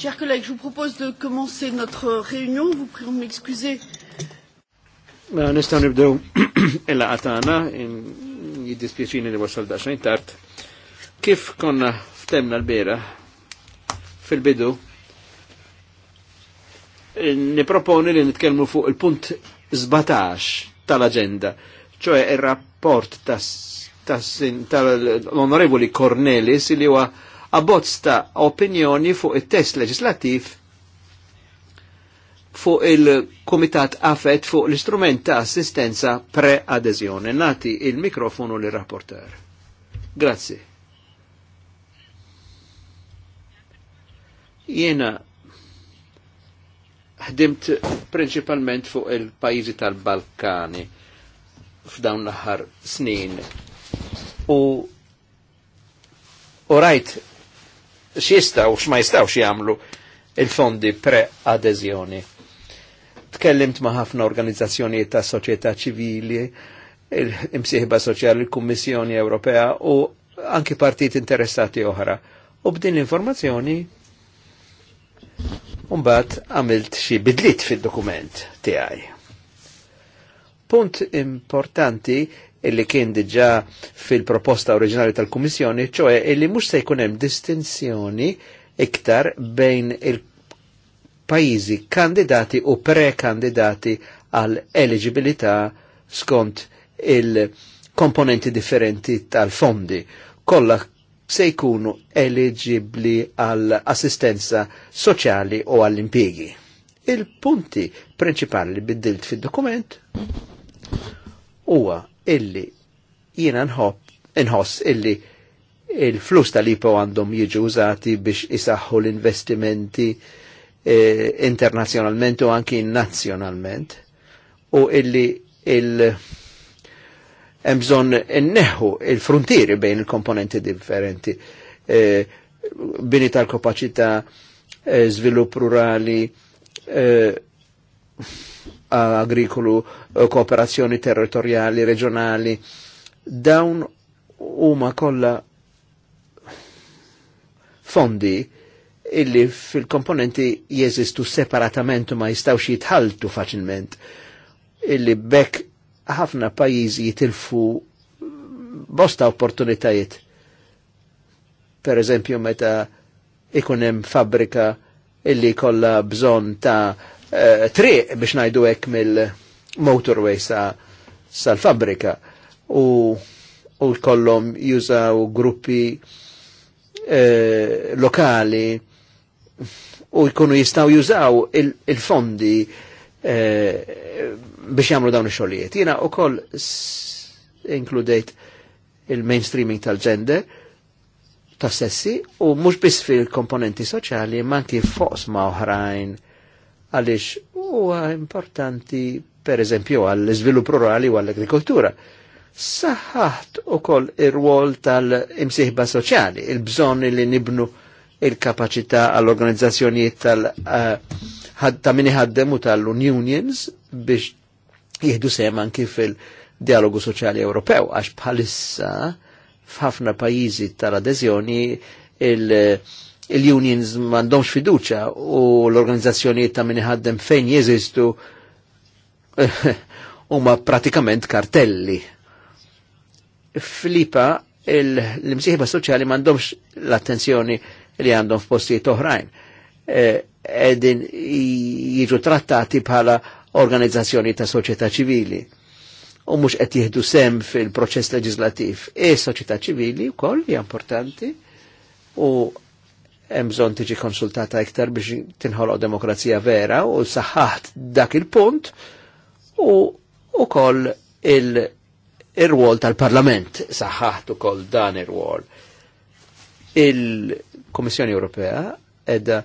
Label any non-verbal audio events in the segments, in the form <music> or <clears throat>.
Chers collègues, je vous propose de commencer notre réunion. Vous prions de m'excuser. Mela, nistaw nibdew <clears throat> illa għatana, jiddispieċini li wasal daċħajn tart. Kif konna ftemna l-bera fil-bidu, niproponi li nitkelmu fuq il-punt 17 tal-agenda, ċoħe il-rapport tal-onorevoli Cornelis li huwa abbozz ta' opinjoni fuq it-test leġislattiv fuq il-Komitat Afet fuq l-istrument ta' assistenza pre-adezjoni. Nati il-mikrofonu li rapporter. Grazie. Jena ħdimt principalment fuq il-pajizi tal-Balkani f'dawn l-aħħar snin. U rajt x'jistgħu x'ma jistgħux jagħmlu il-fondi pre-adeżjoni. Tkellimt ma' ħafna organizzazzjonijiet ta' soċjetà ċivili, il-imsieħba soċjali, il-Kummissjoni Ewropea u anki partit interessati oħra. U b'din l-informazzjoni Umbat għamilt xi bidlit fil-dokument tiegħi. Punt importanti illi kien diġa fil-proposta oriġinali tal-Kummissjoni, ċoħe illi mux se jkun hemm distinzjoni iktar bejn il-pajizi kandidati u pre-kandidati għal eligibilità skont il-komponenti differenti tal-fondi. Kolla se jkunu eligibli għal assistenza soċjali u għall impiegi Il-punti principali li biddilt fil-dokument huwa illi jiena inħoss illi il-flus tal-IPO għandhom jiġu użati biex isaħħu l-investimenti eh, internazjonalment u anki nazjonalment u illi il- emżon inneħu il-frontieri bejn il-komponenti differenti eh, bini tal-kapacità eh, svilupp rurali eh, agrikolu, eh, kooperazzjoni territoriali, reġjonali. Dawn huma kollha fondi illi fil-komponenti jeżistu separatament u ma jistawx jitħaltu faċilment. Illi bekk ħafna pajjiżi jitilfu bosta opportunitajiet. Per eżempju, meta ikun hemm fabbrika illi kollha bżonn ta' Eh, triq biex najdu hekk mill-motorway sal-fabrika u u kollom jużaw gruppi eh, lokali u jkunu jistaw jużaw il-fondi il eh, biex jamlu dawn xolijiet Jina u koll inkludejt il-mainstreaming tal-gender ta' sessi u mux bis fil-komponenti soċjali ma' kif ma' oħrajn għaliex huwa importanti per eżempju għall izvilupp rurali u għall-agrikoltura. Saħħat ukoll ir-rwol tal imsiħba soċjali, il-bżonn li nibnu il-kapacità għall-organizzazzjonijiet tal- eh, min iħaddem u tal-unions biex jihdu sem anki fil-dialogu soċjali Ewropew, għax bħalissa f'ħafna pajjiżi tal-adeżjoni il- il-unions mandomx fiduċa u l organizzazzjoni ta' ħaddem fejn jeżistu <laughs> huma pratikament kartelli. Flipa, l-imsieħba soċjali mandomx l-attenzjoni li għandhom f'postijiet oħrajn. E, edin jiġu trattati bħala organizzazzjoni ta' soċjetà ċivili u mux qed jihdu sem fil-proċess leġislativ. E soċjetà ċivili wkoll hija importanti u hemm bżonn tiġi konsultata iktar biex tinħoloq demokrazija vera u saħħaħt dak il-punt u ukoll il-rwol il rwol tal parlament saħħaħt ukoll dan ir-rwol. Il-Kommissjoni Ewropea edha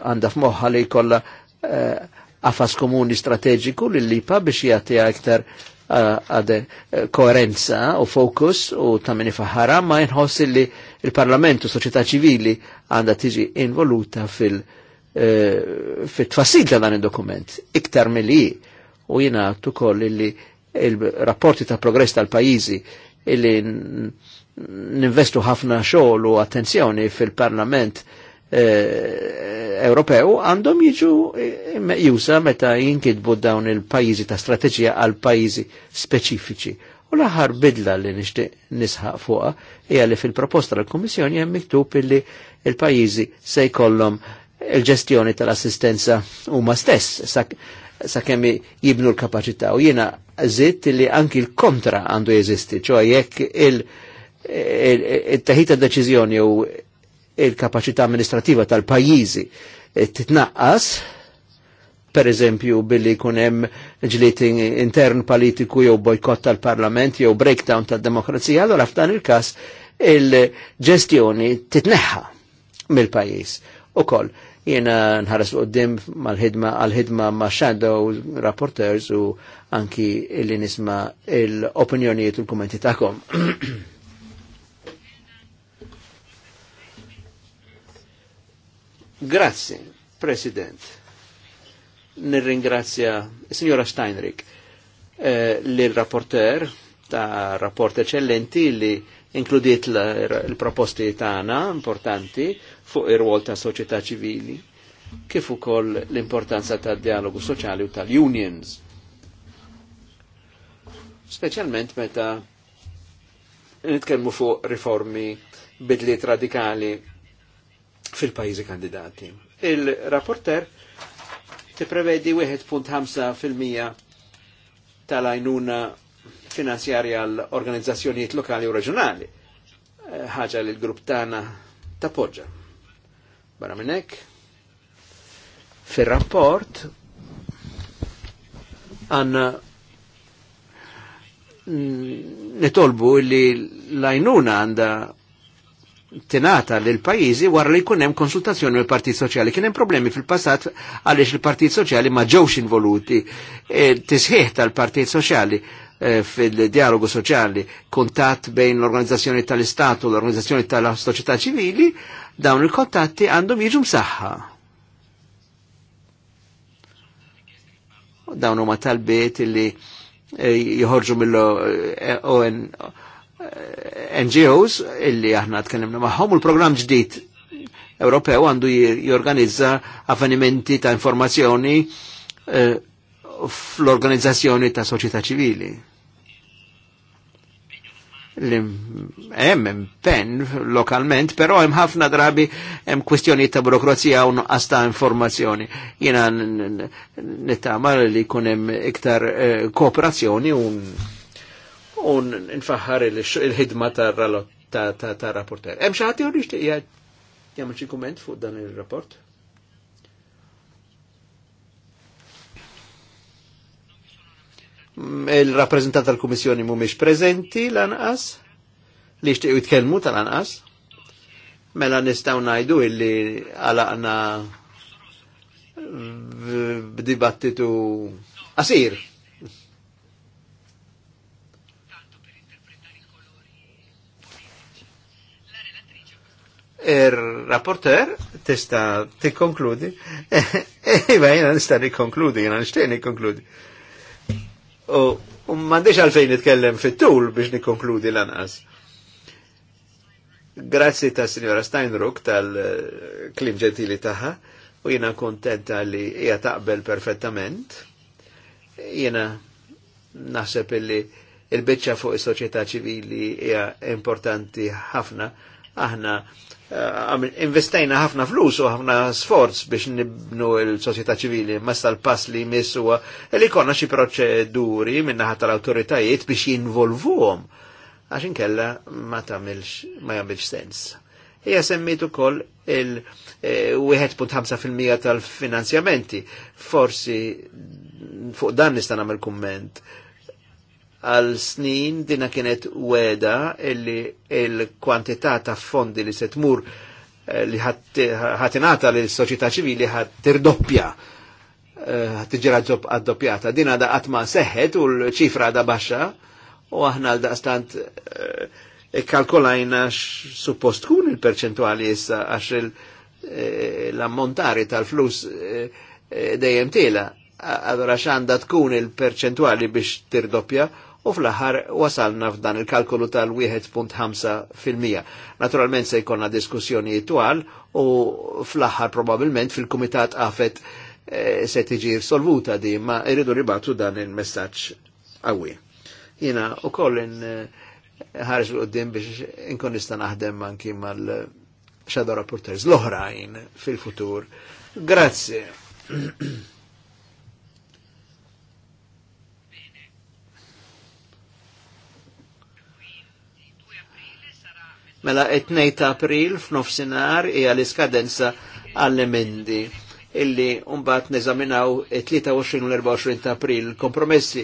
għandha f'moħħa li jkollha għafas eh, komuni strateġiku li lipa biex jagħti iktar uh, Eh, għad eh, koerenza u fokus u tammini faħara ma jinħoss li il-Parlament u soċjetà ċivili għandha tiġi involuta fil- eh, fit-tfassil ta' dan il-dokument, iktar mill-i u jina tukoll li il-rapporti ta' progress tal-pajizi illi ninvestu ħafna xogħol u attenzjoni fil-Parlament Ewropew għandhom jiġu eh, jusa meta jinkidbu dawn il-pajizi ta' strateġija għal pajizi speċifiċi. U l-aħħar bidla li nixtieq nisħaq fuqha hija li fil-proposta tal-Kummissjoni hemm miktub illi il-pajjiżi se jkollhom il-ġestjoni tal-assistenza huma stess sakemm jibnu l-kapaċità u jiena żitt li anki l-kontra għandu jeżisti, ċoħ jekk il-taħita deċiżjoni u il-kapacità amministrativa tal-pajjiżi eh, titnaqqas, per eżempju billi kunem ġliet intern politiku jew bojkott tal-parlament jew breakdown tal-demokrazija, allora f'dan il-kas il-ġestjoni titneħħa mill-pajis. U koll, jena nħares qoddim mal-ħidma għal-ħidma ma' shadow rapporteurs u anki illi nisma il opinjonijiet u l-kommenti ta'kom. <clears throat> Grazie President. Nirringrazzja signora Steinrich eh, l-rapporter ta' rapport eccellenti li inkludiet l-proposti tagħna importanti fuq ir-rwol ta' soċjetà ċivili kif ukoll l-importanza tad dialogu soċjali u tal-unions. Speċjalment meta nitkellmu fuq riformi bidliet radikali fil-pajizi kandidati. Il-rapporter ti prevedi 1.5% tal ajnuna finanzjarja l-organizzazzjonijiet lokali u reġjonali. Eh, ħaġa li l-grupp tagħna tappoġġa. Barra minnek, fil rapport għanna nitolbu li l ajnuna għanda tenata lil pajizi war li kunem konsultazzjoni mill partit Soċjali. Kien hemm problemi fil-passat għaliex il-Partit Soċjali ma ġewx involuti. E, Tisħiħ tal-Partit Soċjali e, fil-dialogu soċjali, kuntat bejn l-organizzazzjoni tal-Istatu, l-organizzazzjoni tal-soċjetà ċivili, dawn il-kontatti għandhom jiġu msaħħa. Dawn huma talbiet li e, jħorġu mill-ONU NGOs illi aħna tkellimna magħhom u l-programm ġdid Ewropew għandu jorganizza avvenimenti ta' informazzjoni eh, fl-organizzazzjoni ta' soċjetà ċivili. Hemm impenn lokalment, però hemm ħafna drabi hemm kwistjoni ta' burokrazija u nuqqas ta' informazzjoni. Jiena nittama li jkun hemm iktar eh, kooperazzjoni u un un nfaħħar il-ħidma ta' rapporter. Hemm xi ħadd jew nixtieq jagħmel xi kumment fuq dan ir-rapport? Mm, Il-rappreżentant tal-Kummissjoni mhumiex preżenti lanqas li jixtiequ jitkellmu tal-anqas. Mela nistgħu ngħidu illi għalaqna b'dibattitu qasir Il-rapporter tista tikkonkludi. <laughs> Iva, jena nista nikkonkludi, jena nishtiq nikkonkludi. U mandiċ għalfejn nitkellem fit-tul biex nikkonkludi lanqas. Grazzi ta' Signora Steinruck tal-klim eh, ġentili taħħa u jena kontenta li hija taqbel perfettament. Jena naħseb illi il-bicċa fuq is-soċjetà ċivili hija importanti ħafna aħna Eh, investejna ħafna flus u ħafna sforz biex nibnu il-soċjetà ċivili, ma l-pass li jmiss li konna xi proċeduri min-naħa tal-awtoritajiet biex jinvolvuhom għax inkella ma tagħmilx ma jagħmilx sens. Hija semmit ukoll il-1.5% eh, tal-finanzjamenti. Forsi fuq dan nista' nagħmel kumment għal snin dina kienet weda illi il-kwantità ta' fondi li se tmur eh, li ħatinata li soċjetà ċivili ħat tirdoppja eh, ħat tiġra għaddoppjata. Dina da għatma seħħet u l-ċifra da baxxa u aħna l stant eh, kalkolajna suppost tkun il-perċentuali issa għax l-ammontari tal-flus dejjem tela. Għadra xanda tkun il-perċentuali biex tirdoppja u fl-aħħar wasalna f'dan il-kalkolu tal-1.5%. Naturalment se jkollna diskussjoni twal u fl-aħħar probabilment fil-Kumitat Afet e, se tiġi solvuta di, ma irridu ribatu dan il-messaġġ għawi. Jina u koll eh, ħares l-qoddim biex inkun nista naħdem anki mal-shadow eh, rapporters l-oħrajn fil-futur. Grazie. <clears throat> Mela, etnej ta' april f'nofsinar hija l-iskadenza għall-emendi illi umbat neżaminaw 23 u 24 ta' april kompromessi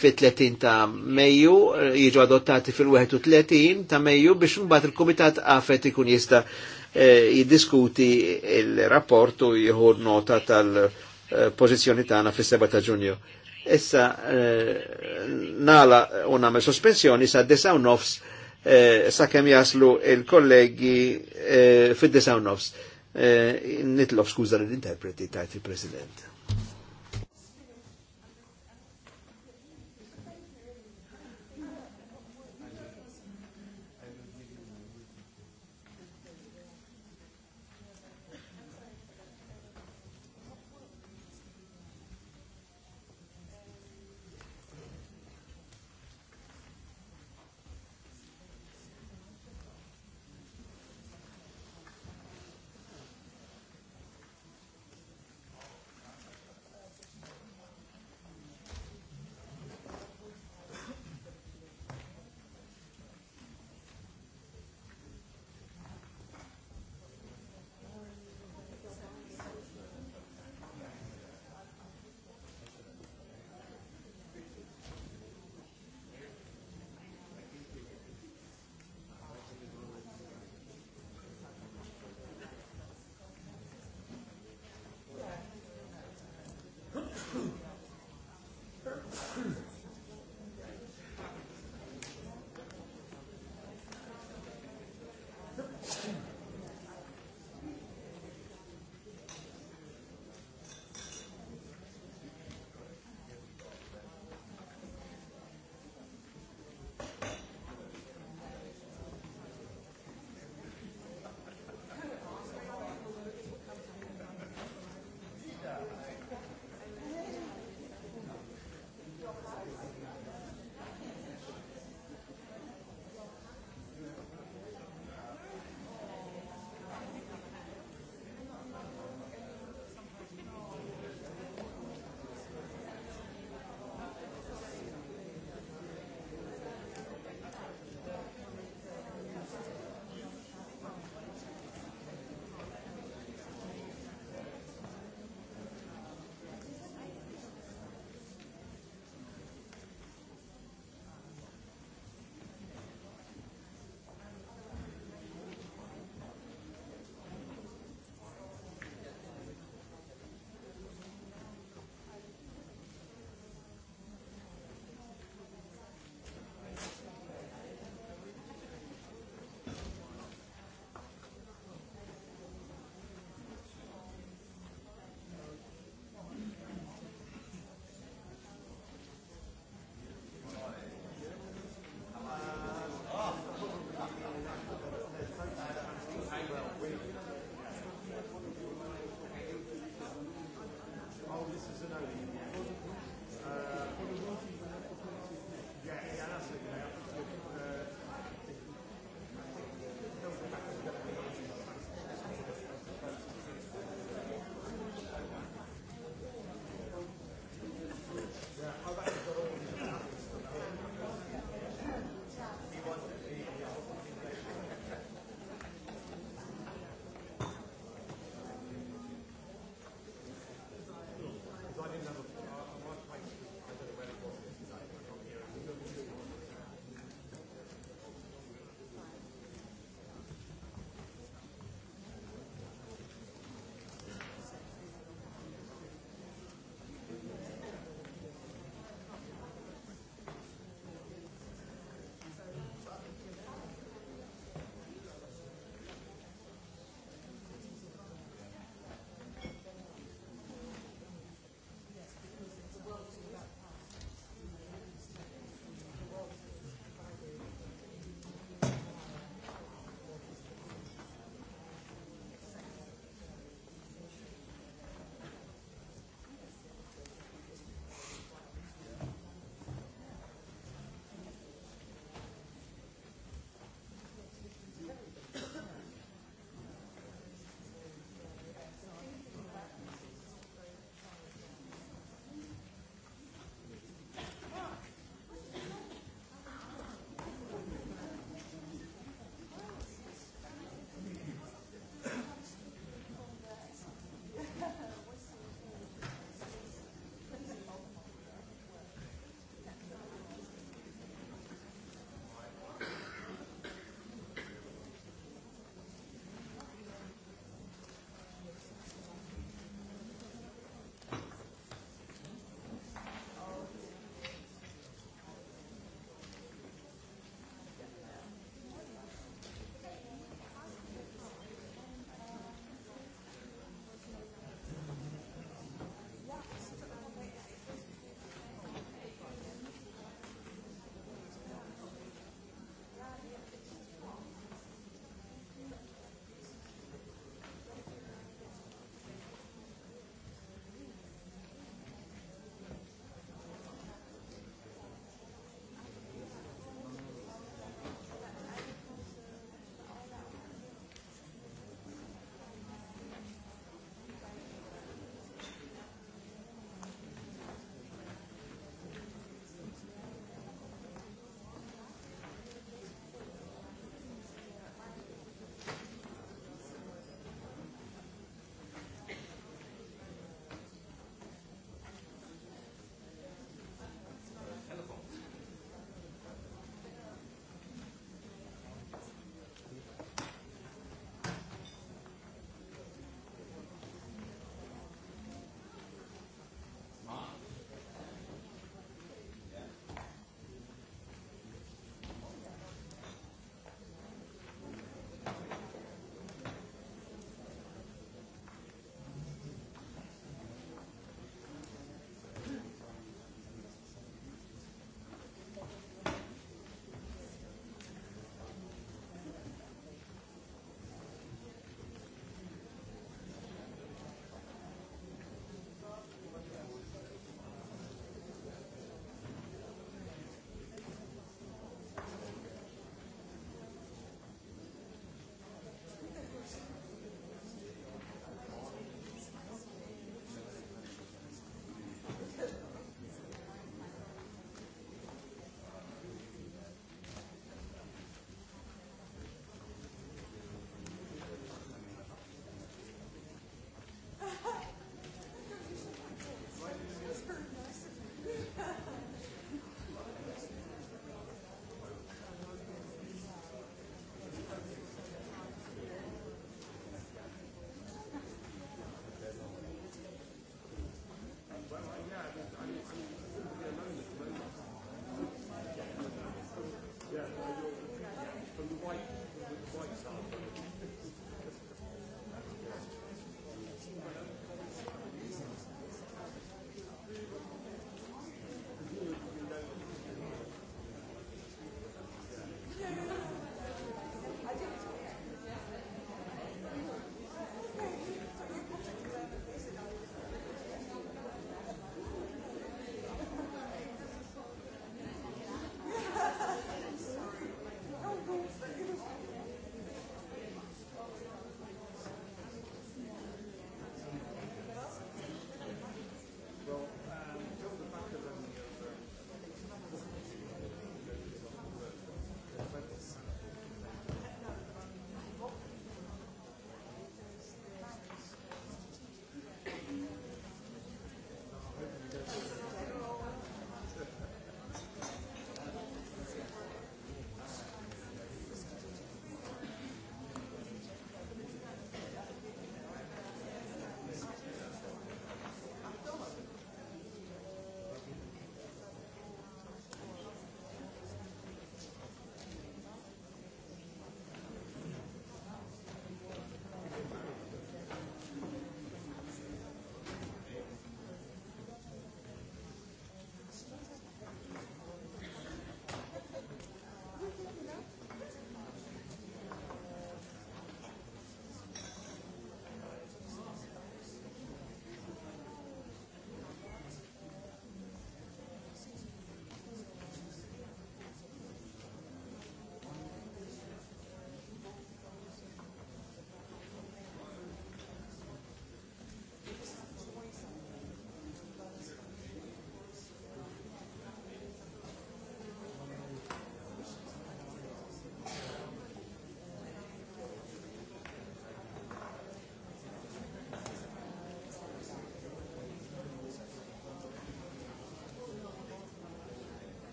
fit-30 ta' Mejju, eh, jiġu adottati fil-31 ta' Mejju biex mbagħad il-Kumitat għafet ikun jista' eh, jiddiskuti il-rapport u jieħu nota tal-pożizzjoni tagħna fis-7 ta' Ġunju. Issa eh, nala u nagħmel sospensjoni sa' desaw nofs Eh, sa' kem jaslu il-kollegi fid disawnofs Nitlof Eh, eh l-interpreti tajt il-President.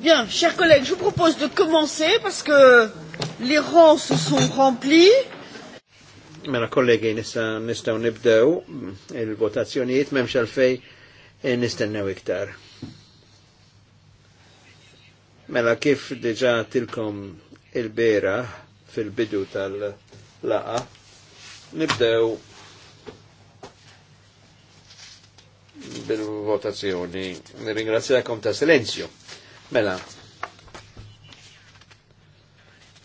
Bien, chers collègues, je vous propose de commencer parce que les rangs se sont remplis. Mela kollegi nista nistaw nibdew il-votazzjonijiet memx għalfej eh, nistennew iktar. Mela kif diġa tilkom il-bera fil-bidu tal-laqa, nibdew bil-votazzjoni. Nirringrazzjakom ta' silenzju. Mela,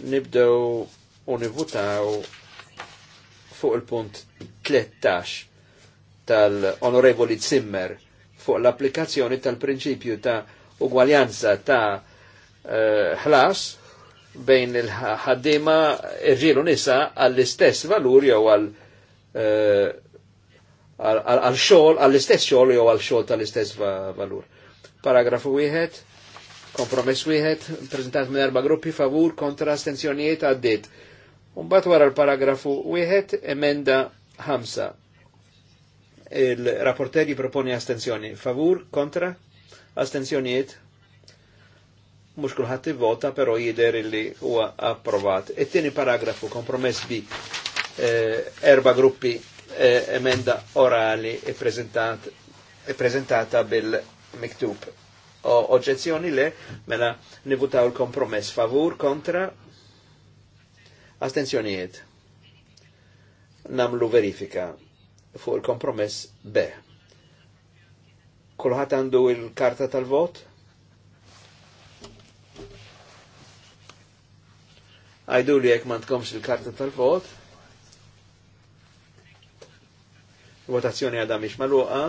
nibdew univutaw fuq il-punt 13 tal-Onorevoli Zimmer fuq l-applikazzjoni tal-prinċipju ta' ugwaljanza ta' eh, ħlas uh, bejn il-ħaddima irġilu il nisa għall-istess valur jew eh, għal għal xogħol għall-istess xogħol jew għall xogħol tal-istess valur. Paragrafu wieħed Kompromess wieħed, prezentat minn erba' gruppi favur kontra astenzjonijiet għaddiet. Unbat wara l-paragrafu wieħed, emenda ħamsa. Il-rapporter jiproponi astenzjoni. Favur kontra astenzjonijiet mux kulħadd vota pero jider illi huwa approvat. It-tieni paragrafu, kompromess bi eh, erba gruppi eh, emenda orali e, prezentat, e prezentata bil-miktub oġezzjoni le, mela nivutaw il-kompromess favur, kontra, astenzjonijiet. Namlu verifika fuq il-kompromess B. Kulħat għandu il-karta tal-vot? Għajdu li jek mandkomx il-karta tal-vot? Votazzjoni għadha miex maluqa?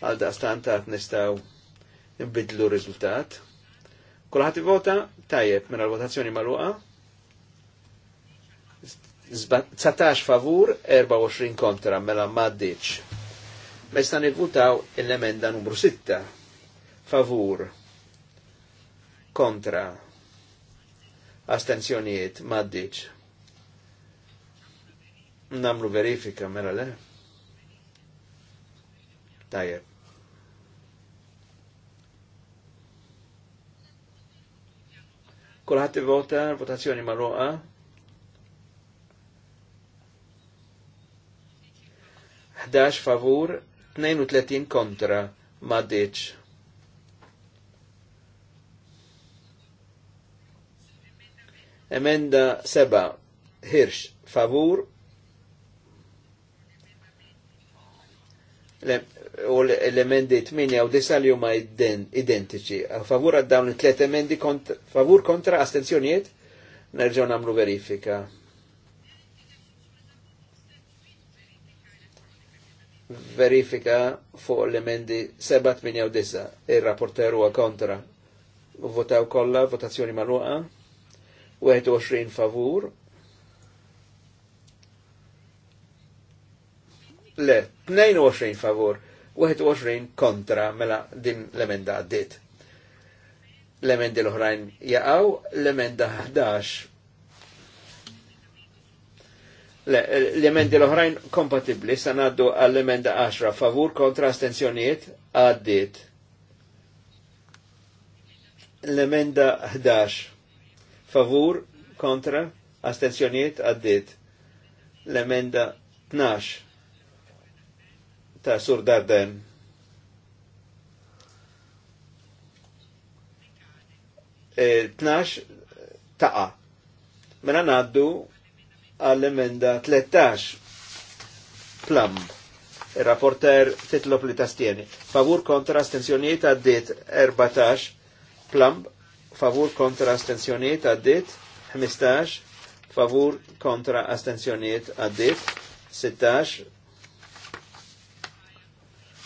Għal stantat nistaw nbidlu r-riżultat. Kulħadd ivota tajjeb minn mela l-votazzjoni magħluqa. 19 favur, 24 kontra, mela maddiċ. Mesta mela nivvutaw l-emenda numru 6. Favur, kontra, astenzjonijiet, maddiċ. Namlu verifika, mela le. Tajjeb. kulħat vota votazzjoni magħluqa. Ħdax favur, 32 kontra, ma ditx. Emenda seba, Hirsch, favur, u l-emendi 8 u 9 li huma identiċi. Favur għad dawn it-tlet emendi favur kontra astenzjonijiet nerġgħu nagħmlu verifika. Verifika fuq l-emendi 7, 8 u 9. Ir-rapporter huwa kontra. Votaw kollha, votazzjoni magħluqa. 21 favur. Le, 22 favur 21 kontra mela din l-emenda għaddit. L-emendi l-oħrajn jaqaw, l-emenda 11. L-emendi l-oħrajn kompatibli, sanaddu għall-emenda 10, favur kontra astenzjoniet għaddit. L-emenda 11, favur kontra astenzjoniet għaddit. L-emenda 12, ta' Sur Darden. E, tnax 12 taqa. Mela naddu għall-emenda 13 plam. Il-rapporter titlob li tastieni. Favur kontra astenzjoniet għaddit 14 plam. Favur kontra astenzjoniet għaddit 15. Favur kontra astenzjoniet għaddit 16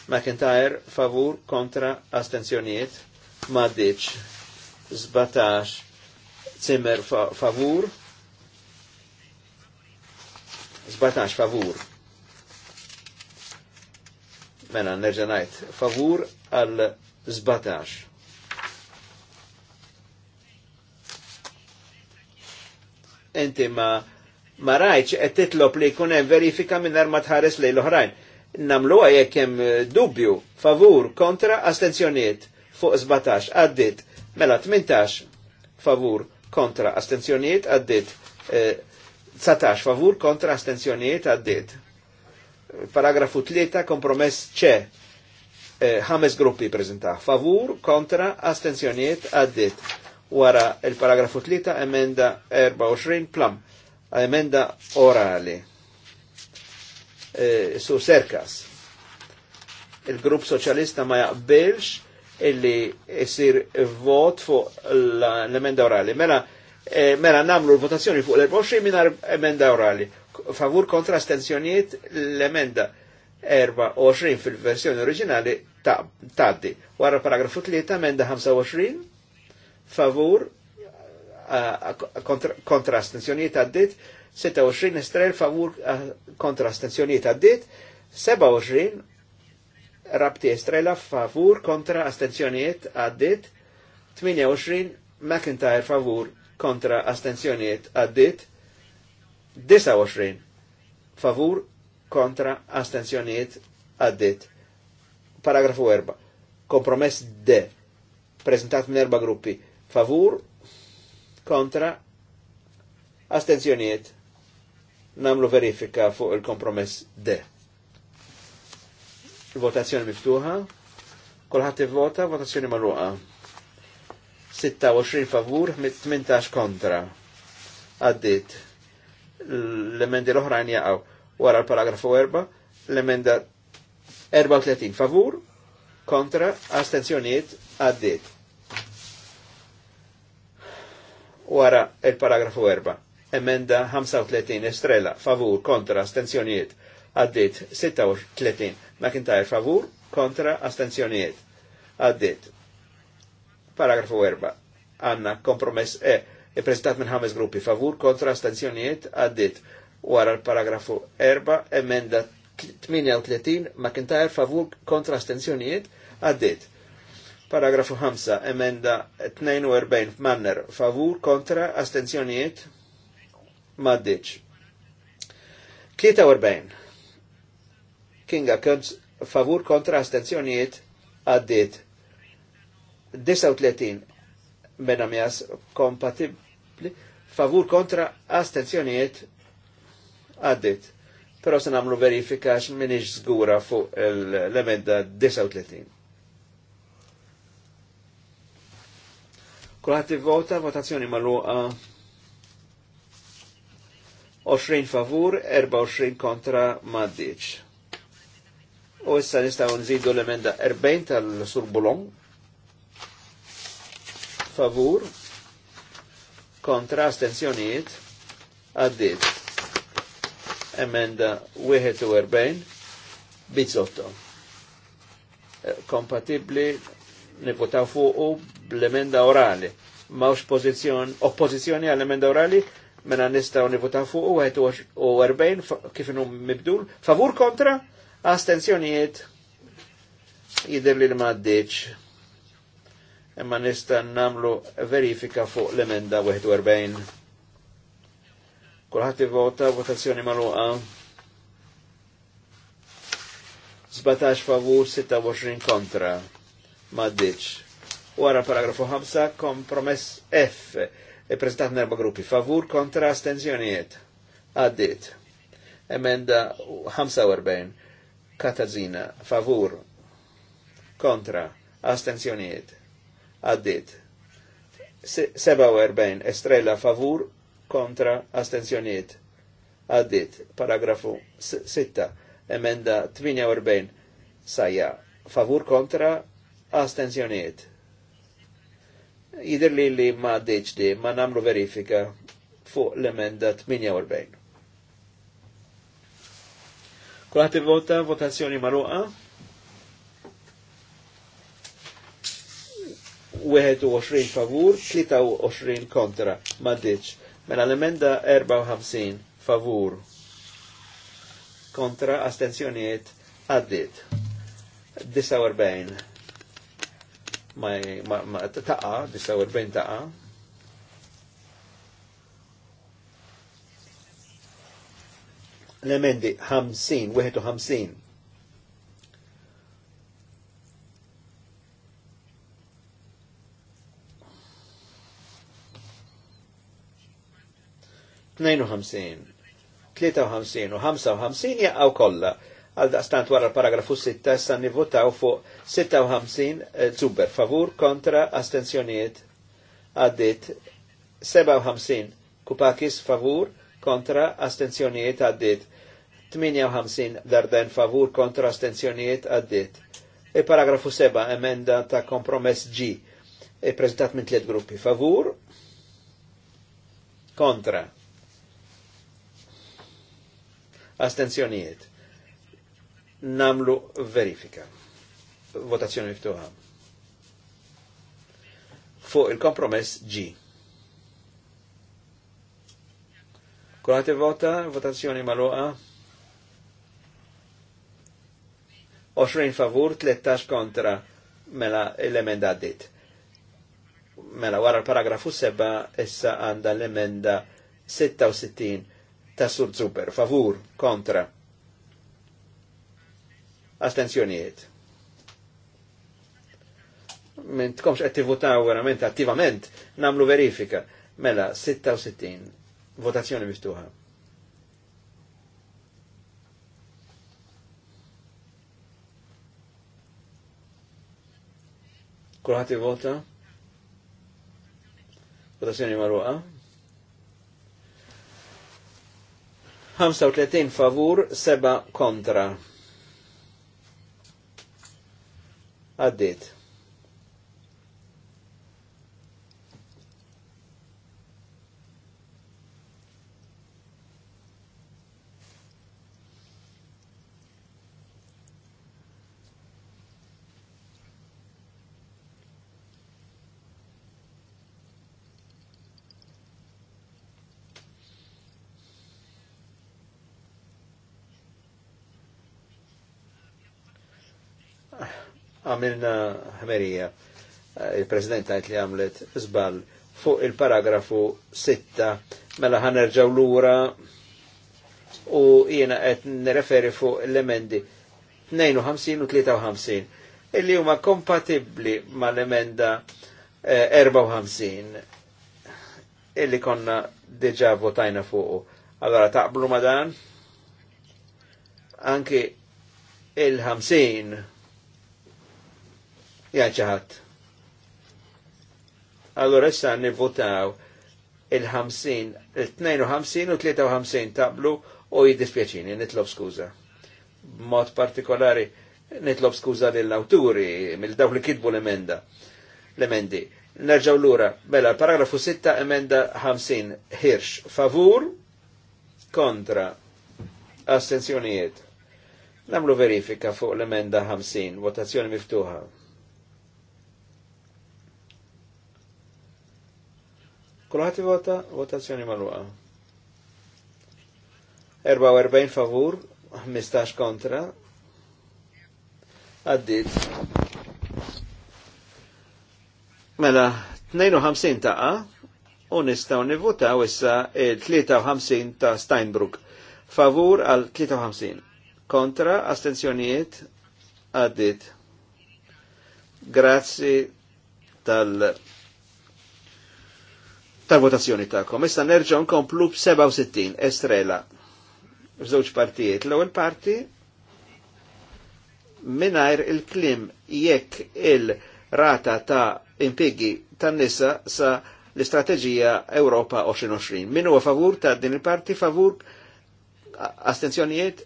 McIntyre favur kontra astenzjoniet maddiċ 17 Zimmer favur 17 favur mena nerġanajt favur għal 17 inti ma ma rajċ et titlop li kunem verifika minn ma tħares lejn l-oħrajn namluha jekk hemm eh, dubju, favur, kontra, astenzjoniet fuq 17 għaddit, mela 18 favur, kontra, astenzjoniet għaddit, eh, 19 favur, kontra, astenzjoniet għaddit. Paragrafu 3, kompromess ċe, eh, ħames eh, gruppi prezenta, favur, kontra, astenzjoniet għaddit. Wara il-paragrafu 3, emenda 24, plam, emenda orali eh, Sur Serkas. Il-grupp soċjalista ma jaqbilx illi jisir vot fuq l-emenda orali. Mela, eh, mela namlu l-votazzjoni fuq l-24 minar emenda orali. Favur kontra stenzjoniet l-emenda 24 fil-versjoni oriġinali taddi. Wara paragrafu 3 emenda 25 favur kontra stenzjoniet taddit. 26 Israel favur eh, kontra astenzjonijiet għaddit, 27 rabti Estrella favur kontra astenzjonijiet għaddit, 28 McIntyre favur kontra astenzjonijiet għaddit, 29 favur kontra astenzjonijiet għaddit. Paragrafu 4. Kompromess D. Prezentat minn erba gruppi. Favur kontra astenzjonijiet namlu verifika fuq il-kompromess D. Il-votazzjoni miftuħa, kolħat vota votazzjoni marruqa. 26 favur, 18 kontra. Għaddit. L-emendi l-oħrajn jaqaw wara l-paragrafu 4, l-emenda 34 favur, kontra, astenzjoniet, għaddit. Wara il-paragrafu 4 Emenda 35 Estrella favur kontra astenzjoniet, għaddit 36 McIntyre favur kontra astenzjoniet, għaddit. Paragrafu 4 għanna kompromess E E prezentat minn ħames gruppi favur kontra astenzjoniet, għaddit wara l-paragrafu 4 emenda 38 McIntyre favur kontra astenzjonijiet għaddit. Paragrafu 5, e, emenda 42, manner, favur, kontra, astenzjoniet, maddiċ. 43. Kinga Kudz favur kontra astenzjonijiet għaddit. 39. Benamias kompatibli favur kontra astenzjonijiet għaddit. Pero se namlu verifika minix żgura fuq l-emenda 39. Kulħat vota votazzjoni maluqa 20 favur, 24 kontra maddiċ. U issa nistaw nżidu l-emenda 40 tal-Sur Bulon. Favur, kontra astenzjoniet, għaddit. Emenda 41, bizzotto. Eh, kompatibli nipotaw fuq l emenda orali. Mawx pozizjon, oppozizjoni għall-emenda orali, Mena nistaw nivotaw fuq u 41 kif inhu mibdul, favur kontra, astenzjonijiet jider li l maddeċ Imma nista namlu verifika fuq l-emenda 41. Kulħat vota votazzjoni maluqa. 17 favur, 26 kontra. Maddeċ. Wara paragrafu 5, kompromess F E prezentat erba gruppi. Favur kontra astenzjonijiet. Għaddit. Emenda 45. Katazina. Favur. Kontra. Astenzjonijiet. Għaddit. 47. Estrella favur. Kontra. Astenzjonijiet. Għaddit. Paragrafu 6. Emenda 48. Sajja. Favur kontra. Astenzjonijiet jider li li ma deċdi ma namlu verifika fuq l-emenda 48. Kulħat vota votazzjoni u 21 favur, 23 kontra, ma deċ. Mela l-emenda 54 favur. Kontra astenzjoniet għaddit. 49 ma taqa, nisaw 40 taqa. L-emendi 50, 51. Tnejn u ħamsin, tlieta u ħamsin u ħamsa ħamsin kollha għal daqstant wara l-paragrafu 6 issa nivvotaw fuq 56 eh, zuber favur kontra astenzjoniet għaddit 57 kupakis favur kontra astenzjoniet għaddit 58 darden favur kontra astenzjoniet għaddit E paragrafu 7 emenda ta' kompromess G e prezentat minn tliet gruppi favur kontra astenzjoniet namlu verifika votazzjoni miftuħa. Fuq il-kompromess G. Kulħat vota votazzjoni maluqa. 20 favur, 13 kontra, mela l-emenda għaddit. Mela wara l-paragrafu 7, issa għanda l-emenda 66 ta' sur favur, kontra. Astenzjonijiet minn tkomx qed tivvutaw verament attivament namlu verifika. Mela 66 votazzjoni miftuħa. Kulħadd vota? Votazzjoni marruqa? 35 favur, 7 kontra. Għaddit. għamilna ħmerija. Eh, Il-President għajt li għamlet zbal fuq il-paragrafu 6 mela ħanerġaw lura u jiena qed nereferi fuq l-emendi 52 u 53 illi huma kompatibbli mal-emenda 54 eh, illi konna deġa votajna fuq. Allora taqblu ma dan? Anki il ħamsin jaċaħat. Allora issa nivvotaw il-50, il-52 u 53 tablu u jiddispjaċini, nitlob skuza. Mod partikolari, nitlob skuza lill-awturi, mill-dawk li kitbu l-emenda, l-emendi. Nerġaw l-ura, mela, paragrafu 6, emenda 50, hirx, favur, kontra, astenzjonijiet. Namlu verifika fuq l-emenda 50, votazzjoni miftuħa. Kulħat vota votazzjoni mal-waqa. 44 favur, 15 kontra. Għaddit. Mela, 52 taqa, u nistaw u issa 53 ta' Steinbrook. Favur għal 53. Kontra, astenzjoniet, għaddit. Grazzi tal- tal-votazzjoni tagħkom. Issa nerġgħu nkomplu b'67 estrela Żewġ partijiet. L-ewwel parti mingħajr il-klim jekk il-rata ta' impigi tan-nisa sa' l-istrateġija Ewropa 2020. Min huwa favur ta' din il-parti favur astenzjonijiet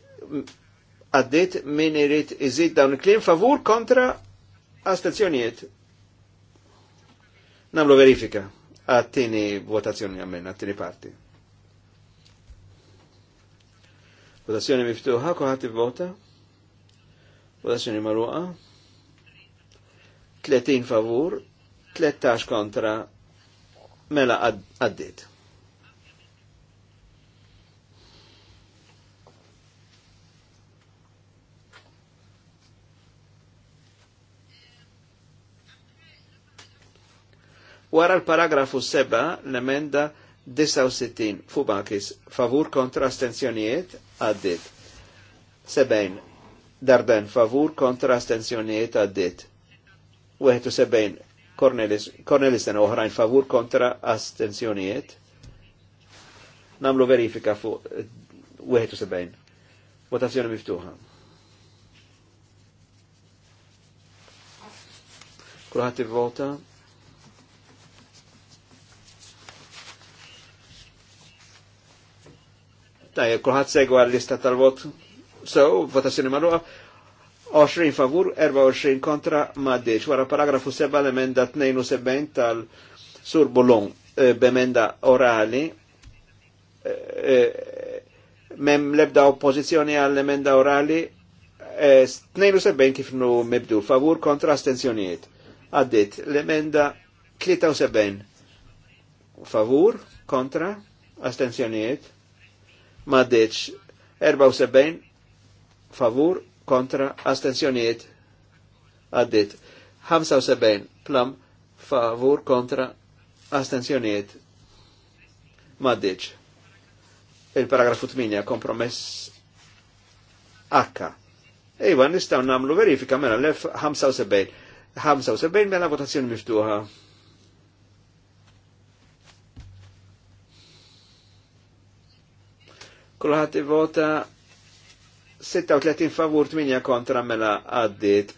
għaddit min irid iżid dawn il-klim favur kontra astenzjonijiet. Namlu verifika għattini votazzjoni għamilna, għattini parti. Votazzjoni miftuħa, kuħat vota Votazzjoni marruqa. 30 favur, 13 kontra, mela għaddit. Ad Wara l-paragrafu 7, l-emenda 69 Fubakis, favur kontra astenzjonijiet, għaddit. 70 darben, favur kontra astenzjonijiet, għaddit. 71 Cornelis, Cornelis oħrajn favur kontra astenzjonijiet. Namlu verifika fu 71. Votazzjoni miftuħa. Kulħati vota Tajja, kulħadd segwa l-lista tal-vot. So, votazzjoni magħluqa. 20 favur, 24 kontra maddeċ. Wara paragrafu 7 l-emenda 72 tal-Sur Bolon e, b'emenda orali. E, e, Mem lebda oppozizjoni għall-emenda orali 72 kif nu mibdu, favur kontra astenzjonijiet. Għaddit, l-emenda 73, favur kontra astenzjonijiet, ma deċ 74 favur kontra astensjoniet għaddit 75 plam favur kontra astensjoniet ma deċ il-paragrafu 8 kompromess H Iva, nistaw namlu verifika mela l-F75 75 mela votazzjoni miftuħa. Kulħati vota 36 favur 8 kontra mela għaddit.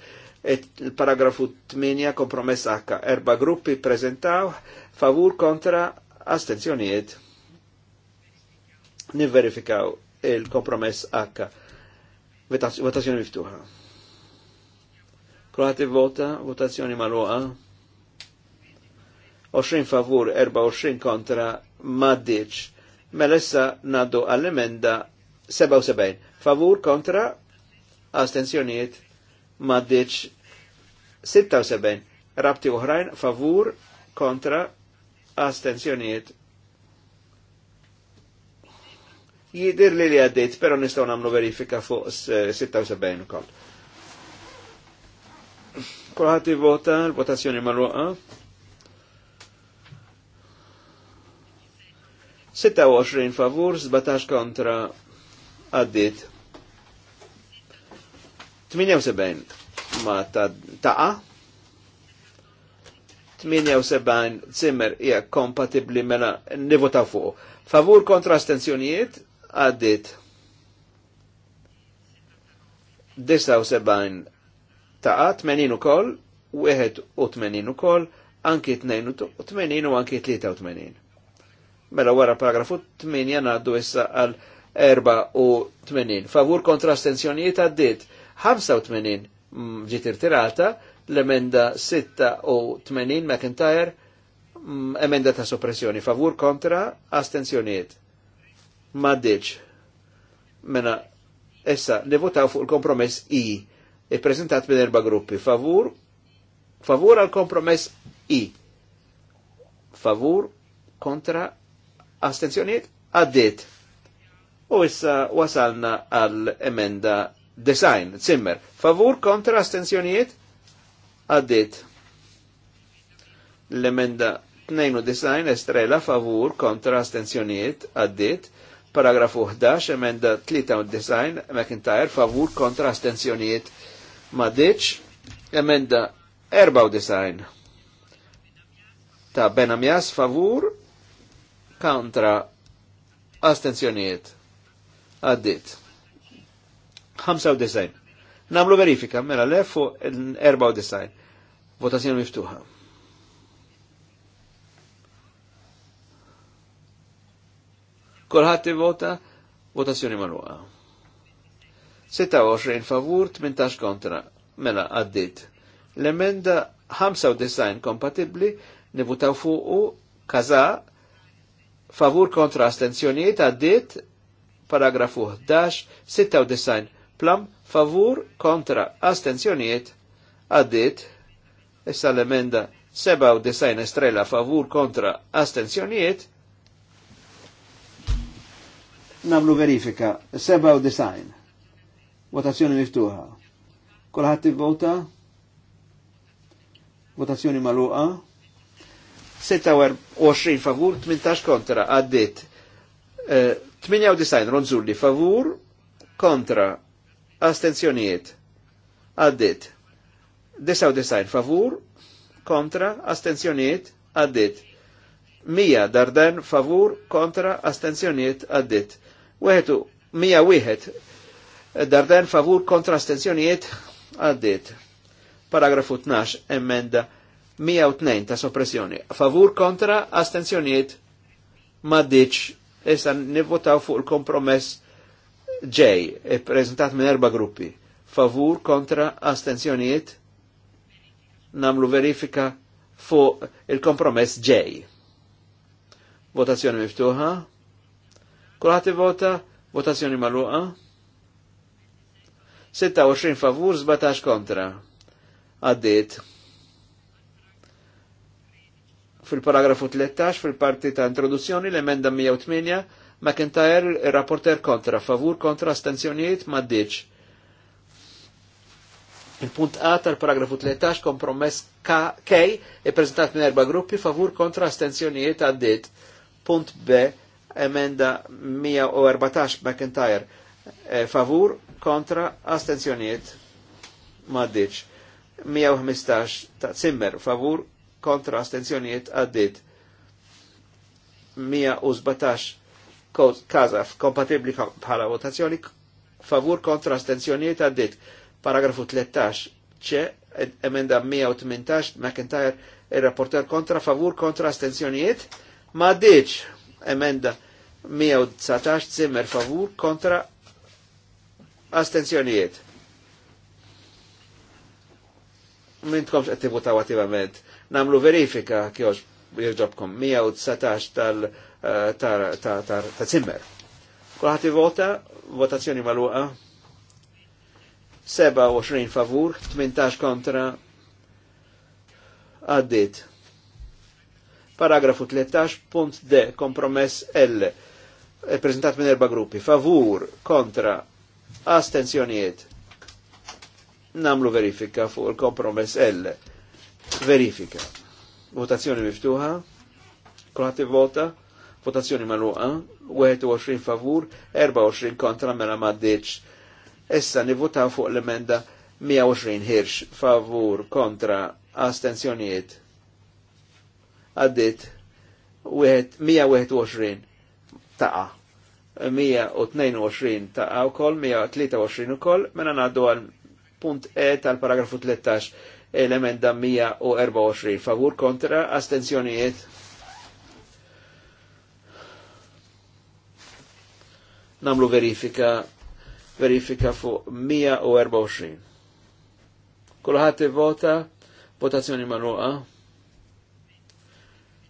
Il-paragrafu 8 kompromess H. Erba gruppi prezentaw favur kontra astenzjonijiet. Niverifikaw il-kompromess H. Votazzjoni miftuħa. Kulħati vota, votazzjoni maluqa. 20 favur, 24 kontra, maddiċ. Mela issa naddu għall-emenda 77. Favur kontra astenzjoniet maddiċ 76. Rabti uħrajn favur kontra astensjoniet. Jidir li li għaddit, pero nistaw namlu verifika fuq 76 eh, ukoll. Kolħati vota l-votazzjoni marruqa. 26 favur, 17 kontra għaddit. 78 ma taqa. 78 zimmer hija kompatibli mela nivu ta' fuq. Favur kontra astenzjonijiet għaddit. 79 ta' 80 ukoll, 81 ukoll, anki 82 u anki 83. Mela wara paragrafu 8 għaddu issa għal 84. Favur kontra astenzjonijiet għaddit 85 mm, ġiet irtirata, l-emenda 86 McIntyre mm, emenda ta' soppressjoni. Favur kontra astenzjonijiet. Maddiċ. Mena essa nivotaw fuq il-kompromess I, i-prezentat minn erba gruppi, favur, favur għal kompromess I, favur kontra astenzjoniet għaddit. U issa wasalna għal emenda design, zimmer. Favur kontra astenzjoniet għaddit. L-emenda design estrela favur kontra astenzjoniet għaddit. Paragrafu 11, emenda design, McIntyre, favur kontra astenzjoniet maddiċ. Emenda design. ta' Benamias favur kontra astenzjoniet għaddit 95 namlu verifika mela l fuq 94 votazzjoni miftuħa kolħat vota votazzjoni marruqa 26 favur 18 kontra mela għaddit l-emenda 95 kompatibli nivutaw fuqu kaza favur kontra astenzjoniet għaddit paragrafu 11, 96 plam favur kontra astenzjoniet għaddit issa l-emenda 97 estrella favur kontra astenzjoniet namlu verifika 97 votazzjoni miftuħa kolħat vota votazzjoni maluqa 26 favur, 18 kontra, għaddit. 98 eh, ronzulli favur, kontra, astenzjonijiet, għaddit. 99 favur, kontra, astenzjonijiet, għaddit. 100 dardan favur, kontra, astenzjonijiet, għaddit. 101 dardan favur, kontra, astenzjonijiet, għaddit. Paragrafu 12, emenda 1 102 ta' soppressjoni. Favur kontra astenzjoniet ma ditx issa nivvotaw fuq il-kompromess J, e prezentat minn erba gruppi. Favur kontra astenzjoniet namlu verifika fuq il-kompromess J. Votazzjoni miftuħa. Kulħat vota, votazzjoni maluqa. 26 favur, 17 kontra. Għaddit. Fil-paragrafu 13, fil-parti ta' introduzzjoni, l-emenda 108, McIntyre, rapporter kontra, favur kontra astenzjonijiet ma' diċ. Il-punt A tal-paragrafu 13, kompromess K, K e prezentat minn erba gruppi, favur kontra astenzjonijiet għaddit. Punt B, emenda 114, McIntyre, e, favur kontra astenzjonijiet ma' diċ. 115 ta' Zimmer favur kontra astenzjonijiet għaddit 117 kaza kompatibli bħala votazzjoni favur kontra astenzjonijiet għaddit paragrafu 13 ċe emenda 118 McIntyre il-rapporter kontra favur kontra astenzjonijiet ma għaddiċ emenda 119 zimmer favur kontra astenzjonijiet. Mintkomx għattivu ta' attivament namlu verifika kjoċ jirġobkom 119 tal eh, ta' zimmer. Kulħat vota, votazzjoni maluqa, 27 favur, 18 kontra, għaddit. Paragrafu 13.d, kompromess L, eh, prezentat minn erba gruppi, favur, kontra, astenzjonijiet. Namlu verifika fuq il-kompromess L verifika. Votazzjoni miftuħa, kolati vota, votazzjoni magħluqa, 21 favur, 24 kontra mela m'għaddiċ. Issa nivotaw fuq l-emenda 120 hirx favur kontra astenzjonijiet. Għaddit 121 taqa. 122 taqa u kol, 123 u kol, mena naddu għal punt E tal-paragrafu l-emenda 124 favur kontra astenzjonijiet namlu verifika verifika fuq 124 kulħat vota votazzjoni manuqa.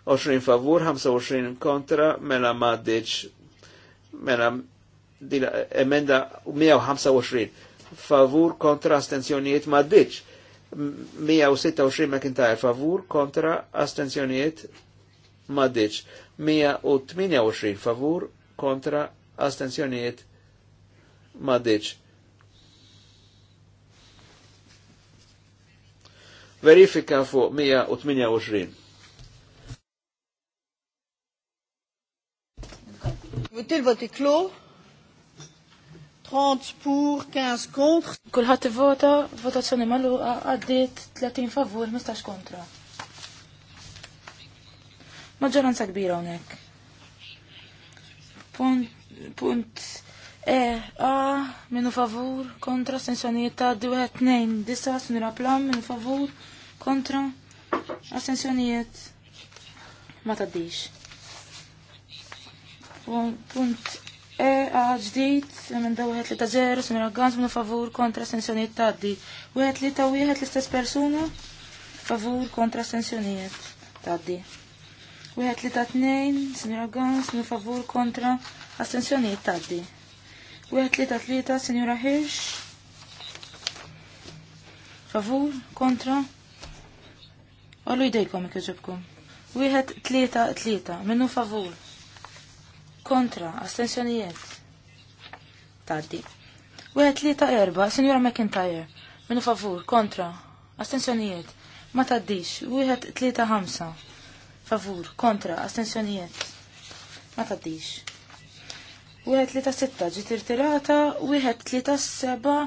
20 favur 25 kontra mela maddiċ mela emenda 125 favur kontra astenzjonijiet maddiċ 126 McIntyre favur kontra astenzjoniet maddiċ. 128 favur kontra astenzjoniet maddiċ. Verifika fuq 128. Votil voti klo? 30 pour, 15 contre. Kulħat vota, votazzjoni malu għaddit 30 favur, 15 kontra. Maġġoranza kbira unek. Punt, punt, e, a, minu favur, kontra, sensjonieta, ta' 2-2, disa, sunira plan, minu favur, kontra, assenzjonijiet, ma taddix. Punt, E minn emenda wieħed li ta' zero, sumira għanz minu favur kontra sensjoniet ta' di. Wieħed li ta' wieħed l-istess persuna, favur kontra sensjoniet ta' di. Wieħed li ta' tnejn, sumira għanz minu favur kontra astensjoniet ta' di. Wieħed li ta' tlieta, sinjura Hirsch, favur kontra Għallu jdejkom ikħġibkom. Wieħed tlieta tlieta, minnu favur kontra, astensjonijiet. Taddi. Wieħed li ta' erba, Sinjora McIntyre. Minu favur, kontra, astensjonijiet. Ma taddix, wieħed tlieta ħamsa. Favur, kontra, astensjonijiet. Ma taddix. Wieħed tlieta sitta ġiet tirata, wieħed tlieta seba'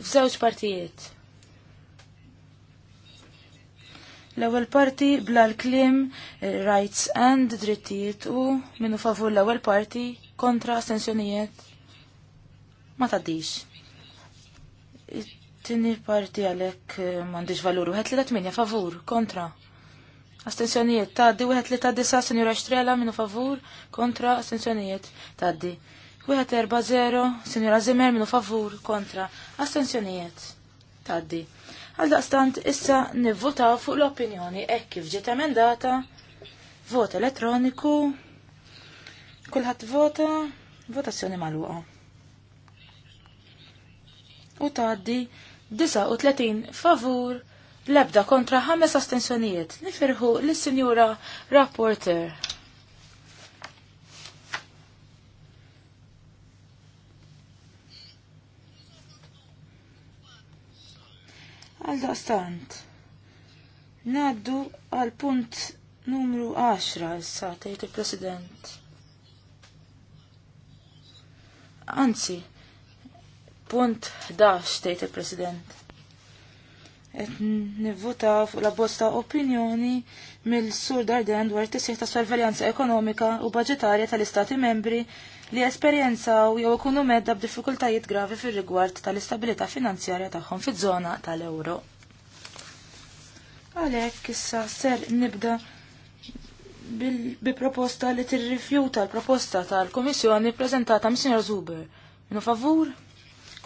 f'żewġ partijiet. L-ewwel parti bla l kliem eh, rights and drittijiet u minnu favur l-ewwel parti kontra astensjonijiet ma taddix. Tini parti għalek eh, mandiġ valur, uħet li tminja favur, kontra. Astensjonijiet tgħaddi. uħet li taddi sa' senjura xtrela minu favur, kontra astensjonijiet taddi. Wieħed erba zero, senjura zimmer minu favur, kontra astensjonijiet taddi. Għal daqstant issa nivvotaw fuq l-opinjoni hekk kif ġiet emendata, vot elettroniku, kulħadd vota, votazzjoni magħluqa. U tgħaddi 39 favur, l-ebda kontra ħames astensjonijiet. Nifirħu lis-Sinjura Rapporter. Għal daqstant. Naddu għal punt numru 10 issa tgħid il-President. Anzi, punt 11 tgħid il-President. Et nivvuta fuq la bosta opinjoni mill-Sur Darden dwar tisjeħ ta' sorveljanza ekonomika u budġetarja tal-Istati membri li esperjenzaw jew ikunu medda b'diffikultajiet gravi fir-rigward tal-istabilità finanzjarja tagħhom fiż-żona tal-euro. Għalhekk issa ser nibda bi proposta li tirrifjuta l-proposta tal-Komissjoni ppreżentata mis-Sinjor Zuber. Minu favur?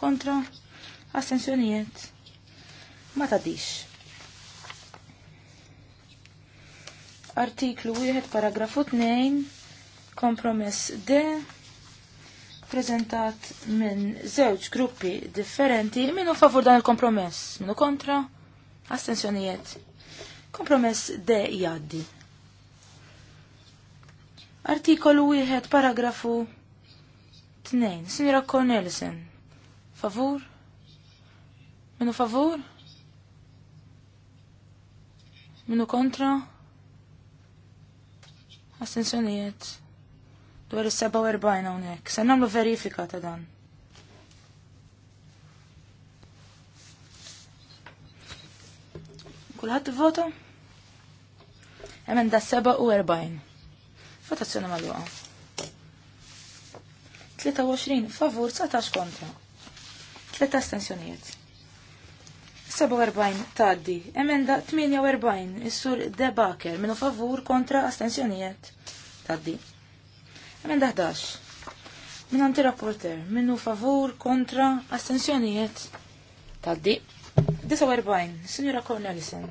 Kontra? Astensjonijiet? Ma tadix. Artiklu 1, paragrafu 2, kompromess D, prezentat minn żewġ gruppi differenti minnu favur dan il-kompromess, minnu kontra, astensjonijiet. Kompromess de jaddi. Artikolu 1, paragrafu 2. Sinjora Cornelison, favur? Minnu favur? Minnu kontra? Astensjonijiet dwar is-47 hawnhekk. Se nagħmlu verifika ta' dan. Kulħadd ivvota? Emenda 47. Votazzjoni magħluqa. 23 favur 19 kontra. 3 astensjonijiet. 47 taddi. Emenda 48 is-sur Debaker minu favur kontra astensjonijiet. Taddi. Emenda 11. Min għanti rapporter, minnu favur, kontra, astensjonijiet. Taddi. 49, Signora Cornelison.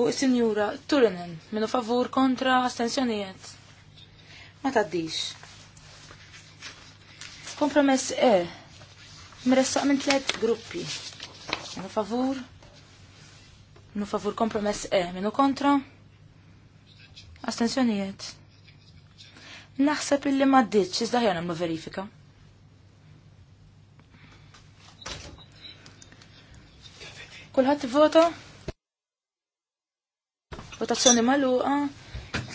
U Signora Turinen, minnu favur, kontra, astensjonijiet. Ma taddix. Kompromess E. Mressaq minn tlet gruppi. Minnu favur, minnu favur kompromess E, minnu kontra, astensjonijiet. Naħseb illi ma ddiċ, iżda ħjar nagħmlu verifika. Kulħadd ivvota? Votazzjoni magħluqa,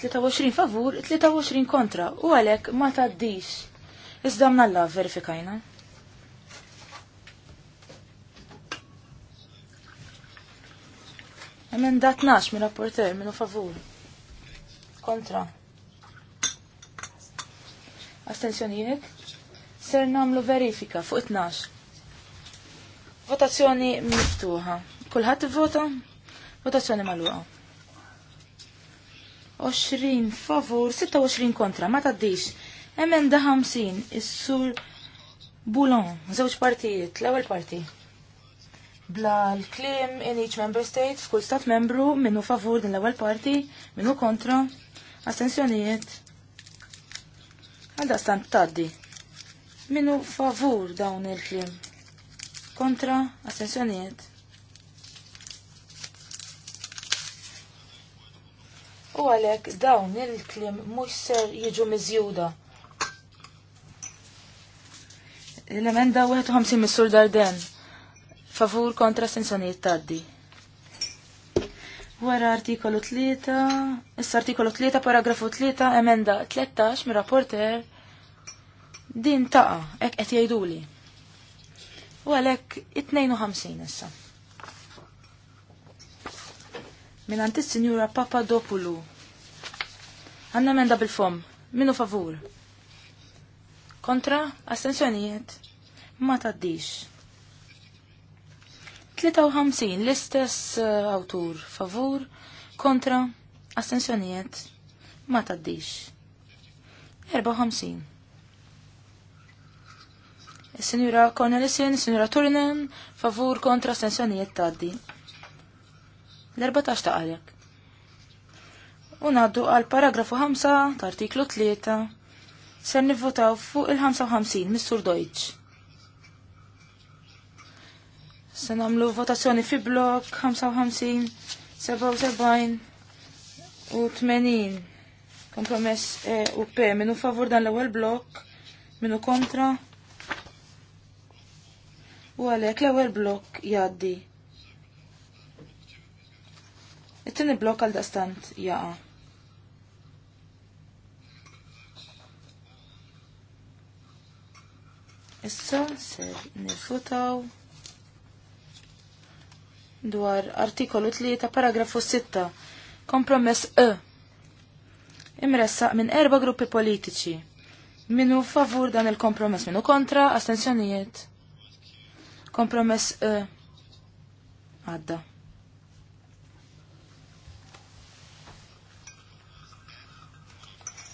23 favur, 23 kontra, u għalhekk ma tgħaddix. Iżda mnalla verifikajna. Emenda nax mi rapporter minnu favur. Kontra. Astenzjonijiet? ser namlu verifika fuq 12. Votazzjoni miftuħa. Kulħadd ivvota? Votazzjoni magħluqa. 20 favur, 26 kontra, ma taddix. Emenda 50, is-sur Boulon, żewġ partijiet, l-ewwel parti. Bla l-klim in each member state f'kull stat membru minnu favur din l-ewwel parti, minnu kontra, astensjonijiet Għalda stant taddi. Minu favur dawn il-klim. Kontra ascensjoniet. U għalek dawn il-klim mux ser jiġu mizjuda. L-emenda 51 missur sur Darden. Favur kontra assenzjonijiet taddi. Wara artikolu 3, issa artikolu 3, paragrafu 3, emenda 13 mi rapporter din taqa, ek qed jgħiduli. U għalek 52 issa. Minant is-Sinjura Dopulu. Għanna emenda bil-fom. Minu favur. Kontra, astensjonijiet, ma taddix. 53 l-istess eh, awtur favur kontra astensjonijiet ma taddix. 54. Is-Sinjura il Sinjura Turnen, favur kontra astensjonijiet taddi. L-14 ta' għalek. Unaddu għal paragrafu 5 ta' artiklu 3 ser nivvotaw fuq il-55 Mr. Deutsch. Se namlu votazzjoni fi blok 55, 77 u 80. Kompromess E u P. Minu favur dan l-ewwel blok, minu kontra. U għalhekk l-ewwel blok jgħaddi. it tini blok għal dastant jaqa'. Issa se nifutaw dwar artikolu 3 paragrafu 6 kompromess E imressaq minn erba gruppi politiċi minnu favur dan il-kompromess minnu kontra astensjonijiet kompromess E għadda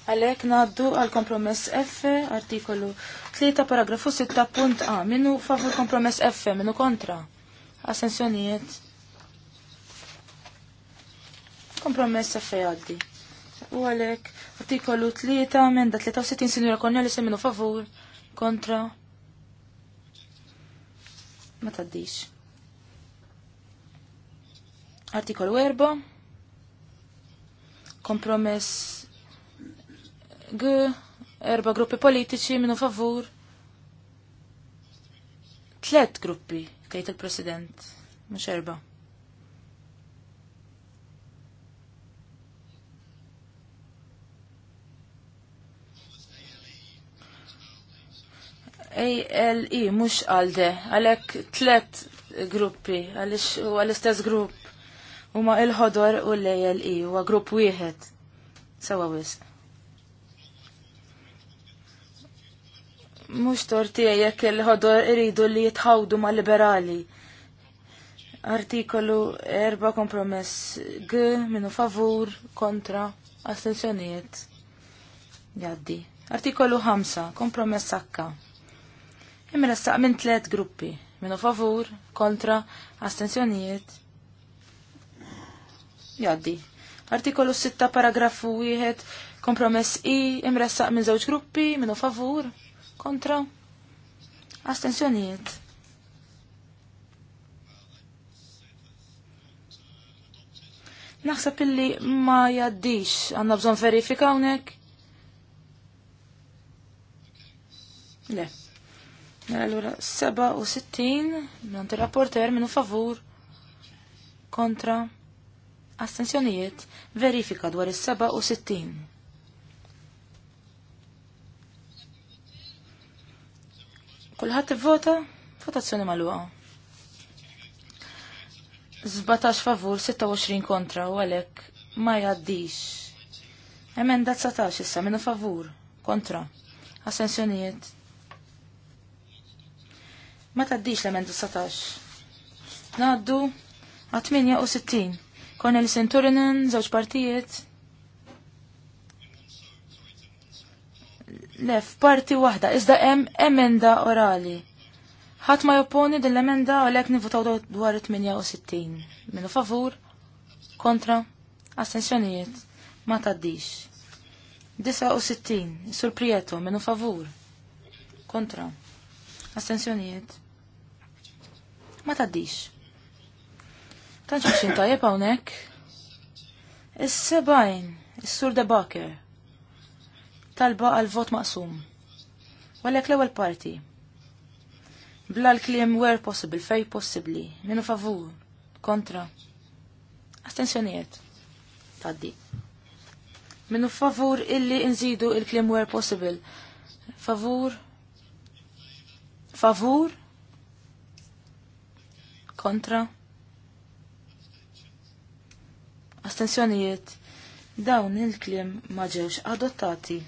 Għalek naddu għal kompromess F, artikolu 3, paragrafu 6, punt A. minu favur kompromess F, minu kontra. Ascensjonijiet. Kompromess fej għaddi. U għalek, artikolu 3, menda 63, sinjura Cornelis, semminu favur, kontra. Ma taddix. Artikolu 4, kompromess g, erba gruppi politiċi minu favur, tlet gruppi tgħid il-President, mhux erba'. ALE, mux għalde, għalek tlet gruppi, għalix u l istess grupp, u ma il-ħodor u l-ALE, u grupp wieħed, sawa wisq. Mux tortija jekk il-ħodor iridu li jitħawdu ma' liberali. Artikolu 4 kompromess G minu favur kontra astensjonijiet. Jaddi. Artikolu 5 kompromess sakka. Imra saq minn tlet gruppi minu favur kontra astensjonijiet. Jaddi. Artikolu 6 paragrafu 1 kompromess I imressaq minn żewġ gruppi minu favur kontra Astensjoniet. Naħseb illi ma jaddix għanna bżon verifika unek. Le. Nara mela, l-għura 67 minn rapporter minu favur kontra astensjonijiet verifika dwar is-67. Kulħadd ivvota? Votazzjoni magħluqa. 17 favur, 26 kontra u għalhekk ma jgħaddix. Emenda 19 issa minu favur, kontra. Assenzjonijiet. Ma taddix l-emenda 19. Naddu għat 68. Cornel Centurinen, żewġ partijiet, Lef, parti waħda, iżda hemm emenda orali. Ħadd ma jopponi din l-emenda għalhekk nivutaw dwar 68. Minu favur, kontra, astensjonijiet, ma taddix. 69, sur Prieto, minu favur, kontra, astensjonijiet, ma taddix. Tanċaxin tajjeb hawnhekk. Is-sebajn, is-sur debaker talba għal vot maqsum. Għalek l ewwel parti. Bla l-klim where possible, fej possibly, minu favur, kontra. Astensjonijiet. Taddi. Minu favur illi nżidu il-klim where possible. Favur. Favur. Kontra. Astensjonijiet. Dawn il-klim maġewx adottati.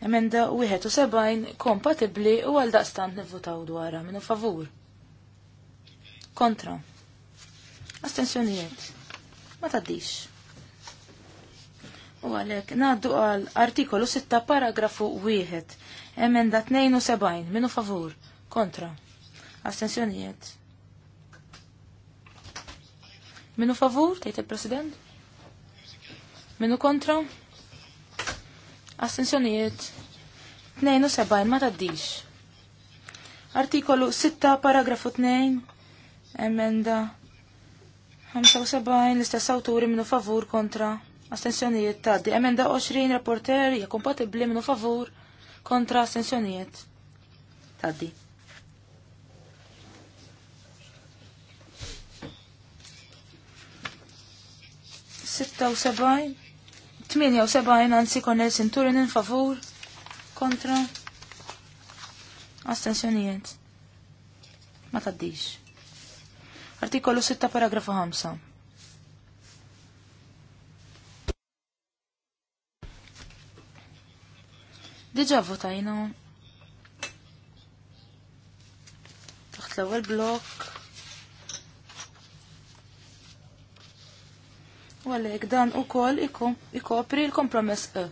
Emenda 71 kompatibli u għal daqstant nivvotaw dwarha minnu favur. Kontra. Astensjonijiet. Ma taddix. U għalek, naddu għal artikolu 6 paragrafu 1. Emenda 72 minnu favur. Kontra. Astensjonijiet. Minu favur, tejt il-president? Minu kontra? Kontra. Astensjonijiet sebajn ma taddix. Artikolu 6 paragrafu 2 emenda 75 l-istess awturi minnu favur kontra astensjonijiet taddi. Emenda 20 rapporter hija kompatibbli minnu favur kontra astensjonijiet taddi. Sitta u sebajn u 78 anzi Cornel Centurion in favur kontra astensjonijiet. Ma taddix. Artikolu 6 paragrafu 5. Diġa votajna taħt l ewel blok U għalhekk dan ukoll ikopri l-kompromess E.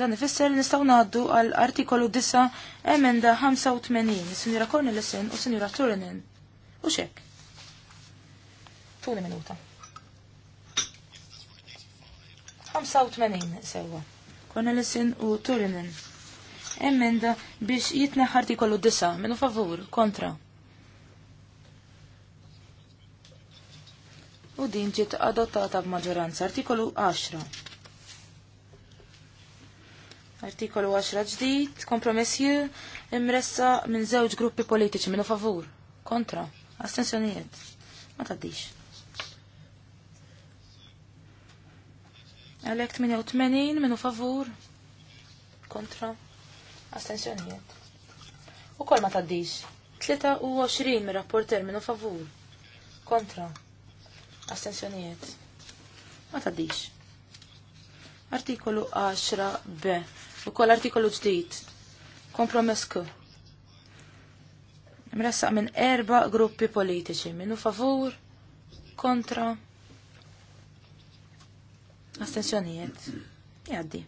Dan ifisser li nistgħu ngħaddu għal artikolu 9 emenda 85 is-Sinjura Cornelissen u Sinjura Turinen. U xek. Tuni minuta. 85 sewa. Cornelissen u Turinen. Emenda biex jitneħ artikolu 9 minu favur kontra. u din ġiet adottata b'maġġoranza. Artikolu 10. Artikolu 10 ġdid, kompromessju imressa minn żewġ gruppi politiċi minnu favur. Kontra. Astensjonijiet. Ma taddix. Elekt 88 minu favur. Kontra. Astensjonijiet. U kol ma taddix. 23 mir rapporter minu favur. Kontra. Astensjonijiet. Ma taddix. Artikolu 10 b. Ukoll artikolu ġdid. Kompromess k. Mressaq minn erba gruppi politiċi. Minnu favur, kontra, astensjonijiet. Jaddi.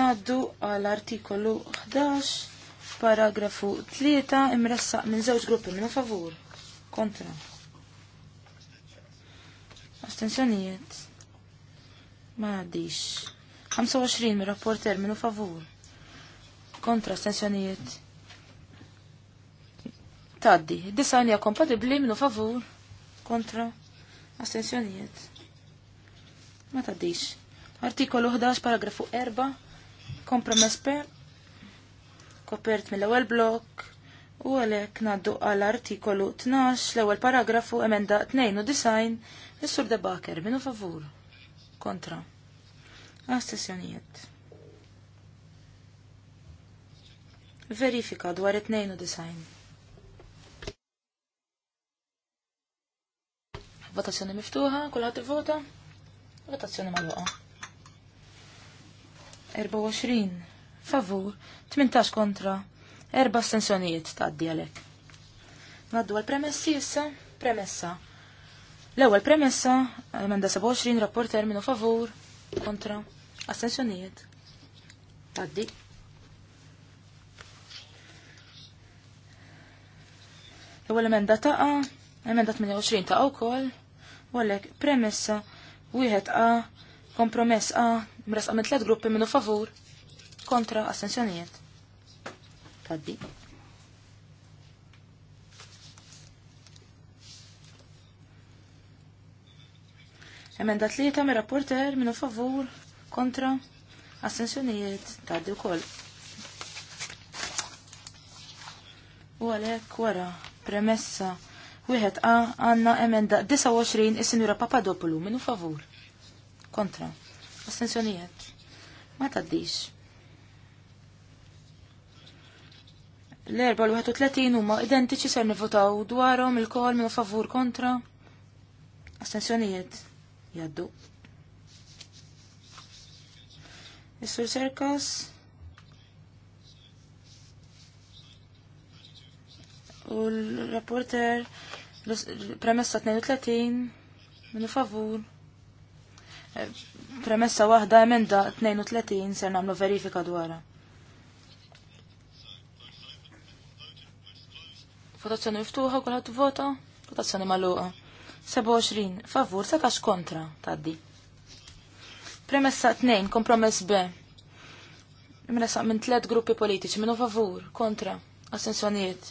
Naddu għal artikolu 11 Paragrafu 3 imressaq minn żewġ gruppi minn favur. Kontra. Astenzjonijiet. Ma għaddix. 25 minn rapporter minn favur. Kontra astensjonijiet Taddi. Disajn hija kompatibbli minn favur. Kontra astenzjonijiet. Ma taddix. Artikolu 11 paragrafu 4 kompromess per kopert mill-ewwel blok u għalhekk ngħaddu għal artikolu 12 l-ewwel paragrafu emenda disajn is-sur Debaker minu favur kontra għas-sessjonijiet. Verifika dwar disajn. Votazzjoni miftuħa, kulħadd vota. Votazzjoni maluqa. 24 favur, 18 kontra, erba astensjonijiet ta' d-dialek. Naddu għal-premessi issa, premessa. L-ewwel premessa, emenda 27, rapporter terminu favur, kontra, astensjonijiet. Taddi. L-ewwel emenda taqa, emenda 28 ta' wkoll, u għalhekk premessa jħet A, kompromess A, mrasqa' minn tlet gruppi minnu favur, kontra astensjonijiet. Taddi. Emenda tlieta mir rapporter minu favur kontra astensjonijiet taddi wkoll. U għalhekk wara premessa wieħed A għandna emenda 29 is-Sinjura Papadopoulou minu favur kontra astensjonijiet ma taddix. l-4 u 31 huma identiċi ser nivotaw dwarhom il-kol minn favur kontra. Astensjonijiet jaddu. Is-sur Serkas. U l-rapporter premessa 32 minn favur. Eh, premessa waħda emenda 32 ser nagħmlu verifika dwarha. Votazzjoni miftuħa, kulħadd vota, votazzjoni magħluqa. 27 favur, sakax kontra taddi. Premessa 2, kompromess B. Imresa minn tliet gruppi politiċi, minnu favur, kontra, assenzjonijiet.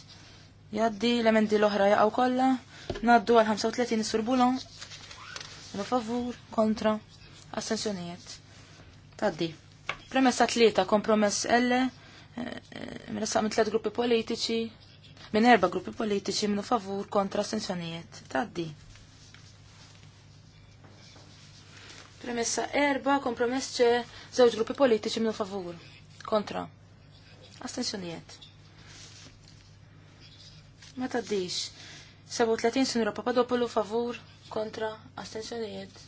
Jaddi l-emendi l-oħra jaqgħu kollha, ngħaddu għal 35 surbulon, minnu favur, kontra, assenzjonijiet. Taddi. Premessa 3, kompromess L. Imresa eh, eh, minn tliet gruppi politiċi, minn erba' gruppi politiċi minnu favur kontra sanzjonijiet taddi. Premessa erba' kompromess ċe żewġ gruppi politiċi minnu favur kontra astensjonijiet. Ma taddix. 37 sinra Papadopoulou favur kontra astensjonijiet.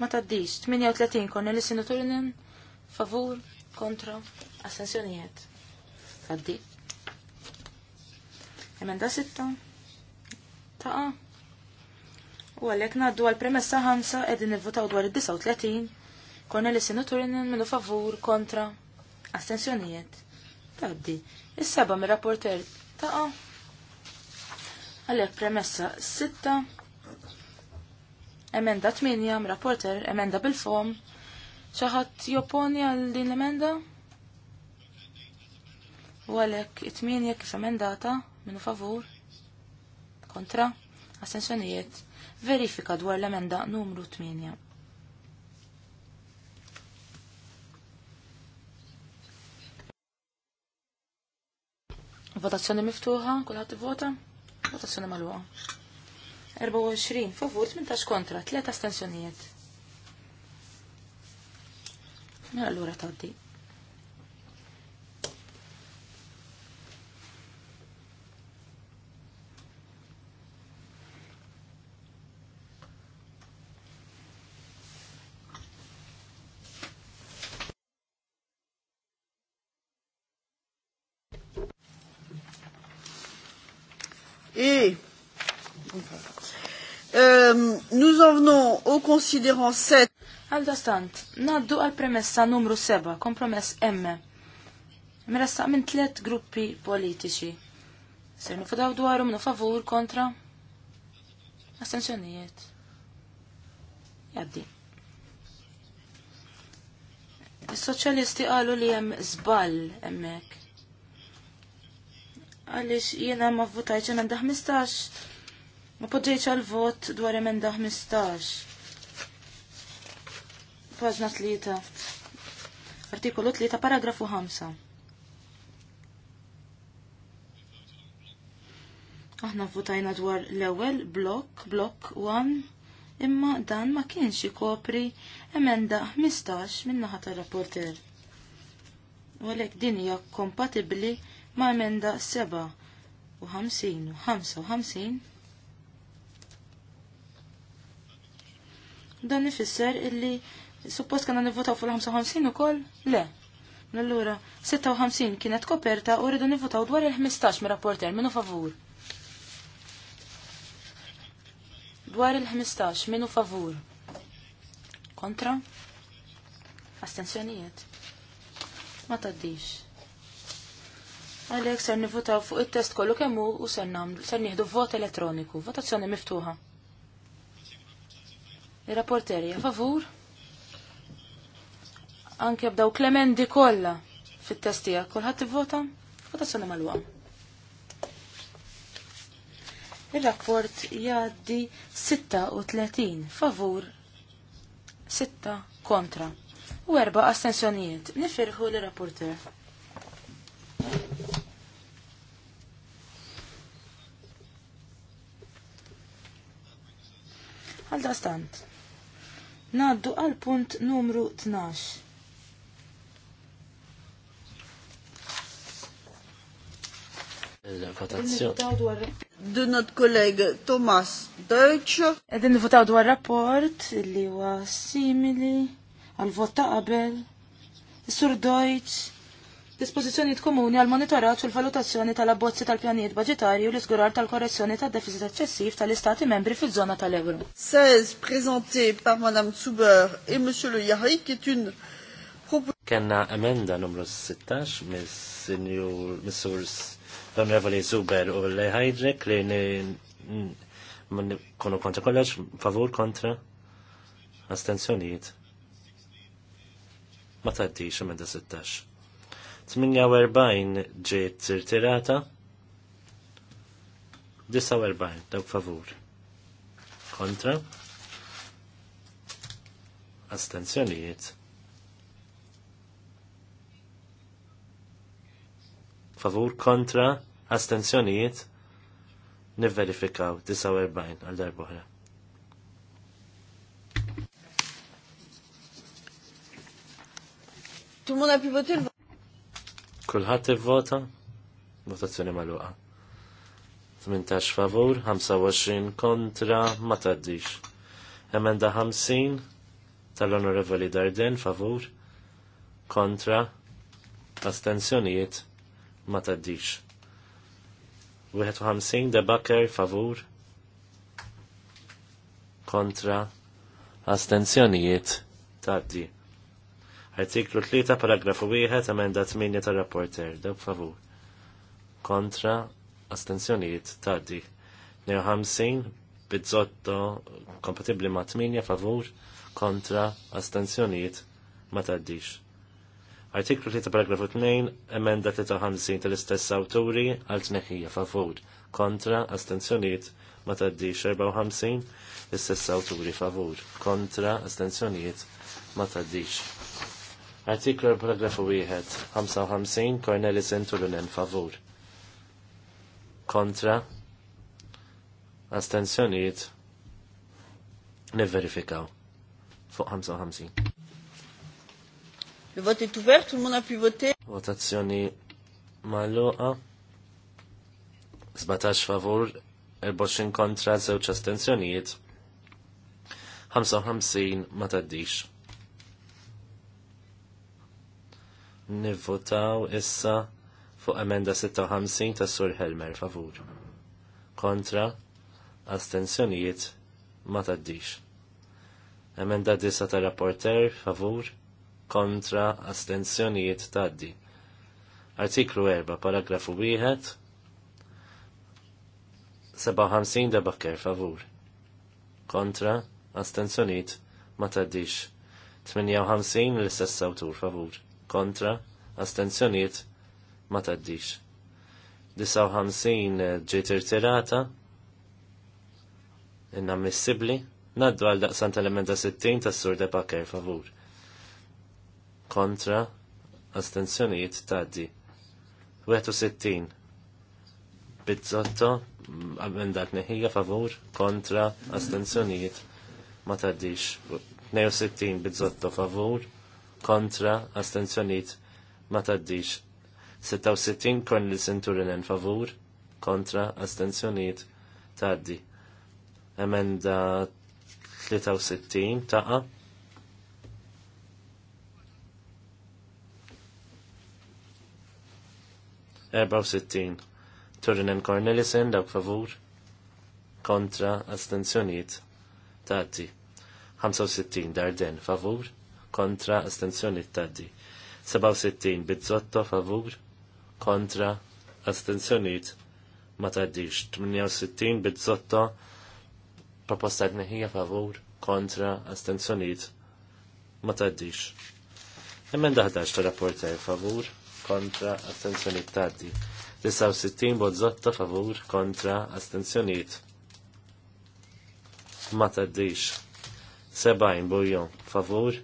Ma taddix. 38 Cornelis Sinuturinen favur kontra astensjonijiet. Taddi. Emenda sitta? Taqa. U għalek naddu għal premessa ħamsa edin nivvotaw dwar id 39 Cornelis Sinuturinen minnu favur kontra astensjonijiet. Taddi. Is-seba mir rapporter taqa. Għalek premessa sitta, Emenda 8 mir rapporter emenda bil-fom. xaħat jopponi għal din l-emenda? U għalek it-8 kif emendata? minu favur, kontra, astensjonijiet, verifika dwar l-emenda numru 8. Votazzjoni miftuħa, kulħadd vota, votazzjoni magħluqa. 24 favur, 18 kontra, 3 astensjonijiet. Mela, allura tgħaddi. Et euh, nous en venons au considérant 7. Għaldastant, naddu għal-premessa numru 7, kompromess M. Mirassa minn tlet gruppi politiċi. Ser nifudaw dwarum na favur kontra Astenzjonijiet. Jaddi. Is-soċjalisti qalu li hemm żball hemmhekk għaliex jiena ma votajċ emenda 15. Ma poġġejċ għal-vot dwar emenda 15. Paġna 3. Artikolu 3, paragrafu 5. Aħna votajna dwar l-ewwel blok, blok 1, imma dan ma kienx ikopri emenda 15 minnaħa tar-rapporter. Walek din hija kompatibbli ma' emenda 57 u u 55 dan ifisser illi suppost kanna nivvotaw fuq il-55 ukoll? Le. Allura, 56 kienet koperta u rridu nivvotaw dwar il-15 mir rapporter minu favur. Dwar il-15 minu favur. Kontra? Astenzjonijiet? Ma taddix. Għalek ser nivutaw fuq il-test kollu kemmu u ser namlu, ser nieħdu vot elettroniku, votazzjoni miftuħa. Il-rapporteri, a favur? Anke b'daw klemendi kolla fit-testija, kolħat t-vota? Votazzjoni mal-wa. Il-rapport jaddi 36 favur, 6 kontra u erba' astensjonijiet. Nifirħu l-rapporter. Għal dastant. Naddu għal punt numru 12. il not Dunat kollega Thomas Deutsch. Edin votaw dwar rapport li huwa simili għal vota qabel. Sur Deutsch dispożizzjonijiet komuni għal monitorat u l-valutazzjoni tal-abbozzi tal-pjanijiet budgetari u l isgurar tal-korrezzjoni tad deficit eċċessiv tal-istati membri fiż-żona tal-euro. 16 prezenti par Madame Zuber e Monsieur Le Yarri qui Kenna emenda numru 16 mis-sur l-Onorevoli Zuber u Le Hajdrek li konu kontra kollox, favur kontra astenzjonijiet. Ma taddix emenda 16. 48 ġiet zirtirata. 49 dawk favur. Kontra. Astenzjonijiet. Favur kontra astenzjonijiet nivverifikaw 49 għal darbohra. Tout le monde a pu voter Kulħadd ivvota? Votazzjoni magħluqa. 18 favur, 25 kontra, ma taddix. Emenda 50 tal-Onorevoli Darden favur, kontra, astensjonijiet, ma taddix. 51 debaker favur, kontra, astensjonijiet, taddix. Artiklu 3, paragrafu 1, emenda 8 tar rapporter Dawk favur. Kontra, astensjonijiet, taddi. 52, bizzotto, kompatibli ma' 8, favur. Kontra, astensjonijiet, ma taddix. Artiklu 3, paragrafu 2, emenda 53 tal-istess awturi għal tneħija, favur. Kontra, astensjonijiet, ma taddix 54, l-istess awturi favur. Kontra, astensjonijiet, ma taddix. Artiklu paragrafu 1, 55, Cornelis Entulunen, favur. Kontra, astensjoniet, neverifikaw. Fuq 55. Le vote est ouvert, tout le monde a pu voter. Votazzjoni maluqa. 17 favur, 24 kontra, 0 astensjoniet. 55 ma taddix. nivvotaw issa fuq emenda 56 ta' Sur Helmer favur. Kontra astensjonijiet ma taddix. Emenda 10 ta' rapporter favur kontra astensjonijiet taddi. Artiklu 4, paragrafu 1, 57 da bakker favur. Kontra, astenzjonijiet ma taddix. 58 l-istess autur favur kontra, astenzjoniet ma taddix. 59 eh, ġiet irtirata, inna missibli, naddu għal daqsan tal-emenda 60 tas sur de Baker favur. Kontra, astenzjoniet taddi. 61 bizzotto, emenda neħija favur, kontra, astenzjoniet ma taddix. 62 bizzotto favur, kontra astenzjoniet ma taddix. 66 kon li favur kontra astenzjoniet taddi. Emenda 63 taqa. Erba' sittin. Turinen Cornelisen dawk favur kontra astenzjoniet taddi. 65 darden favur kontra astenzjoni taddi. 67 bizzotto favur kontra astenzjoniet ma taddix. 68 bizzotto proposta neħija favur kontra astenzjoniet ma taddix. Emmen daħdax ta' rapporta favur kontra astenzjoniet taddi. 69 bizzotto favur kontra astenzjoniet ma taddix. 70 bujon favur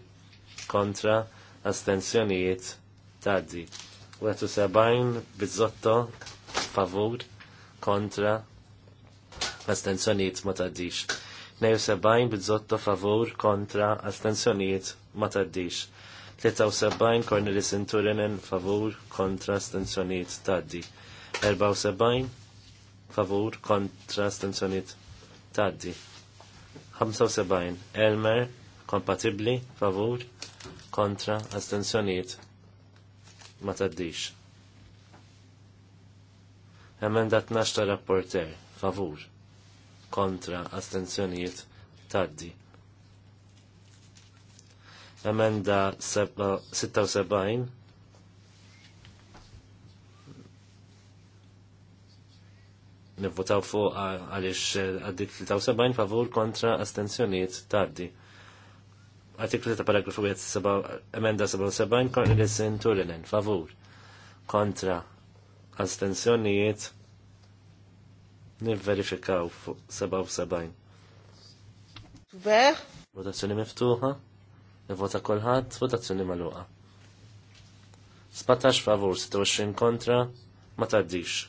kontra astensjonijiet taddi. sebajn bizzotto favur kontra astensjonijiet ma taddix. sebajn bizzotto favur kontra astensjonijiet ma taddix. 73 Corneli sinturinen favur kontra astensjonijiet taddi. sebajn favur kontra astensjonijiet taddi. 75 Elmer kompatibli favur kontra astenzjoniet ma taddix. Emenda 12 ta' rapporter, favur, kontra astenzjoniet taddi. Emenda 76 nivvotaw fuq għalix għaddit 73 favur kontra astenzjoniet taddi. Artiklu 3 paragrafu 7, emenda 77, Cornelissen Turinen, favur. Kontra, astensjonijiet, nivverifikaw fuq 77. Ver? Votazzjoni miftuħa, nivota kolħat, votazzjoni maluqa. 17 favur, 26 kontra, ma taddix.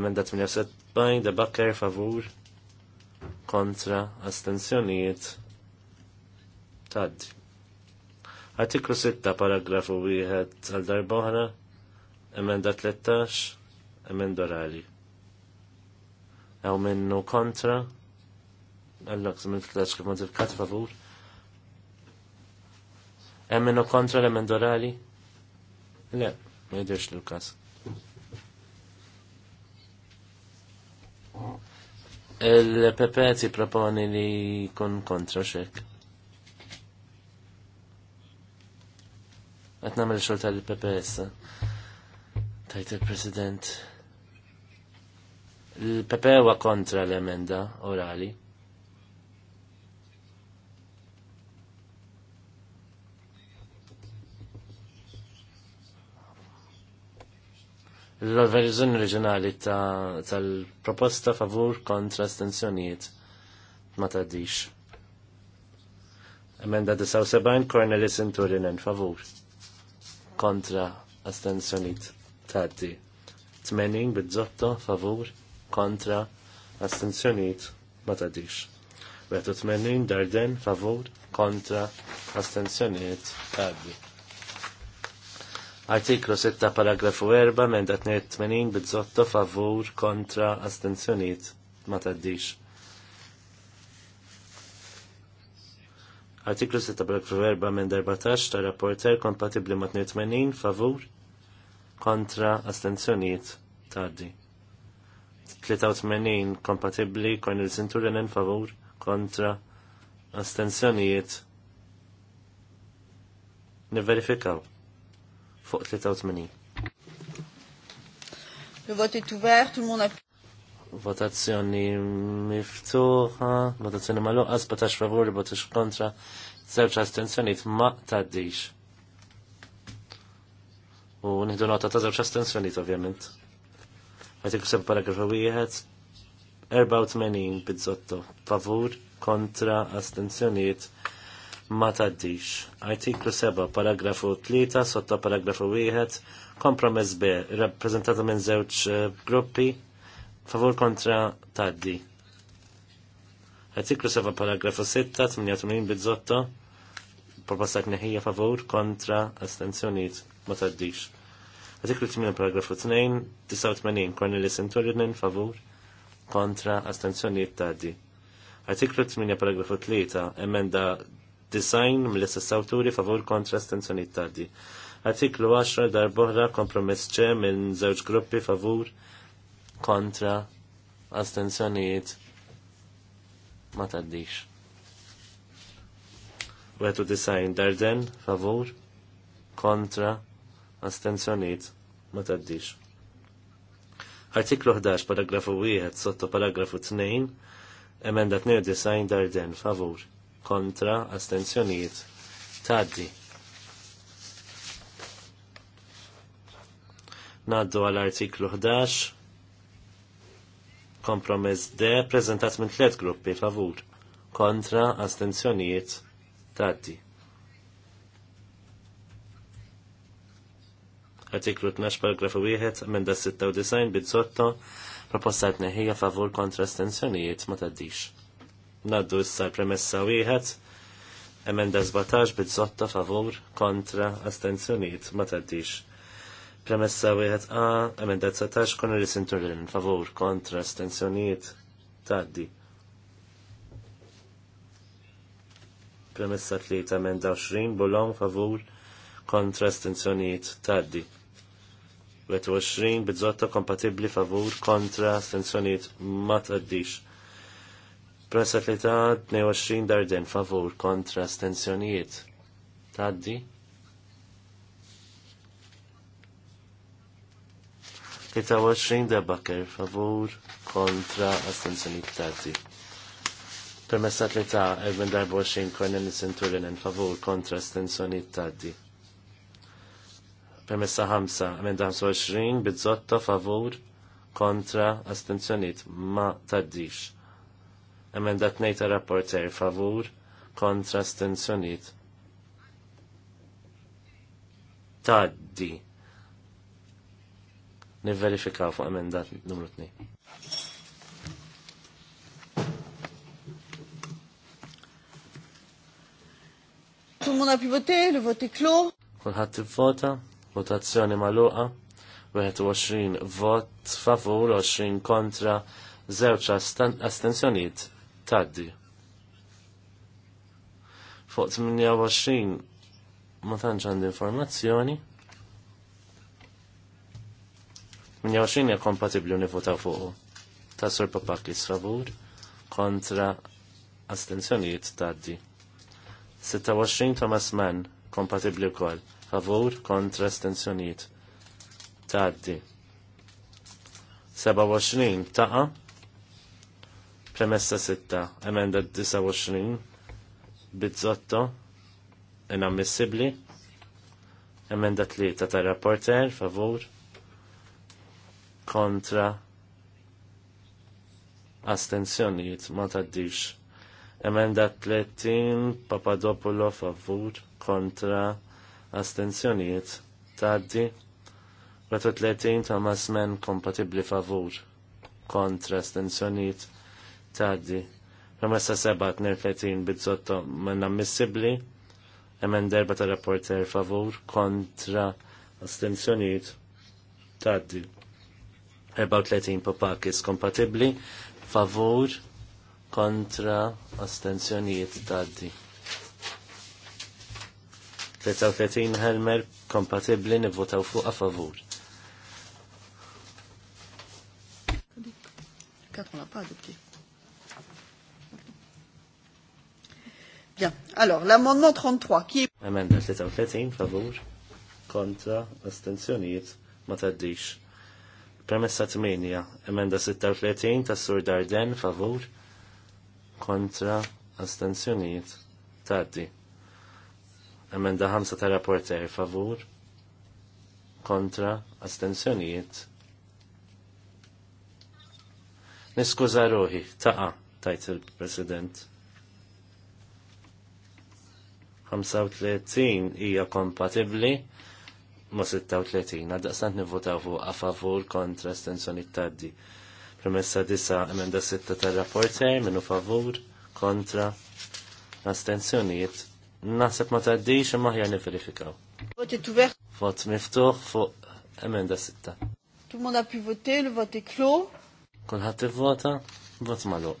Emenda 78, debakker favur, kontra, astensjonijiet, Tad. Artiklu 6, paragrafu 1 għal darba oħra, emenda 13, emenda orali. Għaw minnu kontra, għallak, minn 13 kif modifikat favur. Għaw minnu kontra l-emenda orali? Le, ma jidirx l-kas. Il-PP proponi li kun kontra xek. Għet namel xol tal-PPS. Tajt il-President. Il-PP huwa kontra l-emenda orali. L-verżjoni reġjonali tal-proposta favur kontra stenzjonijiet ma tadix. Emenda 79 Cornelis Inturinen favur kontra astensjoniet taddi. 80 bidżotto favur kontra astensjoniet ma taddix. tmenin darden favur kontra astensjoniet taddi. Artiklu 6 paragrafu 4 menda 82 tmenin zotto favur kontra astensjoniet ma taddix. Artiklu 6 proverba minn darbatax ta' rapporter kompatibli ma' 82 favur kontra astenzjoniet tardi. 83 kompatibli kon il-sinturinen favur kontra astenzjoniet niverifikaw fuq 83. Le vote est ouvert, tout le monde a votazzjoni miftuħa, votazzjoni maluqa, 17 favur, 14 kontra, zewċ astenzjoniet ma taddix. U nħidu nota ta' zewċ astensjoniet, ovvjament. Għatik sem paragrafu wieħed, 84 bizzotto, favur, kontra, astensjoniet, ma taddix. Artiklu 7, paragrafu 3, sotto paragrafu wieħed, kompromess B, rappresentata minn zewċ eh, gruppi, Favur kontra taddi. Artiklu 7 paragrafu 6, 88 bizzotto, proposta kneħija favur kontra astenzjoniet ma taddix. Artiklu 8 paragrafu 2, 89 Cornelis Centurionin favur kontra astenzjoniet taddi. Artiklu 8 paragrafu 3, emenda design mill-istess awturi favur kontra astenzjoniet taddi. Artiklu 10 darbohra kompromess ċe minn żewġ gruppi favur kontra kontra, astenzjoniet ma taddix. Wetu disajn darden, favur, kontra, astenzjoniet ma taddix. Artiklu 11, paragrafu 1, sotto paragrafu 2, emenda 2 disajn darden, favur, kontra, astenzjoniet taddi. Naddu għal artiklu 11, Kompromess de, prezentat minn tliet gruppi favur kontra astenzjonijiet taddi. Artiklu 12 paragrafu 1 emenda 96 bizzotto proposta neħija favur kontra astenzjonijiet ma taddix. Naddu issa premessa wieħed emenda 17 bizzotto favur kontra astenzjonijiet ma taddix. Premessa wieħed A, emenda 19 kon ir-sinturin, favur, kontra, stensjonijiet taddi. Premessa tlieta emenda 20, bolon, favur, kontra, stenzjonijiet, taddi. 20 bizzotta kompatibli favur kontra stenzjoniet ma taddix. Premessa tlieta 22 darden favur kontra stenzjonijiet. Taddi. 23 debaker favur kontra astenzjoni tati. Permessa li ta' 24 Corneli en favur kontra astenzjoni tati. Permessa 5 emenda 25 bizzotta favur kontra astenzjoniet ma taddix. Emenda 2 rapporter favur kontra astenzjoniet taddi nivverifikaw fuq emendat numru 2. Tout le monde a pu voter, le vote est clos. votazzjoni maluqa, 21 vot favur, 20 kontra, 0 astensjonijiet taddi. Fuq 28 ma tantx għandi informazzjoni. 28 hija kompatibbli u nivvotaw fuqu. Ta' Sur Papakis favur kontra astenzjonijiet taddi. 26 Thomas Mann kompatibbli wkoll favur kontra astenzjonijiet taddi. 27 taqa' premessa 6, emenda 29, bizzotto, inammissibli, emenda 3 ta' rapporter, favur, kontra astenzjonijiet ma taddix. Emenda 30 Papadopolo favur kontra astensjonijiet taddi. 30 Thomas Men kompatibli favur kontra astenzjonijiet taddi. Promessa 7 30 bizzotto man ammissibli. Emenda erba ta' rapporter favur kontra astenzjonijiet taddi. 34 papakis kompatibli, favur, kontra, astenzjonijiet taddi. 33 Helmer kompatibli nivvotaw fuq a favur. Bien. Alors, l'amendement 33, qui est... Amendement 33, favor, contre, astenzjoniet, ma taddix. Premessa 8, emenda 36 ta' Sur Darden, favur, kontra astensjoniet, taddi. Emenda 5 ta' rapporter, favur, kontra astensjoniet. Niskuza ruħi, taqa, tajt il-President. 35 hija kompatibli ma 36, s-sant nivvotaw fuq a favur kontra t taddi. Premessa disa emenda 6 tal-rapporter minnu favur kontra astensjonijiet. Nasib ma taddix imma ħjar niverifikaw. Vot miftuħ fuq emenda 6. Tout le monde a pu voter, le vote est clos. Kulħadd vota vot magħluq.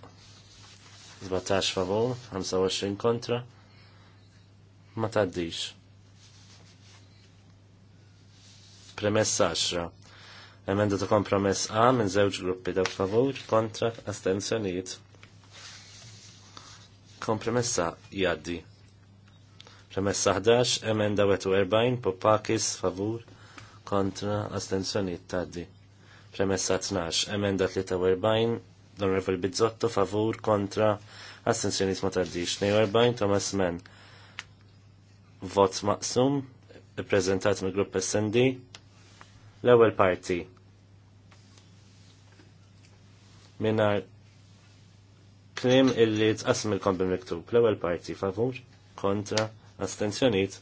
17 favur, 25 kontra. Ma taddix. Premessa 10. Emenda ta' kompromess A minn żewġ gruppi dawk favur kontra astenzjonijiet. Kompromessa jaddi. Premessa 11, emenda 41, Popakis favur kontra astenzjonijiet taddi. Premessa 12, emenda 43, l-Onorevol Bizzotto favur kontra astenzjoniet ma tardix. 42 Thomas Mann. Vot maqsum, prezentat mill grupp SND, L-ewwel parti. Minna klim illi tqasm il-kom miktub L-ewwel parti favur kontra astenzjoniet.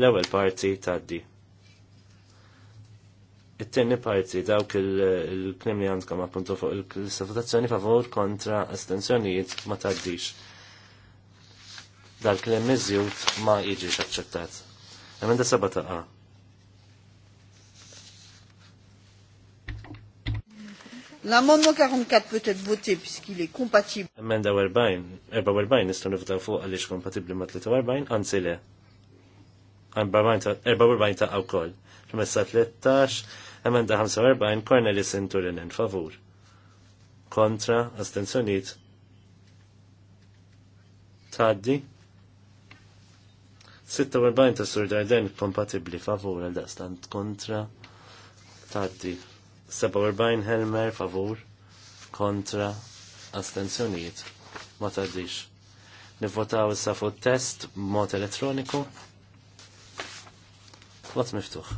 L-ewwel parti taddi. It-tieni parti dawk il-klim li għandkom appuntu fuq il sefutazzjoni favur kontra astenzjoniet ma taddix. Dal-klim miżjut ma jiġix aċċettat. Emenda seba ta' L-amendment 44 peut être voté puisqu'il est compatible. Amenda 44, 44 nistgħu niftaw fuq għaliex kompatibbli ma' 43, anzi le. 44 ta' wkoll. Premessa 13, amenda 45, Cornelis Inturinen, favur. Kontra, astenzjoniet. Taddi. 46 ta' Sur Darden kompatibbli favur għal daqstant kontra. Taddi. 47 Helmer favur kontra astenzjonijiet ma tardix. Nivvotaw issa fuq test mod elettroniku. Vot miftuħ.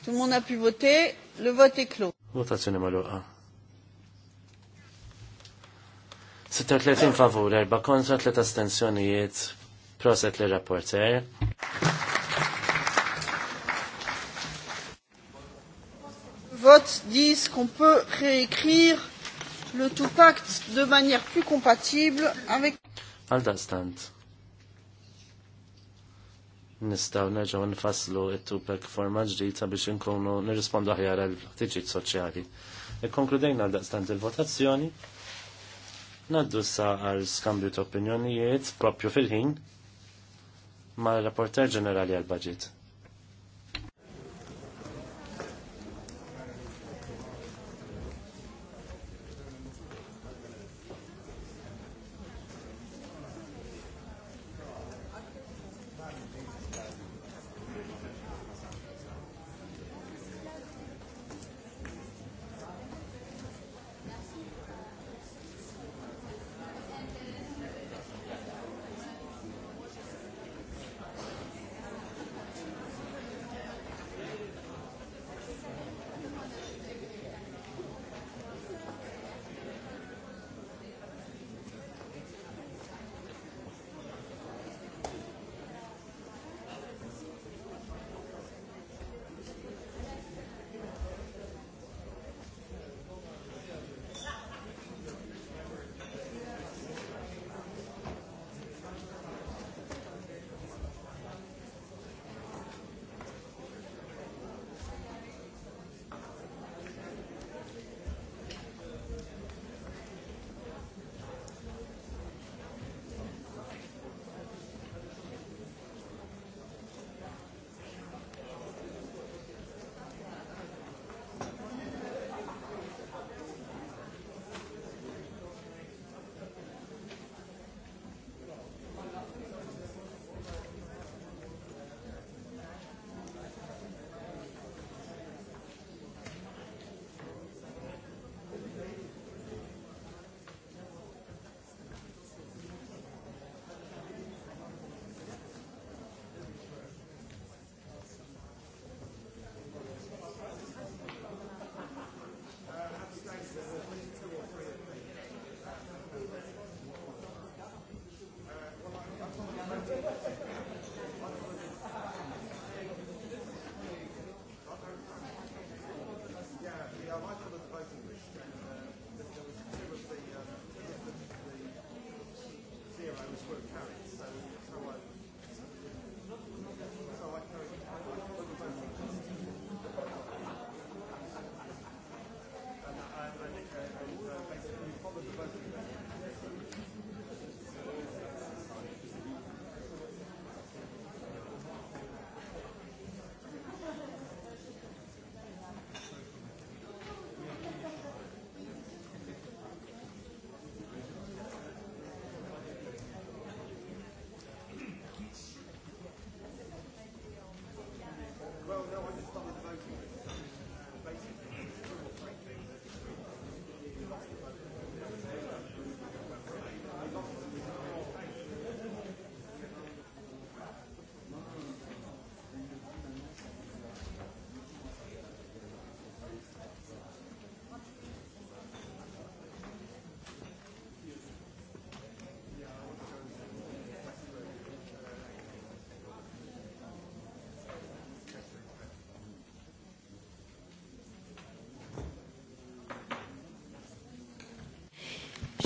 Tout le monde a pu voter. Le vote est clos. Votazione maluqa. 36 favur, 4 kontra, 3 astensjonijiet, proset li rapporter. votes disent qu'on peut réécrire le tout pacte de manière plus compatible avec. Għaldastant. Nistaw nerġaw nfasslu it-tupek forma ġdita biex nkunu nirrispondu aħjar għal-ħtiġijiet soċjali. Ikkonkludejna l-daqstant il-votazzjoni. Naddu sa għal skambju ta' opinjonijiet propju fil-ħin ma' rapporter ġenerali għal-budget.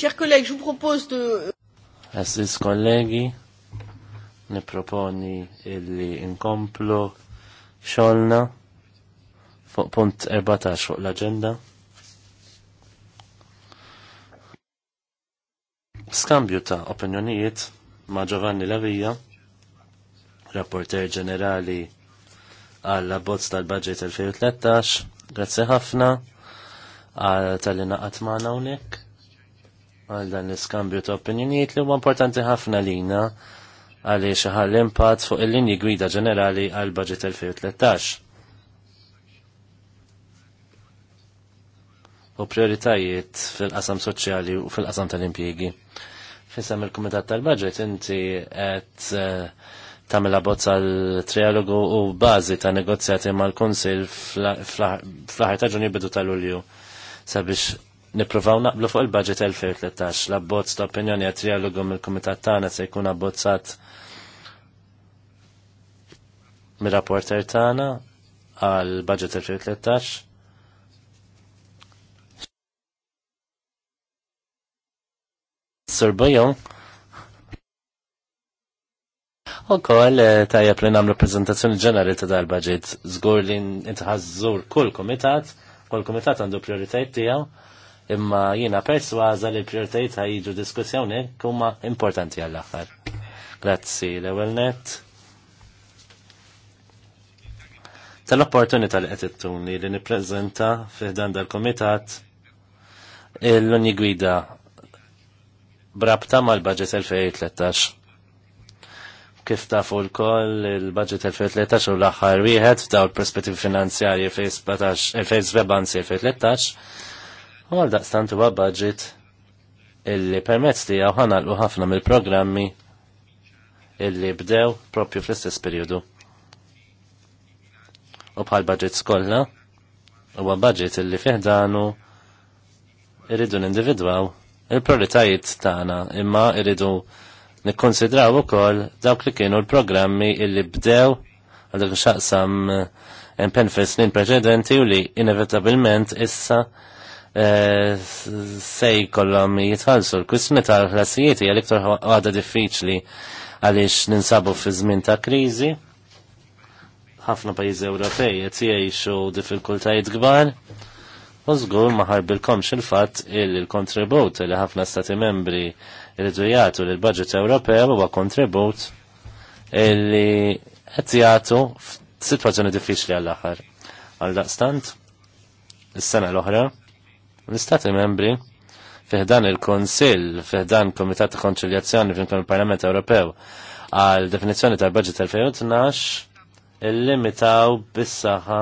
Chers collègues, je vous propose de... Assis kollegi, niproponi illi inkomplu xolna fuq punt erbata fuq l Skambju ta' opinjonijiet ma' Giovanni Lavija, rapporter ġenerali għall bozz tal-budget 2013, grazzi ħafna għal tal inaqat ma' nawnek għal dan l-iskambju ta' opinjonijiet li huwa importanti ħafna lina għaliex ħall impatt fuq il-linji gwida ġenerali għal budget 2013. U prioritajiet fil-qasam soċjali u fil-qasam tal-impjiegi. Fisam il-Kumitat tal-Budget inti qed eh, tamela bozza l-trialogu u bażi ta' negozjati mal-Kunsil fl-aħħar ta' ġunju bidu tal-Ulju sabiex niprofaw naqblu fuq il-budget 2013. L-abbozz ta' opinjoni għat trialogu mill-komitat tagħna se jkun abbozzat mir-rapporter tagħna għal budget 2013. Sir U koll eh, tajab li namlu prezentazzjoni ġenerali ta' dal-budget. Zgur li intħazzur kull komitat, kull komitat għandu prioritajt tijaw imma jiena perswaza li l ta' jiġu diskussjoni kumma importanti għall-aħħar. Grazzi l-ewwel net. Tal-opportunità li qed ittuni li nippreżenta fiħdan dal-Kumitat l-unji gwida brabta mal-budget 2013. Kif fu l kol il-budget 2013 u l axar wieħed f'daw il-perspettivi finanzjarji 2017-2013 u għal daqstant huwa budget illi permezz li l ħafna mill-programmi illi bdew propju fl-istess periodu. U bħal budget skolla, huwa budget illi fiħdanu irridu nindividwaw il-prioritajiet tagħna imma irridu nikkonsidraw ukoll dawk li kienu l-programmi illi bdew għal xaqsam impenn fis snin preċedenti u li inevitabilment issa se jkollhom jitħallsu l-kwismi tal-ħlasijiet hija l-iktar għada diffiċli għaliex ninsabu fi żmien ta' kriżi. Ħafna pajjiżi Ewropej qed jgħixu diffikultajiet kbar. U żgur ma ħarbilkomx il-fatt il-kontribut li ħafna stati membri irridu jagħtu lil budget Ewropew huwa kontribut illi qed jagħtu f'sitwazzjoni diffiċli għall-aħħar. Għal daqstant, is-sena l-oħra, L-Istati membri fiħdan il-Konsil, fiħdan Komitat ta' Konċiljazzjoni fil il-Parlament Ewropew għal definizzjoni tal-budget 2012 il-limitaw bis-saħħa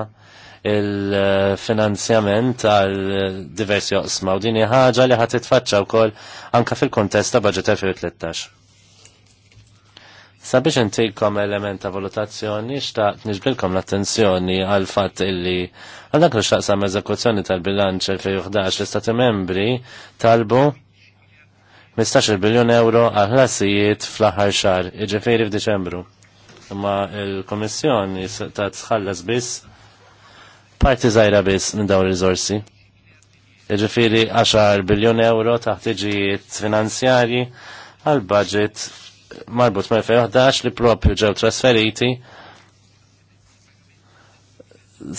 il-finanzjament għal diversi oqsma u din ħaġa li ħat titfaċċa wkoll anka fil-kontest ta' budget 2013. Sabiex intilkom element ta' valutazzjoni, xtaqt nixbilkom l-attenzjoni għal fatt illi għal dak li xtaqsam eżekuzzjoni tal-bilanċ 2011 l-Istati membri talbu 15 biljon euro għal ħlasijiet fl-aħħar xar, iġifieri f'Diċembru. Imma l komissjoni ta' tħallas biss parti żgħira biss minn dawn ir-riżorsi. Iġifieri 10 biljon euro taħt iġijiet finanzjarji għal budget marbut ma' 2011 e li propju ġew trasferiti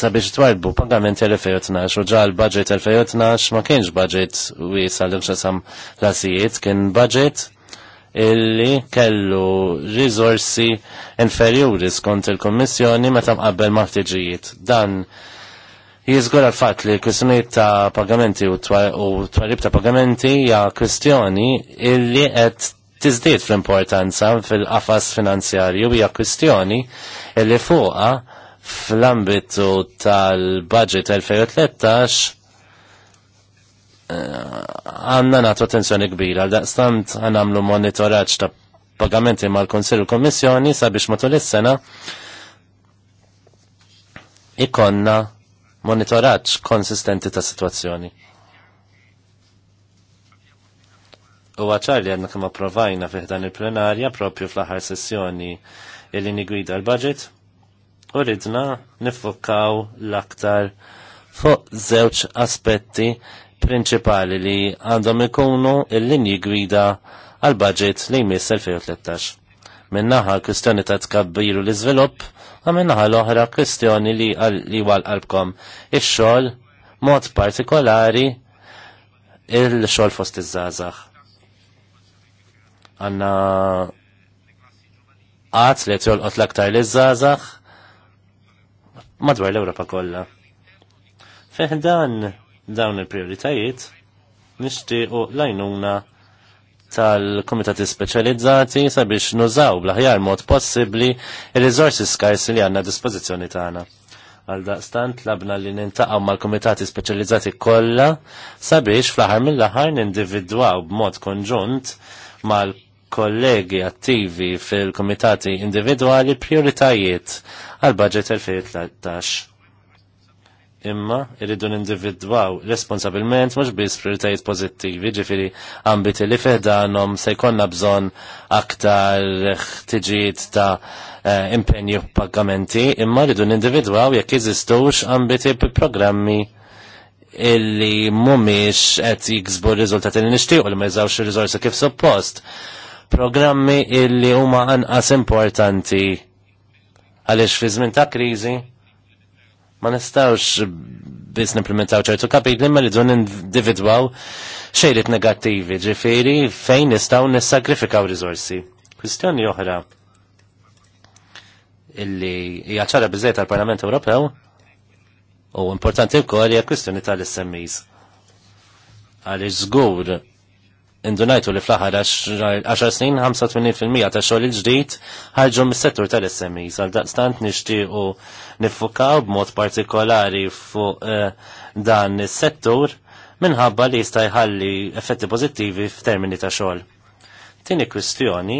sabiex twajbu pagamenti 2012 e u ġa l-budget 2012 e ma kienx budget wiesa l sam lasijiet, kien budget illi kellu rizorsi inferiori skont il-Kommissjoni meta tam ma' ħtiġijiet. Dan jizgur għal-fat li kwistjoniet ta' pagamenti u twarib ta' pagamenti ja kwistjoni illi qed tizdiet fl-importanza fil-qafas finanzjarju hija kwistjoni li fuqa fl-ambitu tal-budget 2013 eh, għanna natu attenzjoni kbira. Għal-daqstant għanamlu monitoraċ ta' pagamenti mal konsil u kommissjoni sabiex matul is-sena ikonna monitoraċ konsistenti ta' situazzjoni. U għacħar li għadna kama provajna fiħdan il-plenarja propju fl-ħar sessjoni illi nigwida l-budget u ridna nifokaw l-aktar fuq zewċ aspetti prinċipali li għandhom ikunu il-linji gwida għal budget li jmiss 2013. Minnaħa kwistjoni ta' tkabbiru l-izvilupp, għam minnaħa l-oħra kwistjoni li għal qalbkom ix-xogħol mod partikolari il-xogħol fost iż-żgħażagħ għanna għat li għot l-aktar li zazax madwar l-Europa kolla. Feħdan dawn il-prioritajiet u lajnuna tal-komitati speċjalizzati sabiex nużaw bl-aħjar mod possibbli il-rizorsi skarsi li għanna dispożizzjoni tagħna. Għal daqstant labna li nintaqgħu mal-komitati speċjalizzati kollha sabiex fl-aħħar mill ħar nindividwaw b'mod konġunt mal-kollegi attivi fil-komitati individuali prioritajiet għal budget 2013. Imma irridu nindividwaw responsabilment mhux biss prioritajiet pożittivi, ġifiri ambiti li fedanhom se jkollna bżonn aktar ħtiġijiet ta' eh, impenju pagamenti, imma rridu nindividwaw jekk jeżistux ambiti programmi illi mumiex qed jiksbu r-riżultati li nixtiequ li ma jżawx ir-riżorsi kif suppost. Programmi illi huma anqas importanti għaliex fi żmien ta' kriżi ma nistawx biss nimplementaw ċertu kapitli ma li nindividwaw individwaw xejrit negattivi, ġifiri fejn nistaw nissagrifikaw rizorsi. Kwistjoni oħra illi hija ċara biżejt għal-Parlament Ewropew U importanti wkoll hija kwistjoni tal-SMEs. Għaliex żgur indunajtu li fl-aħħar 10 snin 85% ta' xogħol il-ġdid ħarġu mis-settur tal-SMEs. Għal daqstant nixtiequ niffukaw b'mod partikolari fuq eh, dan is-settur minħabba li jista' jħalli effetti pożittivi f'termini ta' xogħol. Tieni kwistjoni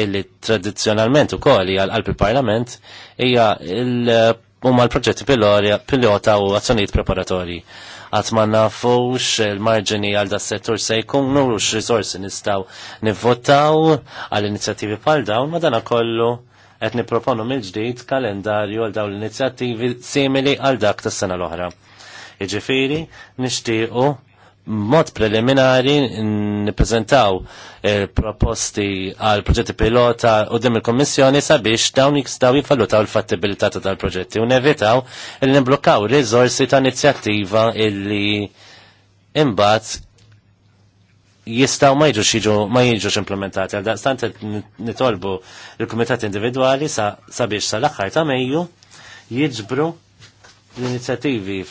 illi tradizjonalment u koll għal qalb il-parlament hija il u l proġetti pilota u azzjonijiet preparatorji. Għat ma nafux il-marġini għal da settur se jkun nuru risorsi nistaw nivvotaw għal inizjattivi pal dawn ma dana kollu qed niproponu mill-ġdid kalendarju għal dawn l-inizjattivi simili għal dak tas-sena l-oħra. Iġifiri, nixtiequ mod preliminari nippreżentaw eh, proposti għal proġetti pilota u dim il-Kommissjoni sabiex dawn jistgħu jifallutaw il fattibilità ta' tal-proġetti u nevitaw li nimblokkaw riżorsi ta' inizjattiva illi imbagħad jistaw ma jiġux jiġu ma jiġux implementati għal daqstant nitolbu l-kumitati individwali sabiex sal aħħar ta' Mejju jiġbru l-inizjattivi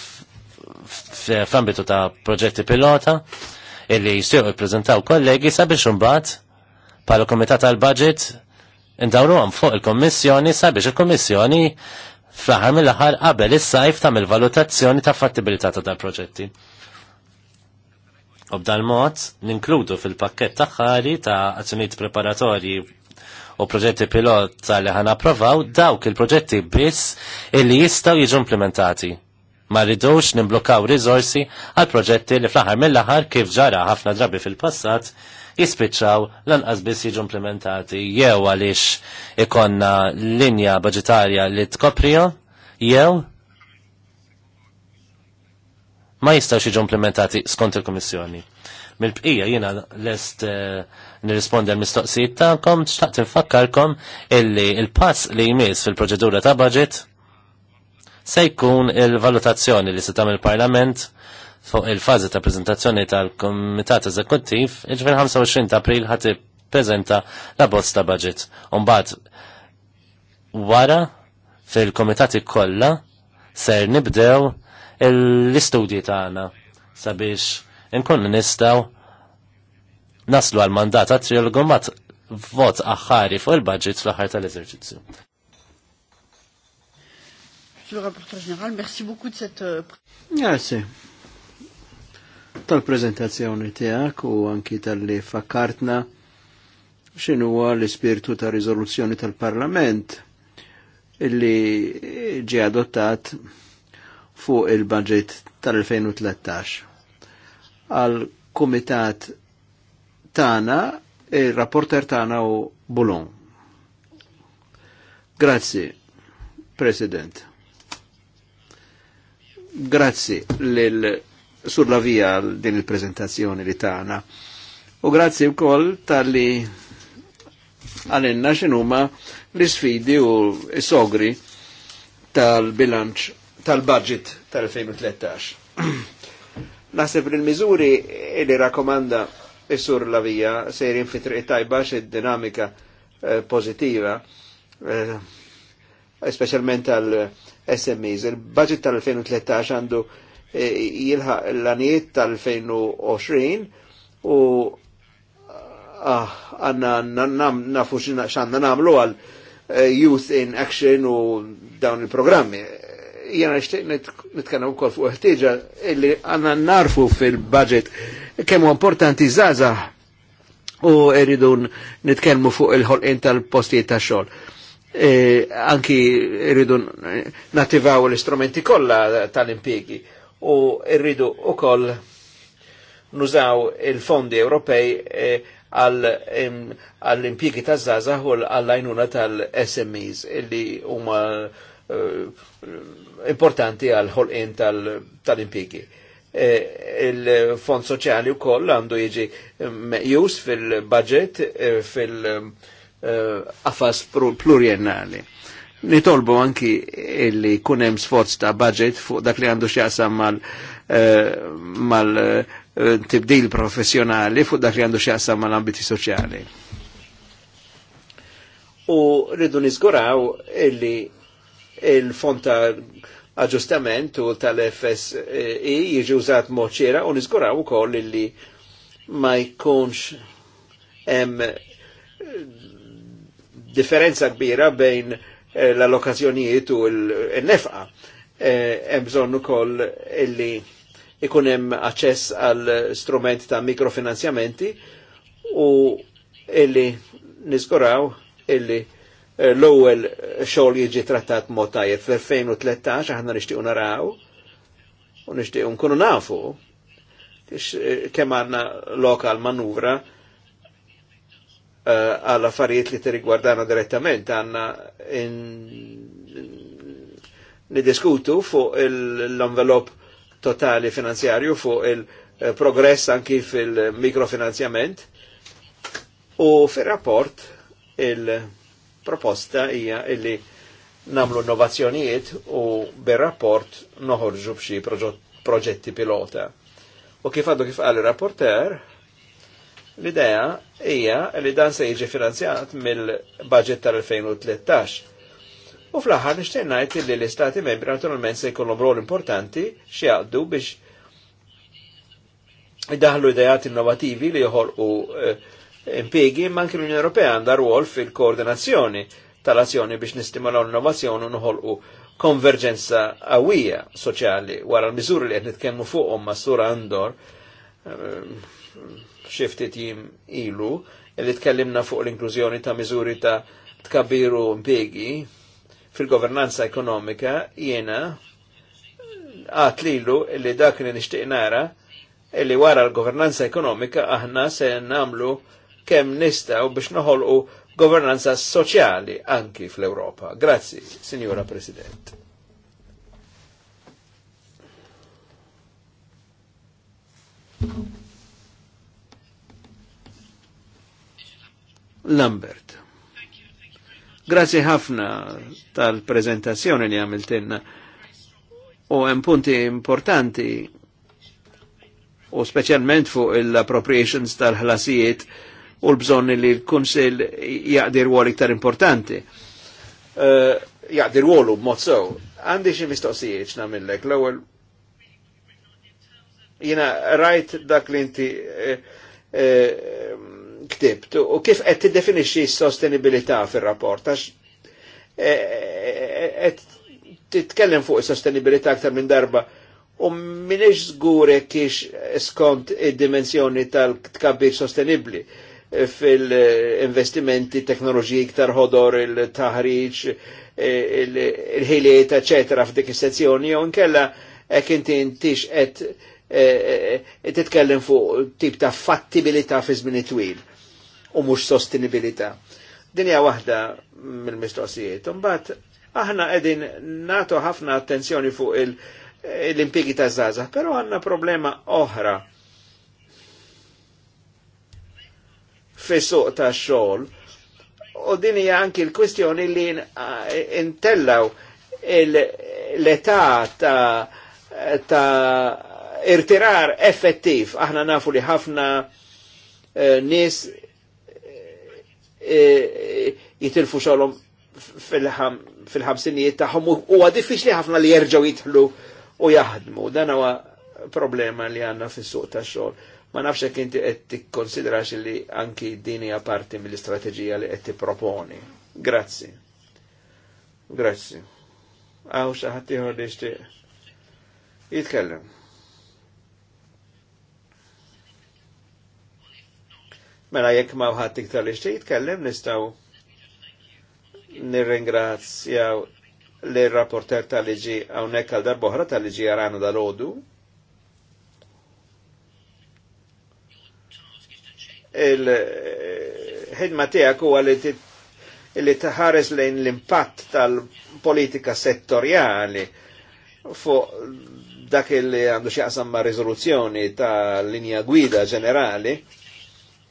f'ambitu ta' proġetti pilota illi jistiju jippreżentaw kollegi sabiex imbagħad bħala komitat tal budget indawru għam fuq il-kommissjoni sabiex il-kommissjoni fl-aħħar mill-aħħar qabel is-sajf tagħmel valutazzjoni ta' fattibilità ta' proġetti U b'dal mod ninkludu fil-pakket ta' ħari ta' azzjonijiet preparatorji u proġetti pilota li ħana provaw dawk il-proġetti biss illi jistgħu jiġu implementati Ma rridux nimblokkaw rizorsi għal proġetti li fl-aħħar mill-aħħar kif ġara ħafna drabi fil-passat jispiċċaw lanqas biss jiġu implementati jew għaliex ikonna linja budgetarja li tkoprija jew ma jistax jiġu implementati skont il-Kummissjoni. Mill-bqija jiena lest eh, nirrispondi għal mistoqsijiet tagħkom xtaqt infakkarkom illi il-pass li jmiss fil-proċedura ta' budget se jkun il-valutazzjoni li se tagħmel il-Parlament fuq il-fażi ta' preżentazzjoni tal-Kumitat Eżekuttiv il-ġvien 25 ta' April ħadd prezenta la bozz ta' budget. Umbagħad wara fil-komitati kollha ser nibdew l-istudji tagħna sabiex inkun nistgħu naslu għal mandata trilogu mat vot aħħari fuq il-budget fl-aħħar tal-eżerċizzju le rapporteur général, merci beaucoup de cette... Euh, Grazie. Tal-prezentazzjoni tiegħek u anki tal-li fakkartna x'inhuwa l-ispirtu ta' riżoluzzjoni tal-Parlament illi ġie adottat fuq il-budget tal-2013. Għal kumitat tana, il-rapporter tana u Bulon. Grazzi, President. Grazzi lil sur la via din il-prezentazzjoni li tagħna. U grazzi wkoll tal-li għalenna x'inhuma l-isfidi u s-sogri tal-bilanċ tal-budget tal-2013. <clears throat> Naħseb li l-miżuri li rakomanda sur la via sejrin fi triq tajba dinamika eh, pozitiva, eh, specialment għal SMEs. Il-budget tal-2013 għandu e, jilħaq l-għaniet tal-2020 u ah, għanna nafu xanna namlu għal e, Youth in Action u dawn il-programmi. Jena nishtiq u kol fuq ħtieġa illi għanna narfu fil-budget kemm importanti żgħażagħ u rridu nitkellmu fuq il-ħolqien tal-postijiet tax-xogħol E, anki rridu nativaw l-istrumenti kolla tal impiegi u rridu koll nużaw il-fondi Ewropej għall impiegi e, ta' zaza u għall-għajnuna tal-SMEs illi huma e, importanti għall ħolqin tal impiegi e, il-fond soċjali u koll għandu jieġi meqjus fil-budget, fil-, -budget, fil għafas eh, pluriennali. Nitolbu anki illi kunem sforz ta' budget fuq dak li għandu xjaqsam mal, eh, mal eh, tibdil professjonali fuq dak li għandu xjaqsam mal-ambiti soċjali. U rridu nizguraw illi il-fond ta' aġustament u tal-FSI e jiġi użat moċira u nizguraw u koll illi ma jkunx differenza kbira bejn eh, l-allokazzjonijiet u l-nefqa. Eh, hemm bżonn ukoll illi ikun hemm aċċess għal strument ta' mikrofinanzjamenti u illi niskuraw illi eh, l-ewwel xogħol jiġi trattat mod tajjeb fl-2013 aħna nixtiequ naraw u nixtiequ nkunu nafu kemm għandna lokal manuvra Eh, għal affarijiet li tirigwardana direttament għanna nidiskutu fuq l-envelop totali finanzjarju fuq il-progress anki fil-mikrofinanzjament u fil-rapport il-proposta hija illi namlu innovazzjonijiet u bil-rapport noħorġu b'xi proġetti pilota. U kif għaddu kif għal rapporter L-idea hija li dan se jiġi finanzjat mill-budget tal-2013. U fl-aħħar nixtieq ngħid li l-Istati membri naturalment se jkollhom rol importanti x'jaqdu biex idaħlu idejat innovativi li joħolqu eh, impiegi ma anke l-Unjoni Ewropea għandha rwol fil-koordinazzjoni tal-azzjoni biex nistimulaw l-innovazzjoni u noħolqu konverġenza qawwija soċjali wara l-miżuri li qed nitkellmu fuqhom ma' sura Andor eh, xifti tim ilu, li tkellimna fuq l-inklużjoni ta' miżuri ta' tkabiru impiegi fil-governanza ekonomika, jiena għat lilu li dak li nishtiq nara li wara l-governanza ekonomika aħna se namlu kem nistaw biex noħolqu governanza soċjali anki fl-Europa. Grazzi, Signora President. Thank you. Lambert. Grazie ħafna tal-prezentazzjoni li għamiltinna. U hemm punti importanti u speċjalment fuq il-appropriations tal-ħlasijiet u l-bżonni li l-Kunsil jaqdir rwol iktar importanti. Uh, eh, jaqdi rwolu b'mod sew. Għandi xi mistoqsijiet x'namillek. L-ewwel jiena rajt dak li inti uh, uh, ktibt u kif qed tiddefinixxi s-sostenibilità fir-rapport għax qed e, e, e, titkellem fuq is-sostenibilità aktar minn darba u minix żgure kiex skont id-dimensjoni tal-tkabbir sostenibbli fil-investimenti, teknoloġiji iktar ħodor, il-taħriġ, il-ħiliet, eċetera f'dik is-sezzjoni, jew nkella jekk inti intix qed titkellem fuq tip ta' fattibilità fi żmien twil u mhux sostenibilità. Dinja waħda mill-mistoqsijiet. Imbagħad aħna qegħdin nato ħafna attenzjoni fuq l impigi ta' zazah, però għandna problema oħra fis-suq xol, xogħol u din hija anki l-kwistjoni li intellaw l-età ta', ta irtirar effettiv. Aħna nafu li ħafna eh, nis E, e, jitilfu xolom fil-ħamsinijiet taħħom u għadifix li ħafna li jerġaw jitħlu u jaħdmu. Dan huwa problema li għanna fis-suq ta' xogħol. Ma nafx jekk inti qed tikkonsidrax li anki din hija parti mill-istrateġija li qed tipproponi. Grazzi. Grazzi. Għaw xi ħadd ieħor li jixtieq. Jitkellem. Mela jekk ma ħadd iktar li xtejt jitkellem nistgħu nirringrazzjaw lir rapporter tal-liġi hawnhekk għal darboħra tal-liġi jarana dal-ħodu. Il-ħidma tiegħek huwa li li taħares lejn l-impatt tal-politika settorjali fuq dak li għandu xieqsam ma' rizoluzzjoni ta' linja gwida ġenerali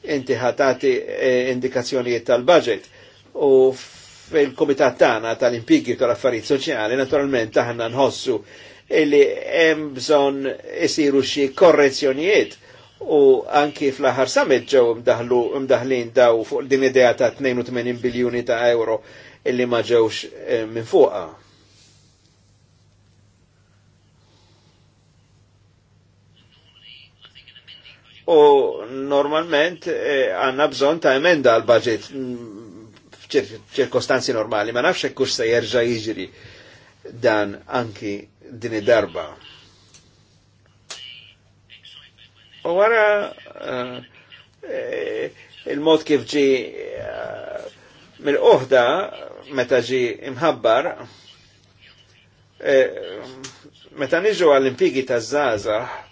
inti ħatati eh, indikazzjonijiet tal-budget u fil-komitat tagħna tal-impjigi tal-affarijiet soċjali naturalment aħna nħossu illi hemm bżonn isiru xi korrezzjonijiet u anki fl-aħħar summit ġew mdaħlin daw fuq din idea ta' 82 biljuni ta' euro illi ma ġewx eh, minn fuqha. u normalment eh, għanna bżon ta' emenda għal budget ċirkostanzi mm, normali, ma nafx kux se jerġa' jiġri dan anki din id-darba. U għara eh, eh, il-mod kif ġi uh, mill-oħda meta ġi imħabbar, meta niġu għall-impigi ta' zazax,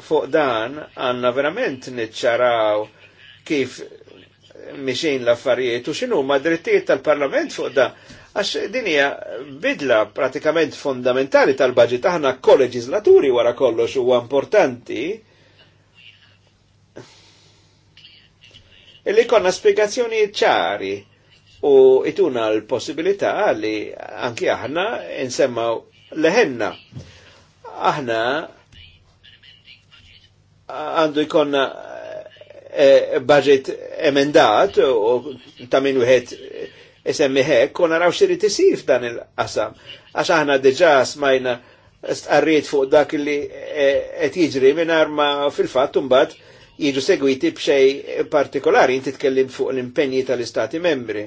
fuq dan għanna verament nitċaraw kif miexin l-affarijiet u xinu madrittiet drittijiet tal-parlament fuq da. Għax dinija bidla pratikament fondamentali tal baġit aħna koleġislaturi wara kollox huwa importanti. Illi konna spiegazzjoni ċari u ituna l-possibilità li anki aħna insemma leħenna. Aħna għandu jkonna eh, eh, budget emendat u ta' minn wieħed isemmi hekk u naraw xiri tisir dan il-qasam. Għax aħna diġà smajna stqarriet fuq dak li eh, qed jiġri mingħajr ma fil-fatt imbagħad jiġu segwiti b'xej partikolari inti tkellim fuq l-impenji tal-istati membri.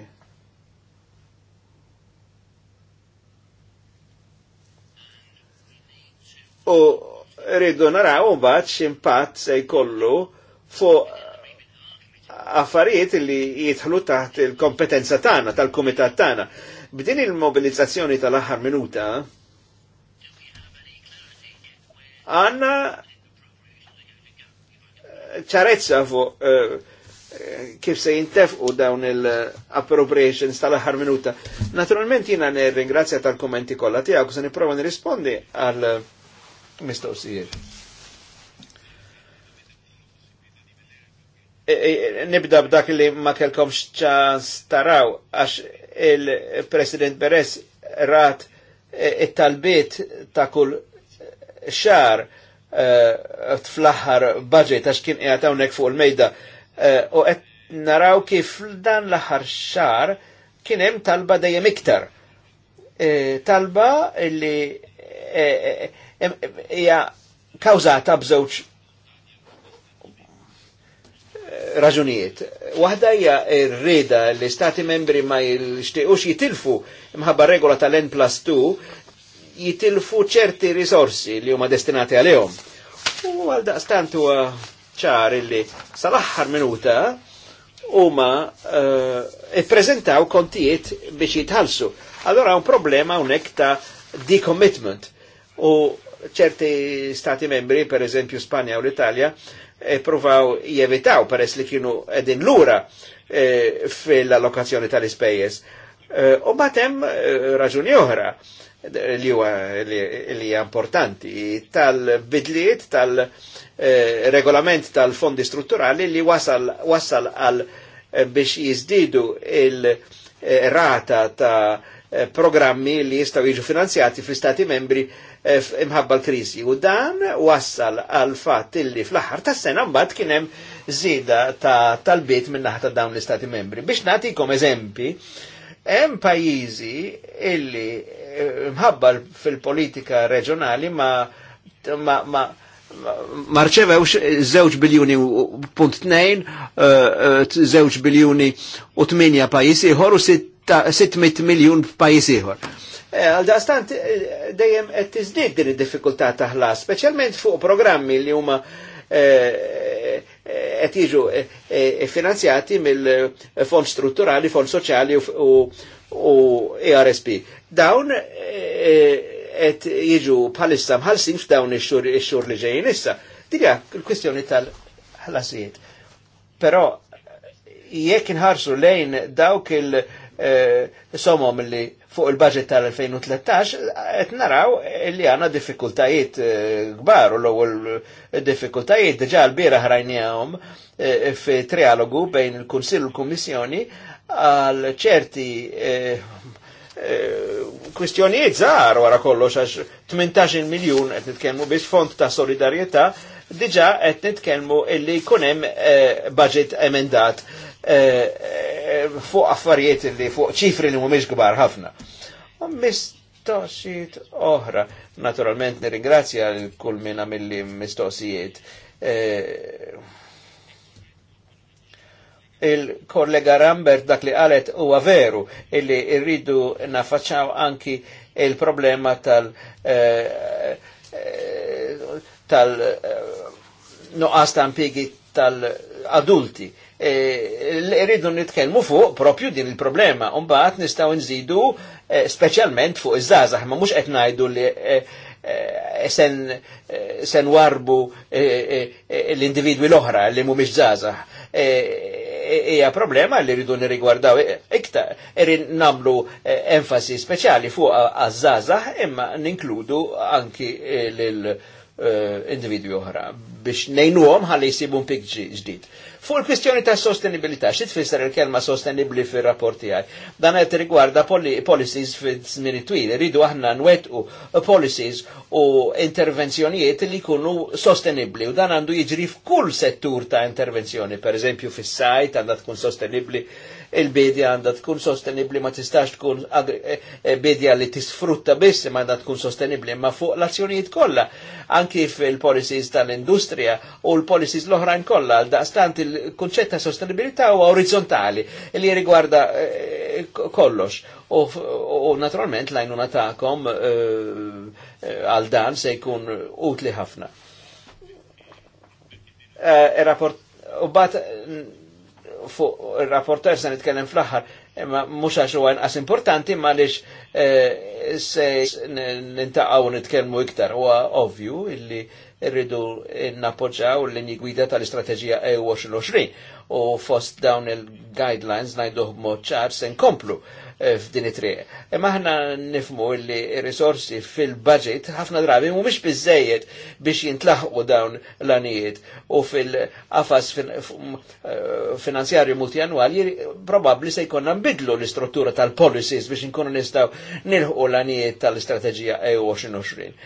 U rridu naraw mbagħad x'impatt se jkollu fuq affarijiet li jidħlu taħt il-kompetenza tagħna tal-kumitat tagħna. B'din il-mobilizzazzjoni tal-aħħar minuta għanna ċarezza fuq eh, kif se jintefqu dawn il-appropriations tal-aħħar minuta. Naturalment jina nir-ringrazzja tal-kommenti kollha tiegħek u se nipprova nirrispondi għal uh, mistoqsijiet. E, e, e, nibda b'dak li ma kelkomx ċans taraw, għax il-President Beres rat it-talbiet ta' kull xar fl-aħħar budget għax kien qiegħed hawnhekk fuq il-mejda. U qed naraw kif dan l-aħħar xar kien hemm talba dejjem iktar. Talba li hija kawżata b'żewġ eh, raġunijiet. Waħda hija rrida li stati membri ma jixtiequx jitilfu mħabba regola tal-N plus 2 jitilfu ċerti risorsi li huma destinati għalihom. U għalda daqstant huwa ċar li sal-aħħar minuta huma eh, ippreżentaw kontijiet biex jitħallsu. Allora un problema hawnhekk ta' decommitment. commitment u ċerti stati membri, per eżempju Spanja u l-Italja, e provaw jevitaw peress li kienu edin lura e, fil-allokazzjoni tal-ispejjeż. E, u batem raġuni oħra li huwa li importanti tal-bidliet tal-regolament tal-fondi strutturali li wasal wasal għal biex jizdidu il-rata ta' programmi li jistaw jiġu finanzjati fl-Stati membri imħabba l-krizi. U dan wassal għal fatt illi fl-aħħar tas sena mbagħad kien hemm żieda ta' talbiet minn naħa ta' dawn l-istati membri. Biex nagħtikom eżempi, hemm pajjiżi illi imħabba eh, fil-politika reġjonali ma ma ma marċevewx zewġ biljuni punt tnejn, eh, eh, zewġ biljuni u tminja pajis iħor u 600 miljon pajis iħor. Eh, għal daqstant eh, dejjem qed tiżdied din id-diffikultà taħlas, speċjalment fuq programmi li huma eh, qed jiġu finanzjati mill-fond strutturali, fond soċjali u ERSP. Dawn qed jiġu bħalissa mħallsin f'dawn ix-xhur li ġejjin issa. Diga l-kwistjoni tal-ħlasijiet. Però jekk inħarsu lejn dawk il-somom li fuq il-budget tal-2013, qed naraw li għandna diffikultajiet kbar eh, u l-ewwel diffikultajiet diġà l-bira ħrajnihom eh, fi trialogu bejn il-Kunsill u l-Kummissjoni għal ċerti eh, kwistjonijiet żgħar wara kollox għax 18 miljun qed nitkellmu biex fond ta' solidarieta, dġa qed nitkellmu illi jkun hemm budget emendat Eh, eh, fuq affarijiet li fuq ċifri li mhumiex kbar ħafna. U mistoqsijiet oħra. Naturalment nirringrazzja l kull minna mill-li mistoqsijiet. Eh, il-kollega Rambert dak li qalet huwa veru illi rridu nafaċċaw anki il-problema tal- tal- nuqqas tal-adulti E, rridu nitkellmu fuq propju din il-problema. Umbaħt nistaw nżidu e, specialment fuq iż-żazax, ma mux qed ngħidu li e, sen, sen warbu l-individwi l-oħra li mhumiex zazax. Ija problema li rridu nirigwardaw iktar, irrid namlu enfasi speċjali fuq għaż imma ninkludu anki l individwi oħra biex nejnuhom ħalli jsibu pikġi ġdid. Fu l kwistjoni ta' sostenibilità, xi tfisser il-kelma sostenibli fir-rapport tiegħi. Dan qed rigwarda policies fid-żmien twil, iridu aħna nwettqu policies u intervenzjonijiet li jkunu sostenibli u dan għandu jiġri f'kull settur ta' intervenzjoni, per eżempju fis-sajt għandha tkun sostenibli il bidja għanda tkun sostenibli ma tistax tkun eh, eh, bidja li tisfrutta biss ma għanda tkun sostenibli ma fuq l-azzjonijiet kolla anki fil-policies tal-industrija u l-policies l-oħrajn kolla għal daqstant il-kunċett ta' sostenibilità u orizzontali li rigwarda eh, kollox. U naturalment lajnuna għajnuna ta'kom għal dan se jkun utli ħafna. rapport U bat fuq il-rapporter se nitkellem fl-aħħar, imma mhux għax huwa inqas importanti ma lix eh, se nintaqgħu nitkellmu iktar huwa ovvju illi rridu nappoġġaw l-linji gwida tal-istrateġija EU 2020 u fost dawn il-guidelines ngħiduh mod ċar se nkomplu Eh, f'din it-triq. Imma aħna nifmu li risorsi fil-budget ħafna drabi mhumiex biżejjed biex jintlaħqu dawn l-anijiet u fil-qafas eh, finanzjarju multianwali probabbli se jkollna nbidlu l-istruttura tal-policies biex nkunu nistgħu nilħu l-anijiet tal-istrateġija EU 2020.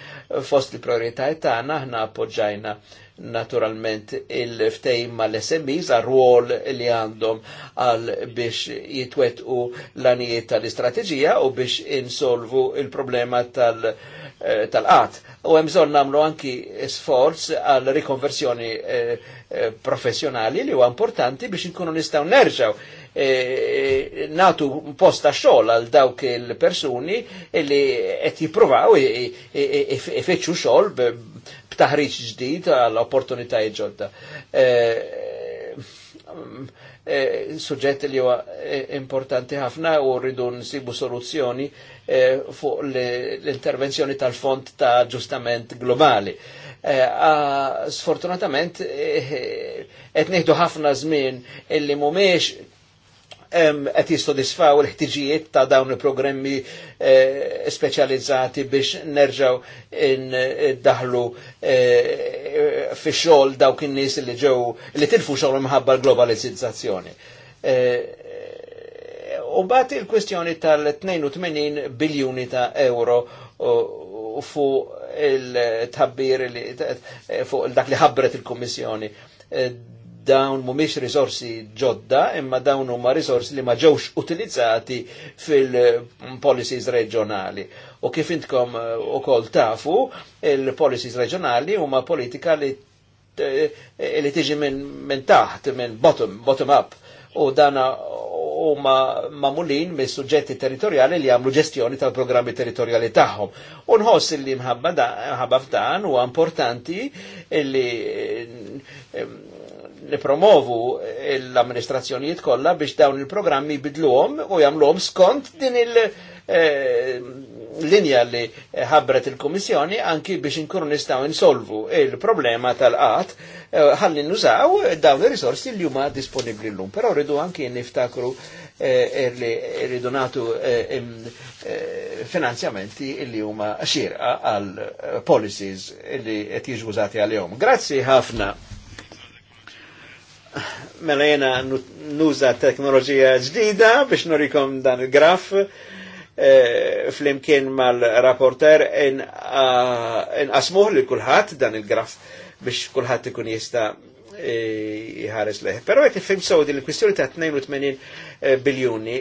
Fost il-prioritajiet tagħna aħna appoġġajna naturalment il-ftejn ma l-SMIs għal li għandhom għal biex jitwetqu l-anijiet tal-istrateġija u biex insolvu il-problema tal- tal-qat. U hemm bżonn nagħmlu anki sforz għal rikonversjoni professionali professjonali li huwa importanti biex inkunu nistgħu nerġgħu natu posta xogħol għal dawk il-persuni li qed jippruvaw ifittxu xogħol b'taħriġ ġdid għal opportunitajiet ġodda. Eh, eh, eh, suġġett li huwa importanti ħafna u rridu nsibu soluzzjoni fuq l-intervenzjoni tal-Fond ta' Ġustament Globali. Sfortunatament, qed ħafna żmien illi mhumiex qed jistodisfaw l-ħtiġijiet ta' dawn il-programmi eh, speċjalizzati biex nerġaw eh, daħlu eh, fi xogħol dawk in-nies li ġew li tilfu xogħol mħabba l-globalizzazzjoni. Eh, u eh, bat il-kwestjoni tal-82 biljuni ta' euro eh, fu il-tabbir fuq dak li ħabbret il kummissjoni dawn mumiex risorsi ġodda, imma dawn huma risorsi li ma ġewx utilizzati fil-policies reġjonali. U kif intkom eh, u kol tafu, il-policies reġjonali huma politika li eh, li tiġi minn min taħt, minn bottom, bottom up. U dana huma mamulin mis suġġetti territoriali li għamlu ġestjoni tal-programmi territoriali tagħhom. U nħoss li mħabba f'dan u importanti li nipromovu l-amministrazzjonijiet kollha biex dawn il-programmi bidluhom u jagħmluhom skont din il- eh, linja li ħabbret il-Komissjoni anki biex inkunu nistgħu insolvu il-problema tal-qat eh, ħalli nużaw dawn il-risorsi li huma disponibbli llum. Però rridu anki niftakru eh, er li rridu nagħtu finanzjamenti li huma xirqa għal policies li qed jiġu użati Grazzi ħafna mela jena nuża teknoloġija ġdida biex nurikom dan il-graf eh, fl-imkien mal-rapporter in ah, in li kulħadd dan il-graf biex kulħadd ikun jista' jħares e, leħ. Pero jek il-fim din il-kwistjoni ta' 82 e, biljuni,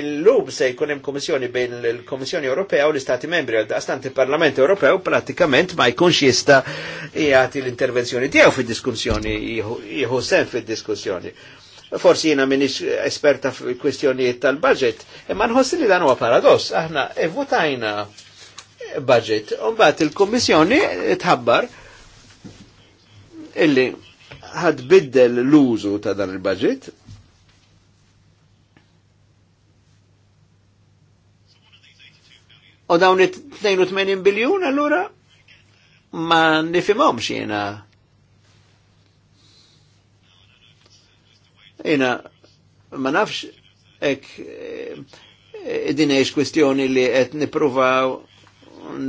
l-lub se jkun hemm komissjoni bejn il-Komissjoni Ewropea u l-Istati Membri għal daqstant il-Parlament Ewropew pratikament ma jkunx jista' jagħti l-intervenzjoni tiegħu fid-diskussjoni, jieħu sen fid-diskussjoni. Forsi jiena minix esperta fil-kwistjonijiet tal-budget, imma nħossi li dan huwa paradoss, aħna evvotajna budget, un il komissjoni tħabbar illi ħad biddel l-użu ta' dan il-budget. U dawn it 82 biljun allura ma nifimomx jena. Jena ma nafx ek eh, din eħx kwestjoni li qed nipruvaw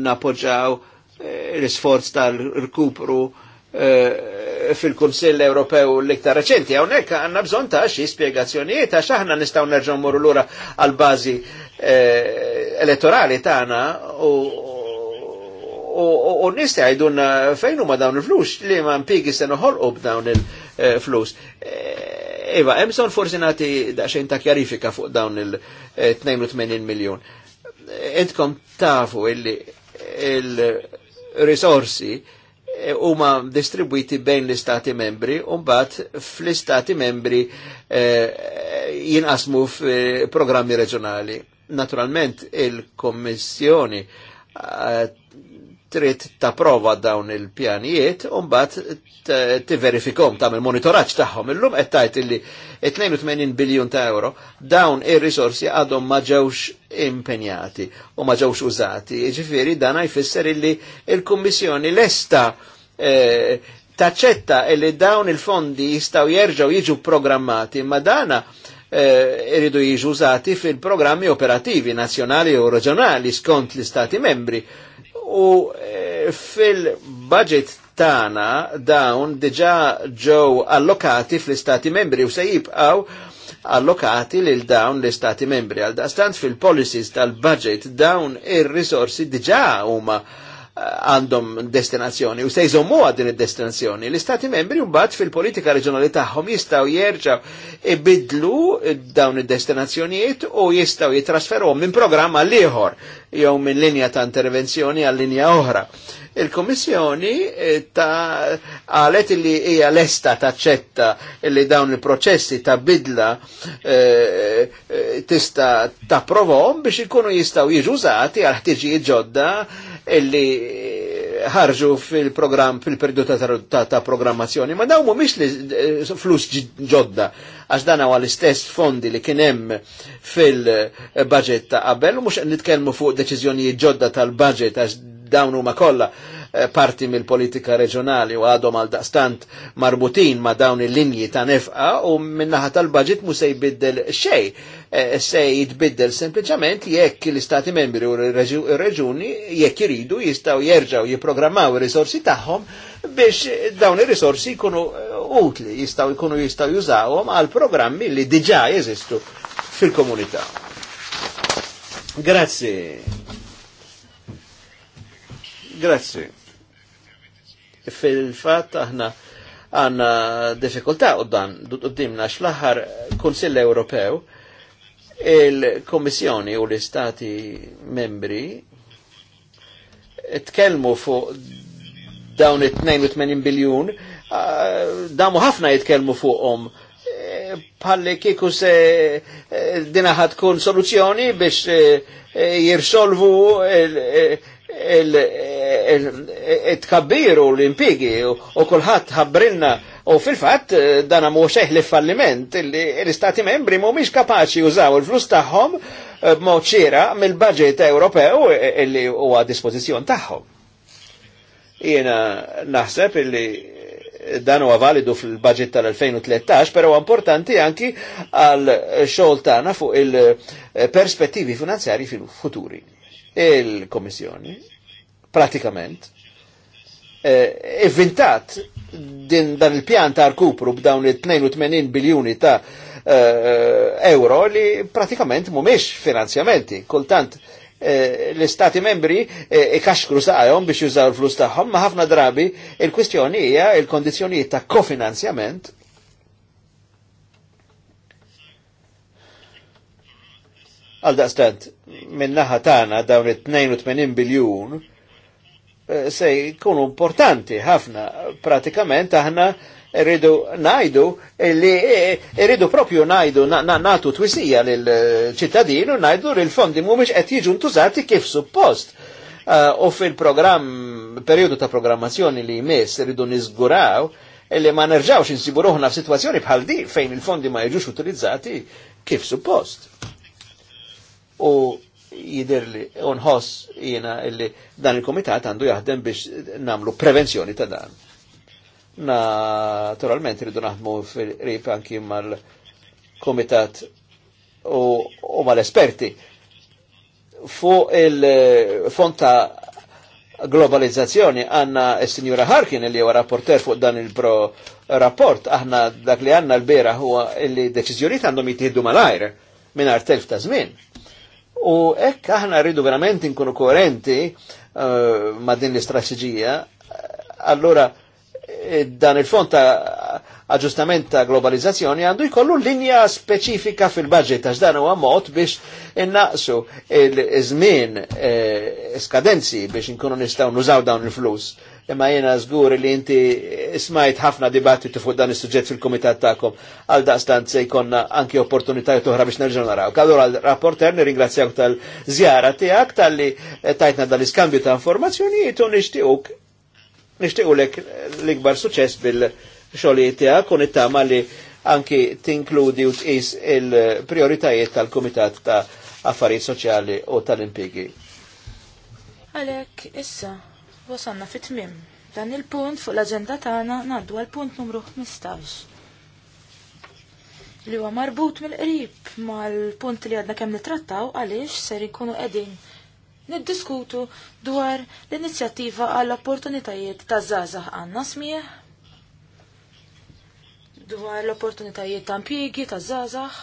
napoġġaw eh, l-sforz tal-rkupru Uh, Eh, fil-Kunsill Ewropew l-iktar reċenti, hawnhekk għandna bżonn ta' xi spjegazzjonijiet għax aħna nistgħu morru mmorru lura għal bażi eh, elettorali tagħna u nista jgħidun fejn huma dawn il-flus li ma mpigi uħol u b'dawn il-flus. Eh, iva, hemm bżonn forsi nagħti daqsxejn ta' kjarifika fuq dawn il-82 miljun. Edkom tafu illi il-risorsi il risorsi il Eh, huma distribwiti bejn l-istati membri u mbagħad fl-istati membri eh, jinqasmu f'programmi reġjonali. Naturalment il-Kommissjoni eh, trid tapprova dawn il-pjanijiet u mbagħad tiverifikhom tagħmel monitoraġġ tagħhom. Illum qed tgħid illi 82 biljun ta' euro dawn ir-risorsi għadhom ma ġewx impenjati u ma ġewx użati. Jiġifieri dan jfisser illi il-Kummissjoni lesta eh, taċċetta illi dawn il-fondi jistgħu jerġgħu jiġu programmati, ma dana eh, iridu jiġu użati fil-programmi operativi nazzjonali u reġjonali skont l-Istati membri U eh, fil-budget tana dawn diġa ġew allokati fl-istati membri u se jibqaw allokati lil dawn l-istati membri. Għal daqstant fil-policies tal-budget dawn ir-risorsi diġa huma għandhom destinazzjoni u se jżommu din id-destinazzjoni. L-Istati membri mbagħad fil-politika reġjonali tagħhom jistgħu jerġgħu ibidlu dawn id-destinazzjonijiet u jistgħu jitrasferuhom minn programm għal ieħor jew minn linja ta' intervenzjoni għal linja oħra. Il-Komissjoni eh, ta' għalet li hija lesta taċċetta li dawn il-proċessi ta' bidla eh, eh, tista' ta' provom biex ikunu jistaw jiġużati għal ħtiġijiet ġodda illi ħarġu fil-program, fil perdu ta', programmazzjoni, ma dawmu mhumiex li flus ġodda, għax dan għal istess fondi li kienem fil-budget ta' qabel, mux nitkelmu fuq deċizjoni ġodda tal-budget, għax dawn huma kollha eh, parti mill-politika reġjonali u għadhom għal daqstant marbutin ma' dawn il-linji ta' nefqa u minnaħa tal-budget mu se jbiddel xej, eh, se jitbiddel sempliċament jekk l-istati membri u r-reġuni jekk iridu jistaw jerġaw jiprogrammaw ir-risorsi tagħhom biex dawn ir-risorsi jkunu eh, utli, jistaw jkunu jistaw jużawhom għal programmi li diġà jeżistu fil-komunità. Grazie. Grazzi. Fil-fat aħna għanna diffikultà u dan dimna xlaħar Konsill Ewropew il-Komissjoni u l-Istati membri tkellmu fuq dawn it-82 biljun, damu ħafna jitkellmu fuqhom e, palli kiku se e, dinaħat kun soluzzjoni biex e, jirsolvu il-tkabbiru l-impigi u kullħat ħabbrilna u fil-fat eh, dana mu li falliment l-istati membri mu miex kapaċi użaw il-flus taħħom eh, b'mod ċira mill-budget Ewropew eh, illi għad dispożizzjon tagħhom. Jiena naħseb illi dan huwa validu fil-budget tal-2013, però importanti anki għal xogħol tagħna fuq il-perspettivi finanzjari fil-futuri. Il-Komissjoni pratikament, evvintat e din dan il-pjan ta' rkupru b'dawn il-82 biljuni ta' e, e, euro li pratikament mumiex finanzjamenti, kultant l-istati membri ikaxkru saqajhom biex jużaw l flus tagħhom, ma ħafna drabi il-kwistjoni hija il-kondizzjonijiet ta' kofinanzjament għal daqstant minn naħa tagħna dawn it-82 biljun Eh, se jkunu importanti ħafna. Pratikament aħna rridu najdu li eh, rridu propju najdu natu twisija lill-ċittadinu eh, najdu li l-fondi mhumiex qed jiġu ntużati kif suppost. u fil-programm, periodu ta' programmazzjoni li jmiss rridu nizguraw li ma nerġawx insibu ruħna f'sitwazzjoni bħal di fejn il-fondi ma jiġux utilizzati kif suppost. U jidirli unħoss jiena illi dan il-komitat għandu jaħdem biex namlu prevenzjoni ta' dan. Naturalment rridu naħdmu fil rip anki mal-komitat u, u mal-esperti fuq il-fonta globalizzazzjoni għanna il-Sinjura Harkin li huwa rapporter fuq dan il-pro rapport aħna dak li għanna l-bera huwa li deċiżjoniet għandhom jittieħdu mal-ajr minn telf ta' żmien U ekk aħna rridu verament inkunu koerenti uh, ma' din l-istrateġija, allora eh, dan il-fond ta' aġustament ta' globalizzazzjoni għandu jkollu linja specifika fil-budget għax dan huwa mod biex innaqsu il-żmien eh, skadenzi biex inkunu nistgħu nużaw dawn il-flus imma jena zgur li inti smajt ħafna dibattitu fuq dan is-suġġett fil-komitat tagħkom għal daqstant se jkollna anki opportunitajiet oħra biex nerġgħu naraw. Allura rapporter nirringrazzjak tal-żjara tiegħek talli li tajtna dal-iskambju ta' informazzjonijiet u nixtiequk nixtiequlek l-ikbar suċess bil-xogħlijiet tiegħek u nittama li anki tinkludi u tqis il-prioritajiet tal-Kumitat ta' Affarijiet Soċjali u tal-Impjegi. Għalek, issa, Wasanna fit-tmim. Dan il-punt fuq l-agenda tagħna ngħaddu għal punt numru 15. Li huwa marbut mill-qrib mal-punt li għadna kemm nitrattaw għaliex ser ikunu qegħdin niddiskutu dwar l-inizjattiva għall opportunitajiet ta' żgħażagħ għandna smieħ dwar l-opportunitajiet ta' impjiegi ta' żgħażagħ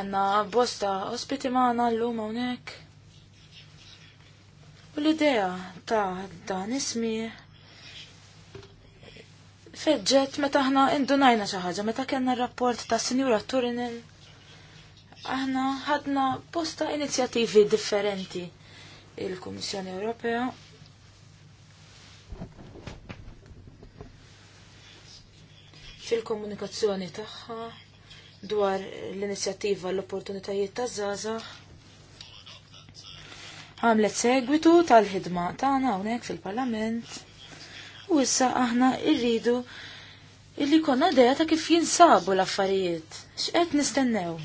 għandna bosta ospiti magħna llum hawnhekk U l-idea ta' dan ismi feġġet meta aħna indunajna xi ħaġa meta kellna rapport ta' Sinjura Turinen aħna ħadna bosta inizjattivi differenti il-Kummissjoni Ewropea fil-komunikazzjoni tagħha dwar l-inizjattiva l-opportunitajiet taż-żgħażagħ għamlet segwitu tal-ħidma tagħna hawnhekk fil-Parlament u issa aħna rridu illi konna deja ta' kif jinsabu l-affarijiet. X'qed nistennew?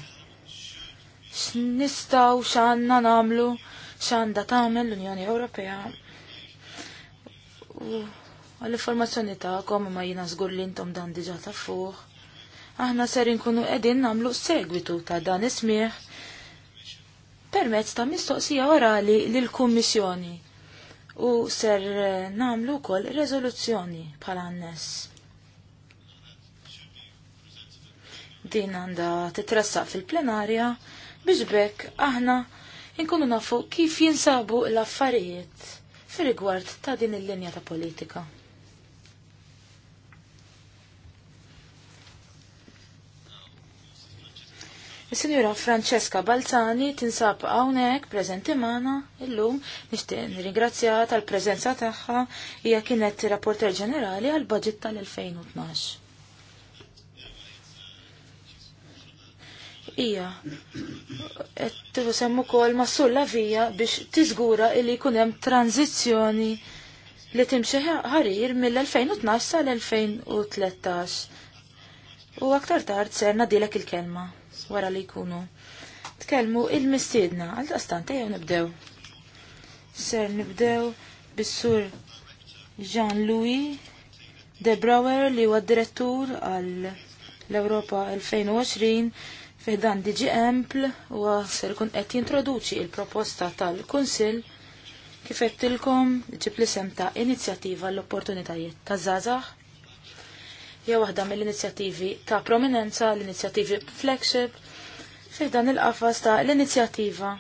X'nistgħu x'għandna nagħmlu x'għandha tagħmel l-Unjoni Ewropea. U għall-informazzjoni tagħkom ma jiena żgur li intom dan diġà ta' fuq. Aħna ser inkunu qegħdin nagħmlu segwitu ta' dan ismieħ permezz ta' mistoqsija orali lill-Kummissjoni u ser eh, namlu kol rezoluzzjoni bħala annes. Din għanda titressaq fil-plenarja biex bekk aħna inkunu nafu kif jinsabu l-affarijiet fir rigward ta' din il-linja ta' politika. il sinjura Francesca Balzani tinsab hawnhekk preżenti magħna illum nixtieq ringrazzja tal-preżenza tagħha hija kienet rapporter ġenerali għal budget tal-2012. Ija, qed semmu kol ma' sulla vija biex tiżgura li jkun hemm tranzizzjoni li timxi ħarir mill-2012 sal-2013. U aktar tard serna dilek il-kelma wara li jkunu. Tkellmu il-mistiedna, għal daqstant ejjew nibdew. Ser nibdew bis-sur Jean-Louis De Brouwer li huwa direttur għal l-Europa 2020 fiħdan DG Ampl u ser kun qed jintroduċi il-proposta tal-Kunsill kif qedtilkom ġib l-isem ta' inizjattiva l-opportunitajiet ta' zazax hija waħda mill-inizjattivi ta' prominenza, l-inizjattivi flagship fi dan il-qafas ta' l-inizjattiva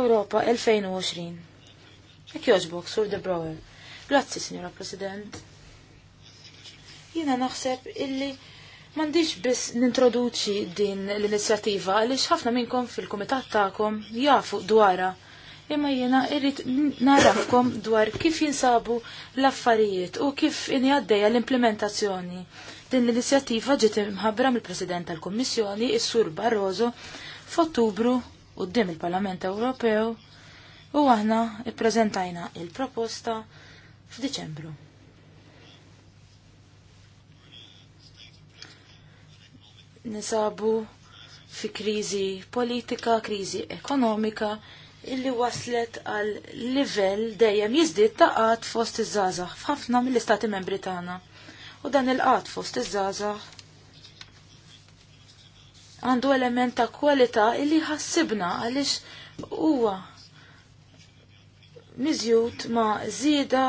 Europa 2020. Jek joġbok, Sur de Brower. Grazzi, Signora President. Jina naħseb illi Mandiġ biss nintroduċi din l-inizjattiva għaliex ħafna minnkom fil-kumitat ta'kom jafu dwara imma jiena irrid narafkom dwar kif jinsabu l-affarijiet u kif injaddeja l-implementazzjoni. Din l-inizjattiva ġiet imħabbra mill-President tal-Kummissjoni, is-Sur Barroso, f'Ottubru qudiem il-Parlament Ewropew u aħna ippreżentajna il-proposta f'Diċembru. Nisabu fi kriżi politika, kriżi ekonomika, illi waslet għal livell dejjem jiżdied ta' għad fost iż żazax f'ħafna mill-istati membri tagħna. U dan il qat fost iż żazax għandu element ta' kwalità illi ħassibna għaliex huwa miżjud ma' żieda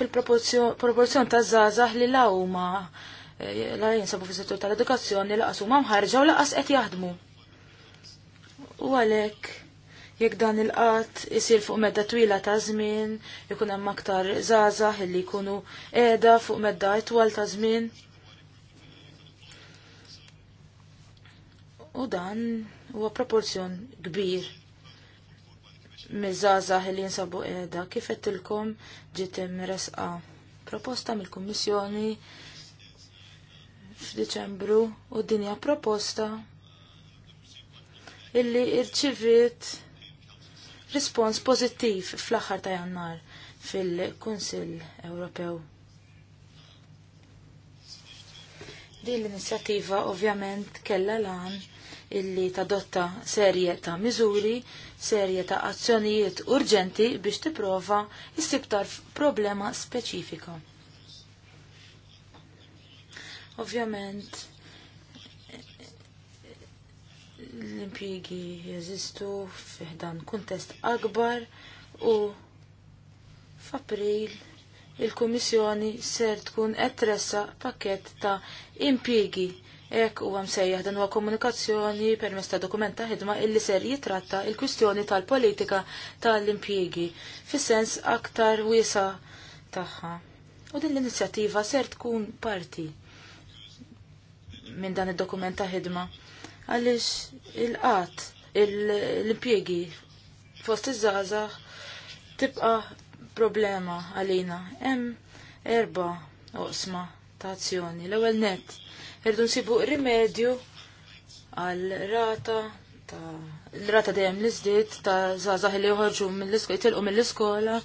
fil-proporzjon ta' żazax li la huma eh, la jinsabu fis-settur tal-edukazzjoni laqas huma mħarġa u laqas qed jaħdmu. U għalhekk Jekk dan il qat isir fuq medda twila ta' żmien, ikun hemm aktar żgħażagħ illi jkunu qiegħda fuq medda itwal ta' żmien. U dan huwa proporzjon kbir miż-żgħażagħ li jinsabu qiegħda kif qedtilkom ġiet imresqa proposta mill-Kummissjoni f'Diċembru u dinja proposta illi irċivit rispons pozittiv fl-aħħar ta' jannar fil-Kunsill Ewropew. Din l-inizjattiva ovvjament kella lan illi tadotta serje ta' miżuri, serje ta' azzjonijiet urġenti biex tipprova issibtar problema speċifika. Ovvjament, l-impjegi jeżistu fiħdan kuntest akbar u f'April il-Kummissjoni ser tkun qed tressa pakket ta' impjegi Ek u għamsejjaħ dan huwa komunikazzjoni permess ta' dokumenta ħidma illi ser jitratta il-kwistjoni tal-politika tal-impjiegi fis-sens aktar wiesa tagħha. U din l-inizjattiva ser tkun parti minn dan id-dokumenta ħidma għaliex il-qat l-impjegi fost iż żaza tibqa' problema għalina. Hemm erba oqsma ta' azzjoni. L-ewwel net irdu nsibu rimedju għal rata ta' l-rata dejjem li żdied ta' żgħażagħ li joħorġu mill-iskola mill-iskola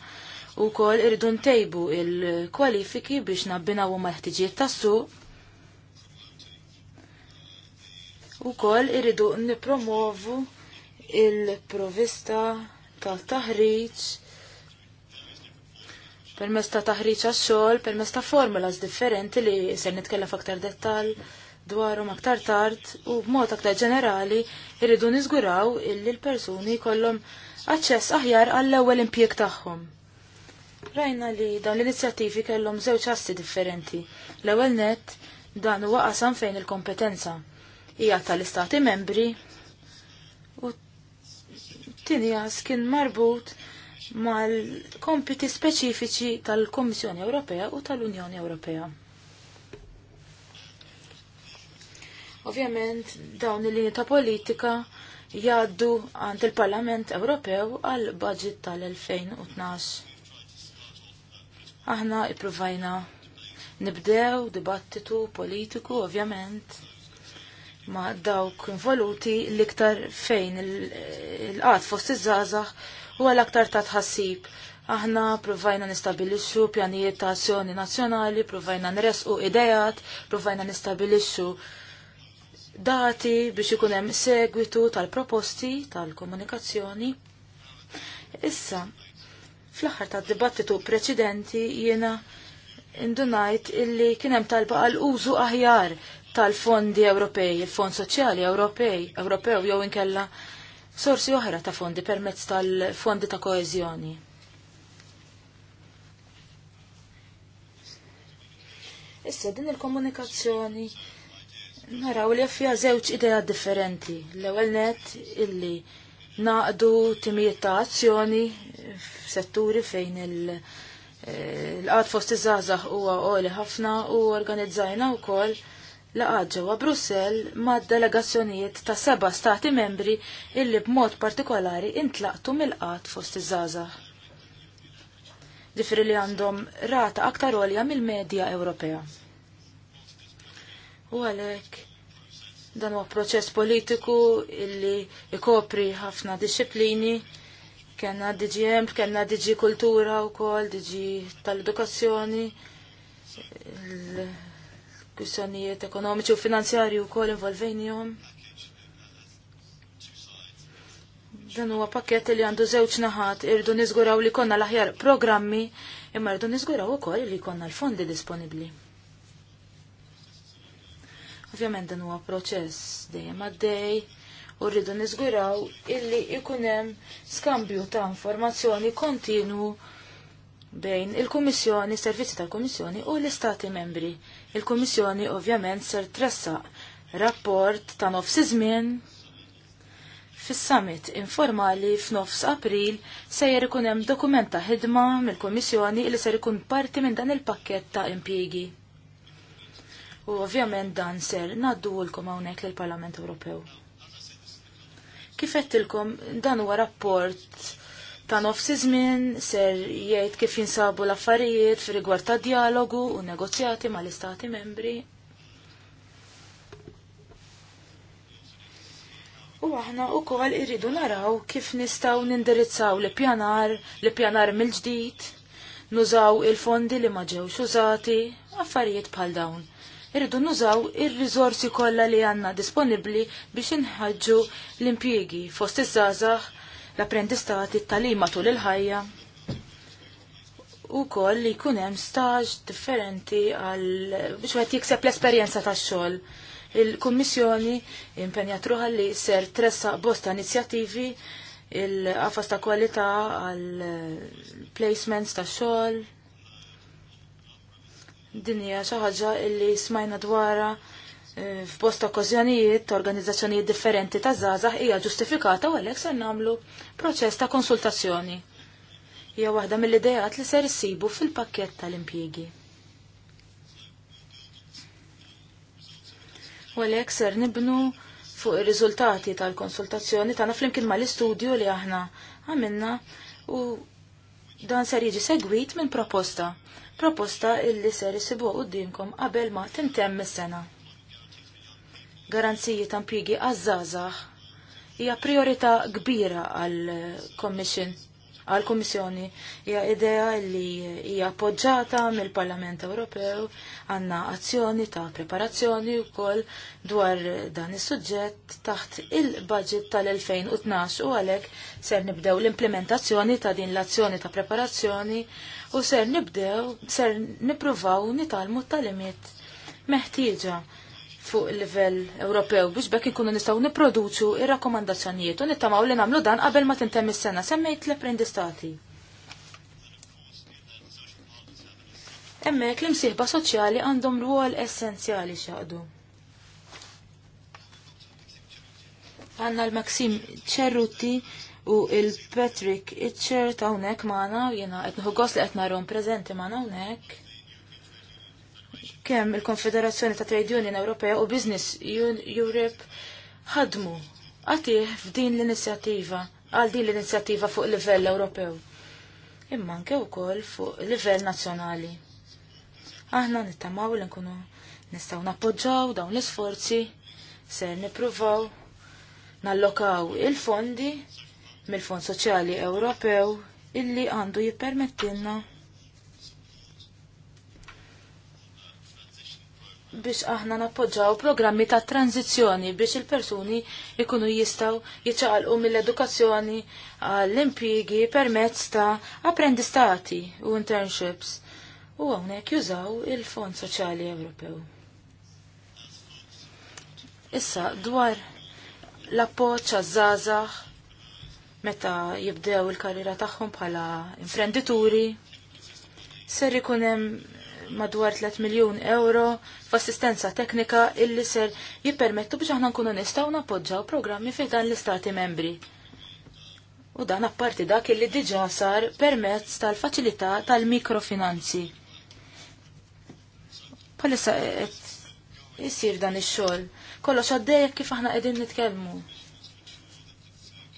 u kol irridu ntejbu il-kwalifiki biex nabbinaw ma' ħtiġiet tas-suq U kol irridu nipromovu il-provista ta' taħriċ permess ta' taħriċ għax-xogħol, permess ta' formulas differenti li ser nitkellem f'aktar dettal dwarhom aktar tard u b'mod aktar ġenerali irridu niżguraw illi l-persuni jkollhom aċċess aħjar għall-ewwel impjieg tagħhom. Rajna li dawn l-inizjattivi kellhom żewġ assi differenti. L-ewwel nett dan huwa qasam fejn il-kompetenza hija tal-Istati membri u tinjas kien marbut mal-kompiti speċifiċi tal-Kommissjoni Ewropea u tal-Unjoni Ewropea. Ovvjament, dawn il linja ta' politika jaddu għand il-Parlament Ewropew għal budget tal-2012. Aħna ippruvajna nibdew dibattitu politiku, ovvjament, ma' dawk involuti l-iktar fejn il-qat fost iż-żazax huwa l-aktar ta' tħassib. Aħna provajna nistabilixxu pjanijiet ta' azzjoni nazzjonali, provajna nresqu idejat, provajna nistabilixxu dati biex ikun hemm segwitu tal-proposti tal-komunikazzjoni. Issa, fl-aħħar tad dibattitu preċedenti jiena indunajt illi kien hemm talba għal użu aħjar tal-fondi Ewropej, il-Fond Soċjali Ewropej, Ewropew jew inkella sorsi oħra ta' fondi permezz tal-fondi ta' koezjoni. Issa din il-komunikazzjoni naraw li fija żewġ idea differenti. L-ewwel net illi naqdu timijiet ta' azzjoni f'setturi fejn il- eh, l-qad fost iż-żazax huwa qoli ħafna u organizzajna wkoll laqgħat ġewwa Brussell mad-delegazzjonijiet ta' seba' stati membri illi b'mod partikolari intlaqtu mill-qatt fost iż-żgħażagħ. Ġifieri li għandhom rata aktar olja mill-medja Ewropea. U għalhekk dan huwa proċess politiku illi ikopri ħafna disċiplini kena diġi emp, kena diġi kultura u kol, diġi tal-edukazzjoni, kwistjonijiet ekonomiċi u finanzjarji wkoll involvejnihom. Dan huwa pakket li għandu żewġ naħat irdu niżguraw li konna l-aħjar programmi imma rridu niżguraw ukoll li konna l-fondi disponibbli. Ovvjament dan huwa proċess dejjem għaddej u rridu niżguraw illi ikun hemm skambju ta' informazzjoni kontinu bejn il-Kummissjoni, servizzi tal-Kummissjoni u l-Istati membri. Il-Kummissjoni ovvjament ser tressa rapport ta' nofs iżmien. fis-summit informali f'nofs April sejjer ikun hemm dokument ta' ħidma mill-Kummissjoni li ser ikun parti minn dan il-pakkett ta' impjiegi. U ovvjament dan ser naddulkom hawnhekk lill-Parlament Ewropew. Kif qedtilkom dan huwa rapport ta' nofs iż-żmien ser jgħid kif jinsabu l-affarijiet fi rigward ta' dialogu u negozjati mal-istati membri. U aħna u kol irridu naraw kif nistaw nindirizzaw li pjanar, li pjanar mill-ġdid, nużaw il-fondi li maġewx użati, affarijiet bħal dawn. Irridu nużaw il-rizorsi kollha li għanna disponibli biex inħaġġu l-impjiegi fost iż-żazax l-apprendistati tal-talim tul il-ħajja u koll li kunem staġ differenti għal biex għet jikseb l-esperienza ta' xol. Il-Kommissjoni impenjat li ser tressa bosta inizjattivi il għafas ta' kwalità għal placements ta' xol. Dinja xaħġa illi smajna dwara Eh, f'post okkożjonijiet ta' organizzazzjonijiet differenti ta' żgħażagħ hija ġustifikata u għalhekk ser nagħmlu proċess ta' konsultazzjoni. Hija waħda mill-idejat li ser issibu fil-pakkett tal-impjiegi. U għalhekk ser nibnu fuq ir-riżultati tal-konsultazzjoni tagħna flimkien mal-istudju li aħna għamilna u dan ser jiġi segwit minn proposta. Proposta illi ser isibuha qudiemkom qabel ma tintemm is-sena garanziji ta' impjiegi għaż-żgħażagħ hija priorità kbira għall-Commission għal kummissjoni hija idea li hija appoġġata mill-Parlament Ewropew għandna azzjoni ta' preparazzjoni wkoll dwar dan is-suġġett taħt il-budget tal-2012 u għalhekk ser nibdew l-implementazzjoni ta' din l-azzjoni ta' preparazzjoni u ser nibdew ser nippruvaw nitalmu t-talimiet meħtieġa fuq il-livell Ewropew biex bekk ikunu nistgħu nipproduċu ir-rakkomandazzjonijiet u nittamaw li nagħmlu dan qabel ma tintemm is-sena semmejt l-apprendistati. Hemmhekk l-imsieħba soċjali għandhom rwol essenzjali xaqdu. Għanna l-Maxim Ċerruti u il-Patrick Itcher ta' hawnhekk magħna jiena qed nħu li qed narhom preżenti magħna hawnhekk kemm il-Konfederazzjoni ta' Trade Union Ewropea u Business Europe ħadmu għatih f'din l-inizjattiva għal din l-inizjattiva fuq livell Ewropew. Imma anke wkoll fuq livell nazzjonali. Aħna nittamaw li nkunu nistgħu nappoġġaw dawn l-isforzi ser nippruvaw nallokaw il-fondi mill-Fond Soċjali Ewropew illi għandu jippermettilna biex aħna nappoġġaw programmi ta' tranzizjoni biex il-persuni ikunu jistaw jiċaqalqu mill-edukazzjoni għall-impjigi permezz ta' apprendistati u internships u hawnhekk jużaw il-Fond Soċjali Ewropew. Issa dwar l-appoġġ għaż-żgħażagħ meta jibdew il-karriera tagħhom bħala imprenditori ser ikun hemm madwar 3 miljun euro f'assistenza teknika illi ser jippermettu biex aħna nkunu nistgħu nappoġġaw programmi fi dan l-istati membri. U dan apparti dak illi diġà sar permezz tal-faċilità tal-mikrofinanzi. Palissa qed isir dan ix-xogħol. Kollox għaddejja kif aħna qegħdin nitkellmu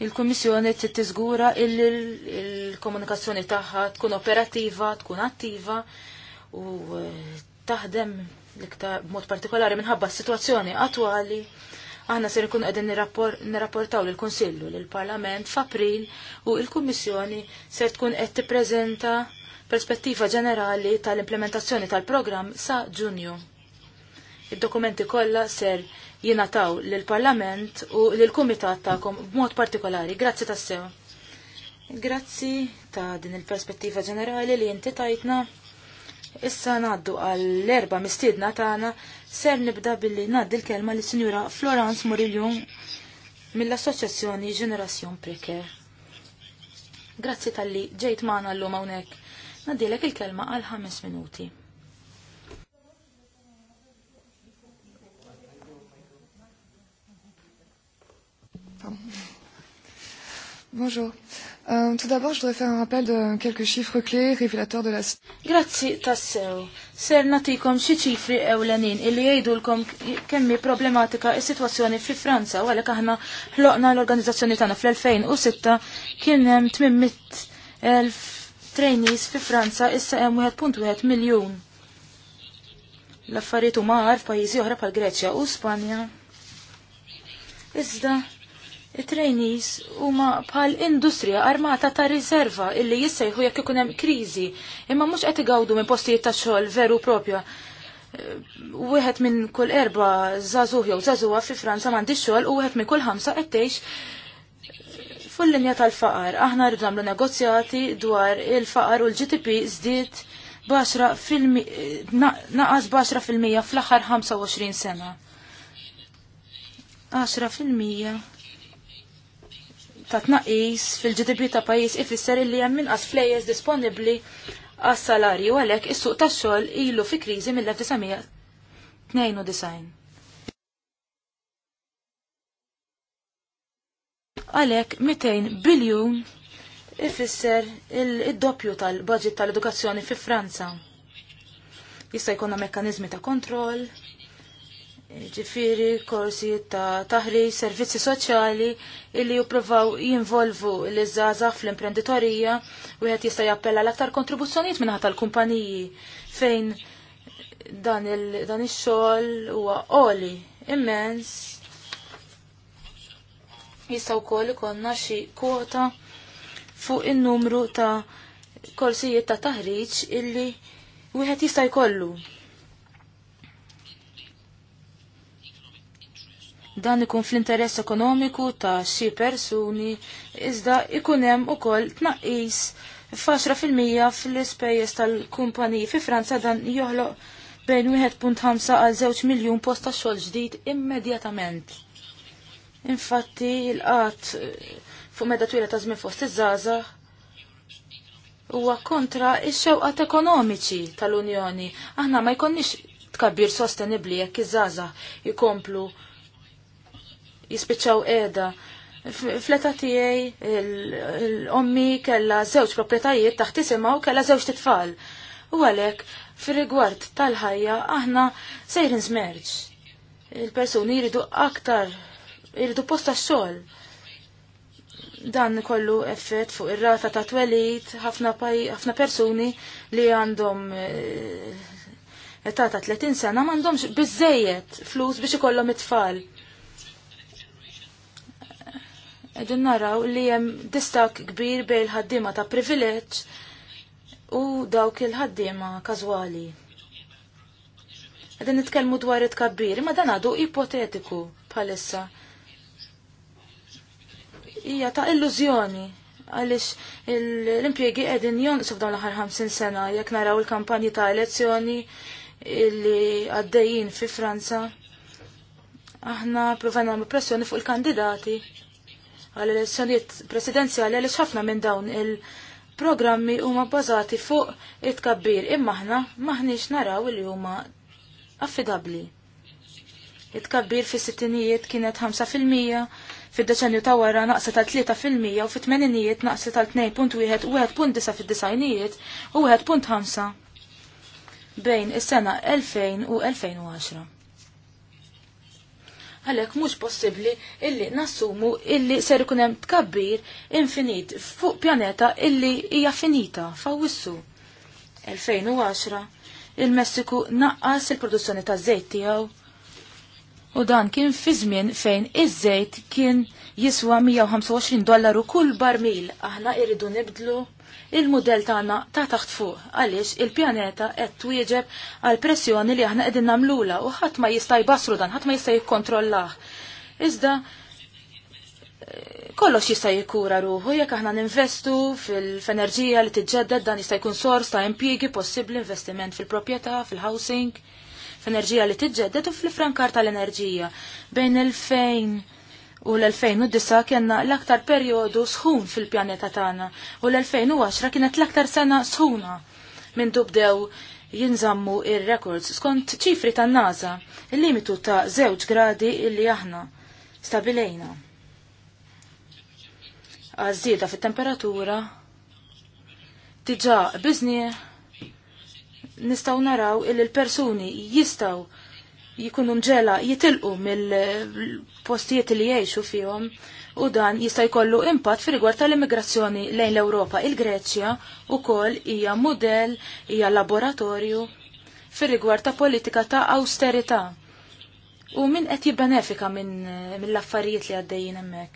il-Kummissjoni trid tiżgura il-komunikazzjoni tagħha tkun operattiva, tkun attiva u eh, taħdem l-iktar mod partikolari minħabba s-situazzjoni attwali aħna ser ikun qegħdin nirrapportaw lil kunsillu lil parlament f'April u l-Kummissjoni ser tkun qed tippreżenta perspettiva ġenerali tal-implementazzjoni tal-programm sa Ġunju. Id-dokumenti kollha ser jingħataw lil parlament u lil kumitat tagħkom b'mod partikolari. Grazzi tassew. Grazzi ta' din il-perspettiva ġenerali li inti tajtna. Issa naddu għall-erba mistiedna tagħna ser nibda billi naddi l-kelma li sinjura Florence Moriljum mill-Assoċjazzjoni Generazzjon Preker. Grazzi tal-li ġejt maħna l-lum għonek. Naddilek il-kelma għal ħames minuti. Bonjour. Euh, tout d'abord, je voudrais faire un rappel de quelques chiffres clés révélateurs de la... Grazzi tassew. Ser natikom xi ċifri ewlenin illi jgħidulkom kemm hi problematika s sitwazzjoni fi Franza u għalhekk aħna ħloqna l-organizzazzjoni tagħna fl-2006 kien hemm 800,000 trainees fi Franza issa hemm 1.1 miljun. L-affarijiet huma għar f'pajjiżi oħra bħal Greċja u Spanja. Iżda it-trainees huma pal industrija armata ta' riserva illi jissejħu jekk ikun hemm kriżi, imma mhux qed igawdu minn postijiet ta' xogħol veru propja. Eh, wieħed minn kull erba żagħżugħ jew żagħżugħa fi Franza m'għandix xogħol u wieħed minn kull ħamsa qed tgħix fil-linja tal-faqar. Aħna rridu nagħmlu negozjati dwar il-faqar u l-GDP żdied baxra eh, naqas baxra fil-mija fl-aħħar 25 sena. 10 fil-mija ta' tnaqis fil-GDP ta' pajis ifisser illi hemm inqas flejes disponibbli għas salarju għalhekk is-suq tax-xogħol ilu fi kriżi mill-1992. Għalhekk 200 biljun ifisser id doppju tal-budget tal-edukazzjoni fi Franza. Jista' jkollna mekkaniżmi ta' kontroll, ġifiri, korsi ta' taħri, servizzi soċjali illi jipprovaw jinvolvu l-izzaza fl-imprenditorija u għet jista' jappella l-aktar kontribuzzjoniet minna tal-kumpaniji fejn dan il-xol u huwa immens jistaw kol konna xi kwota fuq in-numru ta' korsijiet ta' taħriġ illi wieħed jista' jkollu Dan ikun fl-interess ekonomiku ta' xi persuni, iżda ikun hemm ukoll tnaqqis f'10% fl-ispejjeż tal-kumpaniji fi Franza dan joħloq bejn 1.5 għal 2 miljun post ta' xogħol ġdid immedjatament. Infatti l-qatt fuq meta twila ta' żmien fost iż-żgħażagħ huwa kontra ix-xewqat ekonomiċi tal-Unjoni. Aħna ma jkonniex tkabbir sostenibli jekk iż-żgħażagħ jkomplu jispiċċaw qiegħda. Fleta tiegħi l-ommi kellha żewġ proprjetajiet taħt isimha u kellha żewġ titfal. U għalhekk fir-rigward tal-ħajja aħna sejrin żmerġ. Il-persuni jridu aktar jridu posta xogħol dan kollu effett fuq ir-rata ta' twelit, ħafna persuni li għandhom eh, età ta' 30 sena m'għandhomx biżejjed flus biex ikollhom it-tfal. Edin naraw li jem distak kbir bej l-ħaddima ta' privileġġ u dawk il-ħaddima kazwali. Edin nitkelmu dwar it-kabbir, ma dan għadu ipotetiku bħalissa. Ija ta' illużjoni għalix l-impiegi edin jonqsu dawn l-ħar 50 sena jekk naraw il-kampanji ta' elezzjoni illi għaddejjin fi Franza. Aħna provajna pressjoni fuq il-kandidati għal-elezzjonijiet presidenzjali għaliex ħafna minn dawn il-programmi huma bbażati fuq it-kabbir imma aħna maħniex naraw li huma affidabli. It-kabbir fis-sittinijiet kienet 5%, fid-deċenju ta' wara naqsa ta' 3% u fit-tmeninijiet naqsa ta' 2.1 u 1.9 fid-disajnijiet u 1.5 bejn is-sena 2000 u 2010 għalhekk mhux possibbli illi nassumu illi ser ikun hemm tkabbir infinit fuq pjaneta illi hija finita fawissu. 2010 il-Messiku naqqas il-produzzjoni ta' żejt tiegħu u dan kien fi żmien fejn iż-żejt kien jiswa 125 dollaru kull barmil aħna irridu nibdlu il-modell tagħna ta' taħt fuq għaliex il-pjaneta qed twieġeb għal pressjoni li aħna qegħdin nagħmlula u ħadd ma jista' jbassru dan, ħadd ma jista' jikkontrollah. Iżda kollox jista' jikkura ruħu jekk aħna ninvestu fil-enerġija li tiġġedded dan jista' jkun sors ta' impjiegi possibbli investiment fil-proprjetà, fil-housing, f'enerġija li tiġġedded u fl-frankar tal-enerġija. Bejn il-fejn u l-2009 kienna l-aktar perjodu sħun fil-pjaneta tagħna u l-2010 kienet l-aktar sena sħuna minn dubdew jinżammu ir-records skont ċifri tan NASA il-limitu ta' żewġ gradi illi aħna stabilejna. Għażieda fit-temperatura diġà biżnie nistgħu naraw il l-persuni jistgħu jikunu mġela jitilqu mill-postijiet li jgħixu fihom u dan jista' jkollu impatt fi rigward tal-immigrazzjoni lejn l-Ewropa. Il-Greċja ukoll hija mudell, hija laboratorju fi rigward ta' politika ta' austerità. U min qed jibbenefika minn mill-affarijiet li għaddejjin hemmhekk.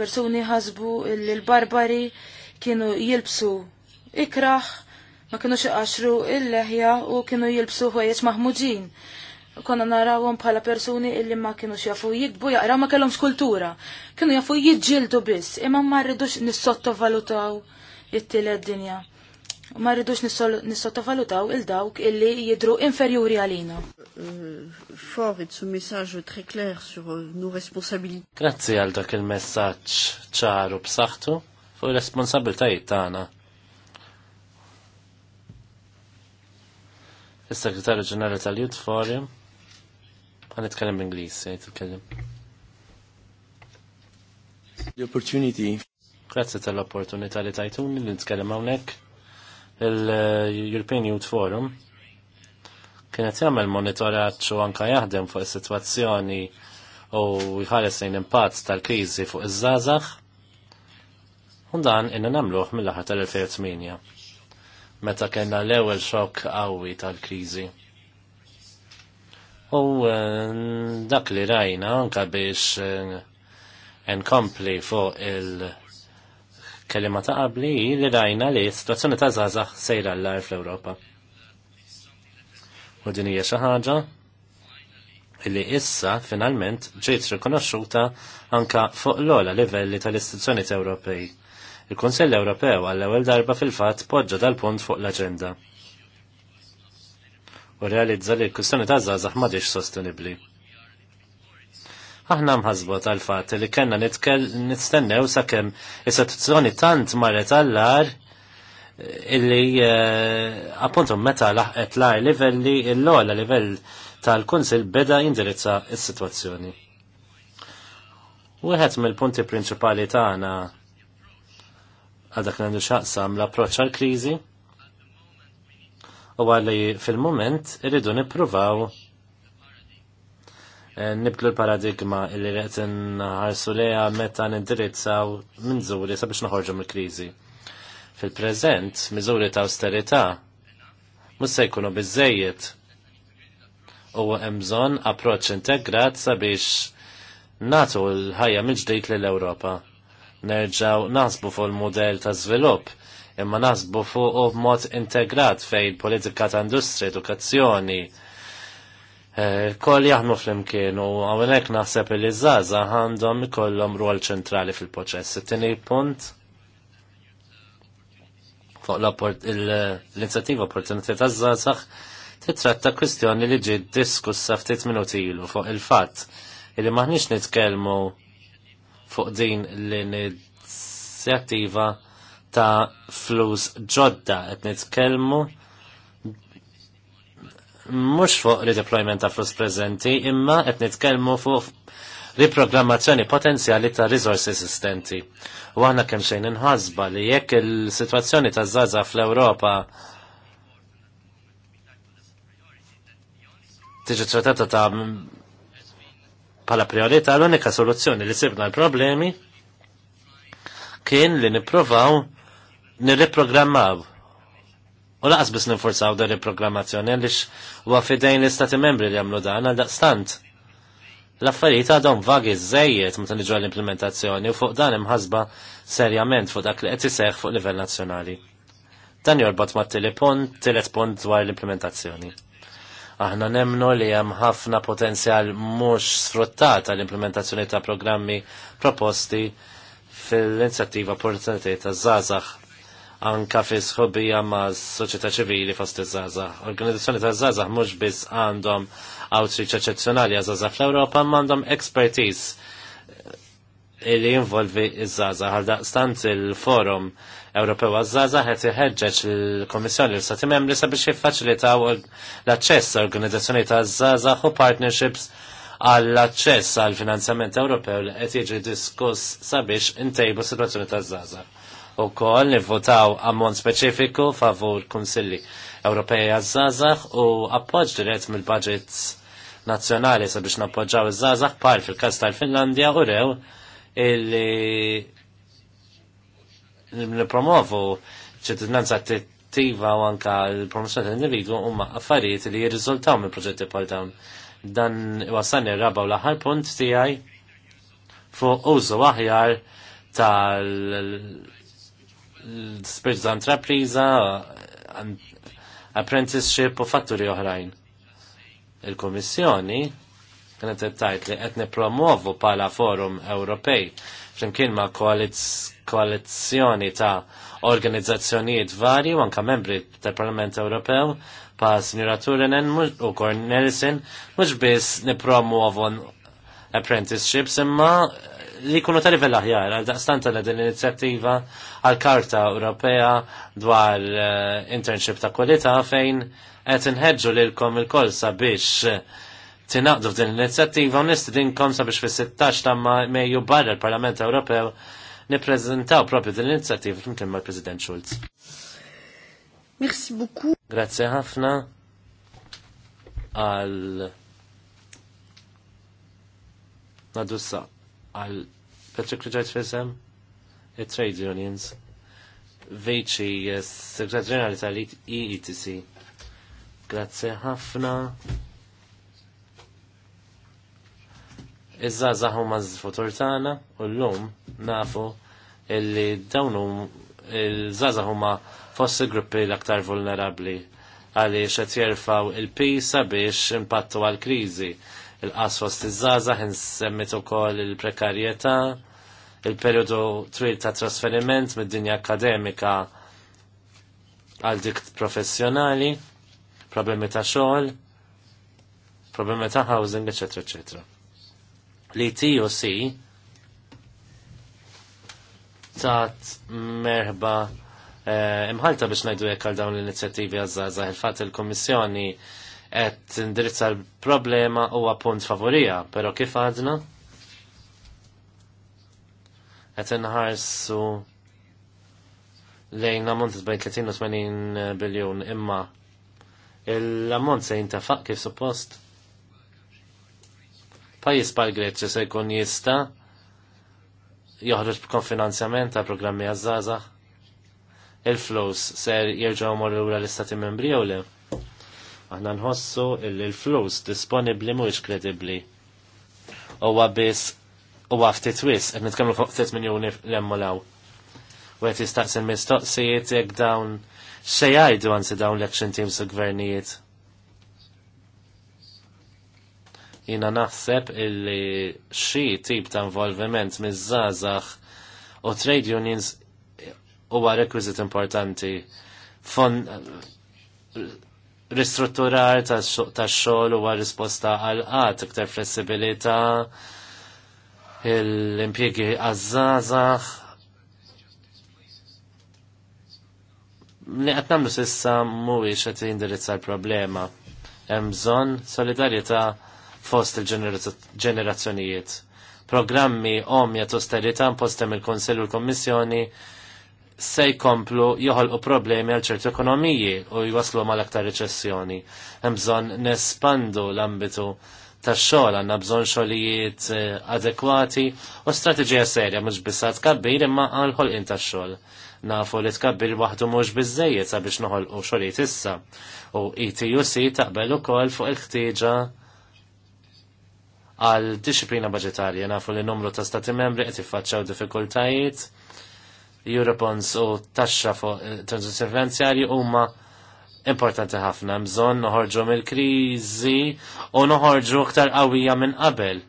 Persuni ħasbu l-barbari kienu jilbsu ikraħ ma kienu xaqaxru il-leħja u kienu jilbsu ħwejjeġ maħmuġin. Konna narawhom bħala persuni illi ma kienu jafu jidbu jaqra ma kellhomx kultura. Kienu jafu jiġġieldu biss, imma ma rridux nissottovalutaw it-tielet dinja. Ma rridux nissottovalutaw il-dawk illi jidru inferjuri għalina. Euh, fort et ce message très clair sur euh, nos responsabilités. Grazzi għal dak il-messaġġ ċaru b'saħħtu fuq ir-responsabbiltajiet tagħna il-Segretarju Ġenerali tal-Youth Forum għan itkellem bl-Inglis, The opportunity. Grazzi tal-opportunità li tajtuni li nitkellem hawnhekk. Il-European Youth Forum kienet jagħmel monitoraġġ u anke jaħdem fuq is-sitwazzjoni u jħares lejn impatt tal-kriżi fuq iż żagħżagħ U dan inna nagħmluh mill-aħħar tal-2008 meta kellna l-ewwel xokk qawwi tal-kriżi. U eh, dak li rajna anka biex eh, nkompli fuq il-kelima ta' qabli li rajna li situazzjoni ta' zazax sejra l-lar fl-Ewropa. U din hija xi ħaġa li issa finalment ġiet rikonoxxuta anka fuq l-ola livelli tal-istituzzjoni Ewropej Il-Konsell Ewropew għall-ewwel darba fil-fatt poġġa dal-punt fuq l-aġenda u realizza li l-kustjoni ta' zazax madix sostenibli. Aħna mħazba tal-fat li kena nistennew sakemm is-istituzzjoni tant marret għall-ar eh, illi eh, appuntu meta laħqet l livelli l-ola livell tal-Kunsil beda jindirizza il sitwazzjoni Wieħed mill-punti prinċipali tagħna għadak għandu xaqsam l-approċ għal-krizi u għalli fil-moment irridu nipruvaw eh, nibdlu l-paradigma li qed nħarsu leha meta nindirizzaw zuri sabiex noħorġu mill-kriżi. Fil-preżent, miżuri ta' austerità mhux se jkunu biżejjed u hemm bżonn approċċ integrat sabiex natu l-ħajja mill-ġdid lill-Ewropa nerġaw nasbu fuq il-modell ta' żvilupp imma nasbu fuq mod integrat fejn politika ta' industri, edukazzjoni, eh, kol jaħmu fl-imkien u għawenek naħseb li zaza għandhom kollom rol ċentrali fil-proċess. Tini punt fuq l-inizjativa opportunità ta' zazax titratta kwistjoni li ġiet diskussa ftit minuti ilu fuq il-fatt li maħniex nitkellmu fuq din l-inizjattiva ta' flus ġodda qed nitkellmu mhux fuq redeployment ta' flus preżenti, imma qed nitkellmu fuq riprogrammazzjoni potenzjali ta' risorsi esistenti. U aħna kemm xejn inħasba li jekk il-sitwazzjoni ta' Zaza fl-Ewropa tiġi trattata ta' Pala priorità l-unika soluzzjoni li sibna l-problemi kien li niprovaw nirriprogrammaw. U laqas bis ninforzaw da riprogrammazzjoni għalix u fidejn l-istati membri li jagħmlu dan għal daqstant. L-affarijiet għadhom vagi żejjed meta niġu l-implementazzjoni u fuq dan imħasba serjament fuq dak li qed iseħħ fuq livell nazzjonali. Dan jorbot ma' telepon, telet pont dwar l-implementazzjoni. Aħna nemnu li hemm ħafna potenzjal mhux sfruttat għall implementazzjoni ta' programmi proposti fil-inizjattiva Opportunitajiet ta' Zazax anka fi sħobija ma' soċjetà ċivili fost iż zazax Organizzazzjoni ta' Zazax mhux biss għandhom outreach eċezzjonali għażazax fl-Ewropa, ma għandhom expertise li jinvolvi iż zazax għal daqstant il-forum Ewropew għazzaza ħet jħedġeġ l-Komissjoni l-Stati Membri sabiex jiffaċilitaw l-aċċess organizzazzjoni ta' għazzaza u partnerships għall-aċċess għal finanzjament Ewropew li qed jiġi diskuss sabiex intejbu situazzjoni ta' għazzaza. U kol nivvotaw ammont speċifiku favur Kunsilli Ewropej għazzaza u appoġġ dirett mill-budgets nazzjonali sabiex nappoġġaw iż par fil-kas tal-Finlandja u rew illi nipromovu ċittadinanza attiva u anka l promozjoni tal-individu huma affarijiet li jirriżultaw minn proġetti bħal dawn. Dan wasalni raba u l-aħħar punt tiegħi fuq użu aħjar tal-spirit ta' intrapriża, apprenticeship u fatturi oħrajn. il komissjoni kienet tajt li qed nippromovu bħala forum Ewropej flimkien ma' koalizzjoni ta' organizzazzjonijiet varji u anka membri tal-Parlament Ewropew pa' Sinjura Turenen u Cornelison mhux biss għavon apprenticeships imma li kunu ta' livell aħjar għal daqstanta din l-inizjattiva għal karta Ewropea dwar eh, internship ta' kwalità fejn qed inħeġġu lilkom il-kol sabiex eh, tinaqdu f'din l-inizjattiva u nistidinkom sabiex fis-16 ta' Mejju barra l-Parlament Ewropew nippreżentaw propju din l-inizjattiva flimkien mal-President Schulz. Merci beaucoup. Grazie ħafna għal nadussa għal Patrick Rijajt Fisem, il-Trade Unions, Veċi, Segretarjali tal EETC. Grazie ħafna. Iżza zaħu huma futur tagħna u llum nafu illi dawn il-żazax huma fost il-gruppi l-aktar vulnerabbli għaliex qed jerfgħu il-pisa biex impattu għal-kriżi. Il-qas fost iż-żazax insemmit ukoll il-prekarjetà, il-perjodu twil ta' trasferiment mid-dinja akademika għal dik professjonali, problemi ta' xogħol, problemi ta' housing, eċetera, eċetera li TOC tat merba eh, imħalta biex najdu jekk għal dawn l-inizjattivi għazza il-fat il komissjoni qed indirizza l-problema huwa punt favorija, però kif għadna? Qed inħarsu lejn l ammont bejn 30 u 80 biljun imma l-ammont se jintafaq kif suppost pajis bħal Greċja se jkun jista' joħroġ b'konfinanzjament ta' programmi għaż-żgħażagħ. Il-flows ser jerġgħu morru lura l-istati membri jew le. Aħna nħossu li l-flows disponibbli mhuwiex kredibbli. Huwa biss huwa ftit wis qed nitkellmu fuq 3 miljuni l-emmolaw. U qed jistaqsi mistoqsijiet jekk dawn xejn jgħidu anzi dawn l-action teams u gvernijiet Jina naħseb illi xi tip ta' involviment miż-żazax u trade unions huwa rekwiżit importanti. Fon ristrutturar tax-xogħol huwa risposta għal qatt iktar flessibilità l-impjegi għazzazax li qed nagħmlu sissa mhuwiex qed jindirizza l-problema. Hemm bżonn solidarjetà fost il-ġenerazzjonijiet. Programmi omja austerità postem il-Konsil u l-Kommissjoni se jkomplu joħolqu problemi għal ċertu ekonomiji u jwaslu l aktar reċessjoni. Hemm bżonn nespandu l-ambitu tax xogħol għanna bżon xogħlijiet eh, adekwati u strateġija serja mhux biss tkabbir imma għal ħolqien tax-xogħol nafu li tkabbir waħdu mhux bizzejiet sabiex u xolijiet issa. U ETUC taqbel ukoll fuq il-ħtieġa għal disciplina budgetarja nafu li numru ta' stati membri qed iffaċċaw diffikultajiet Europons u taxxa fuq eh, transazzjoni finanzjarji huma importanti ħafna bżonn noħorġu mill-kriżi u noħorġu aktar qawwija minn qabel.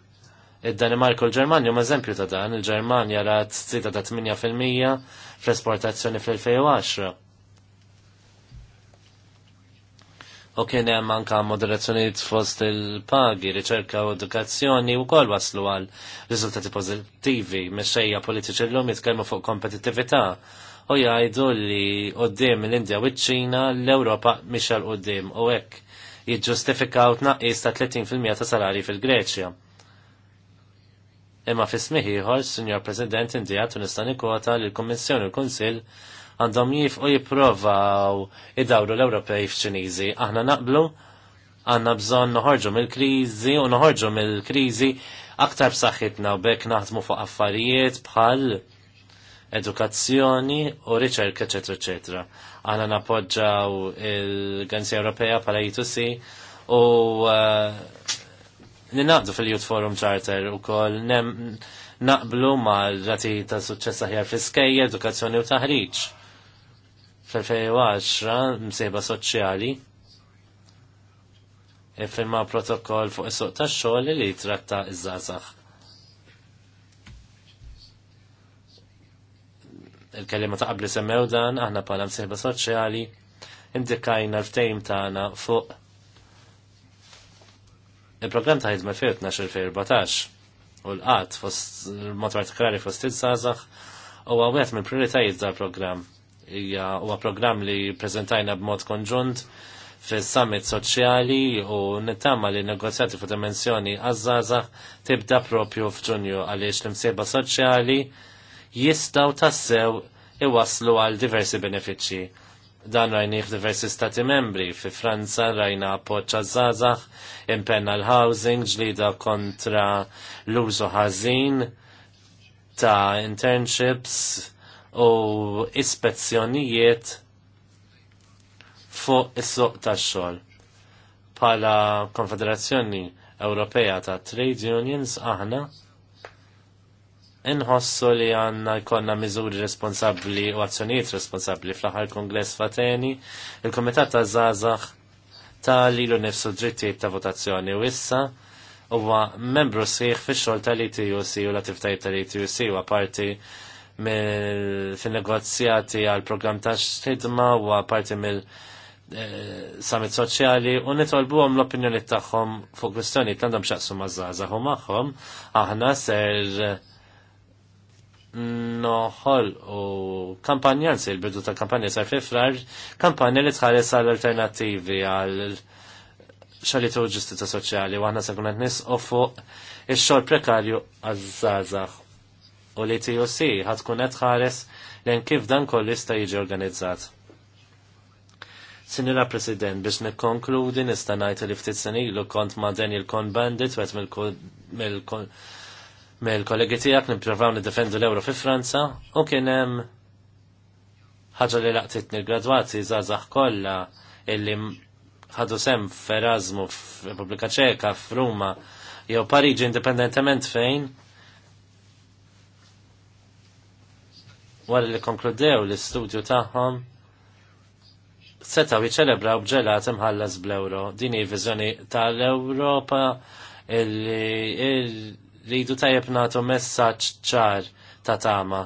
Id-Danimarka u l-Ġermanja huma eżempju ta' dan, il-Ġermanja rat zita ta' 8% fl-esportazzjoni fl-2010 u kien hemm anke moderazzjonijiet fost il-pagi, riċerka u edukazzjoni u kol waslu għal riżultati pożittivi, mexxejja politiċi llum jitkellmu fuq kompetittività u jgħidu li qudiem l-Indja u ċ-Ċina l-Ewropa mhix għal qudiem u hekk jiġġustifikaw tnaqqis ta' 30% ta' salari fil-Greċja. Imma fi smiħiħor, Sinjor President, indijat u nistani li l-Kommissjoni u l kunsill għandhom jifqu jipprovaw id-dawru l-Ewropej f'Ċiniżi. Aħna naqblu għanna bżon noħorġu mill-kriżi u noħorġu mill-kriżi aktar b'saħħitna u bekk naħdmu fuq affarijiet bħal edukazzjoni u riċerka ecc. ecc. Għana napoġġaw il-Ganzja Ewropea pala J2C u eh, ninaqdu fil-Youth Forum Charter u kol naqblu ma' rati ta' suċċess aħjar fiskejja edukazzjoni u taħriġ fl-2010 msejba soċjali infirma protokoll fuq is-suq tax-xogħol li jitratta iż-żgħażagħ. Il-kelima ta' qabli semmew dan aħna bħala msejba soċjali indikajna l-ftejm tagħna fuq il-programm ta' ħidma fil 12 u l-qat fost il-motor partikolari fost il-żgħażagħ u għawet minn prioritajiet dal-programm hija huwa programm li preżentajna b'mod konġunt fis summit soċjali u nittama li negozjati fu dimensjoni għazzaza tibda propju f'Ġunju għaliex l-imsieba soċjali jistaw tassew iwaslu għal diversi benefiċċji. Dan rajni f'diversi stati membri, fi Franza rajna poċa għazzazax, impenna l-housing, ġlida kontra l-użu ħażin ta' internships, u ispezzjonijiet fuq is-suq tax-xogħol. Pala Konfederazzjoni Ewropea ta' Trade Unions aħna inħossu li għanna jkonna miżuri responsabli u azzjonijiet responsabli fl-aħħar kongress fateni, il-Komitat ta' Zazax ta' li l nifsu drittijiet ta' votazzjoni u issa huwa membru sħiħ fix-xogħol tal-ITUC u l-attivitajiet tal-ITUC huwa parti fil-negozjati għal program ta' xidma u parti mill eh, summit soċjali u nitolbu għom l-opinjoni tagħhom fuq kwistjoni għandhom xaqsu mażgħażagħ u magħhom aħna ser noħol u kampanja nsi l-bidu ta' kampanja sar frar, kampanja li tħares għal alternativi għal xalitu ġustizja soċjali u għahna sekunet nis u fuq il-xol prekarju għazzazax u li TOC ħad tkun qed ħares lejn kif dan kollu jista' jiġi organizzat. Sinjura President, biex nikkonkludi nista' ngħid li ftit lu kont ma' Daniel Cohn-Bandit wet mill-kollegi tiegħek nipprovaw nidefendu l-Ewro fi Franza u kien hemm ħaġa li laqtitni gradwati żgħażagħ kollha illi ħadu sem f'Erasmu f'Repubblika Ċeka, f'Ruma, jew Pariġi indipendentement fejn, wara li konkludew l-istudju tagħhom setaw jiċelebraw bġelat imħallas bl-euro. Din hi viżjoni tal-Ewropa li jridu tajjeb nagħtu messaġġ ċar ta' tama.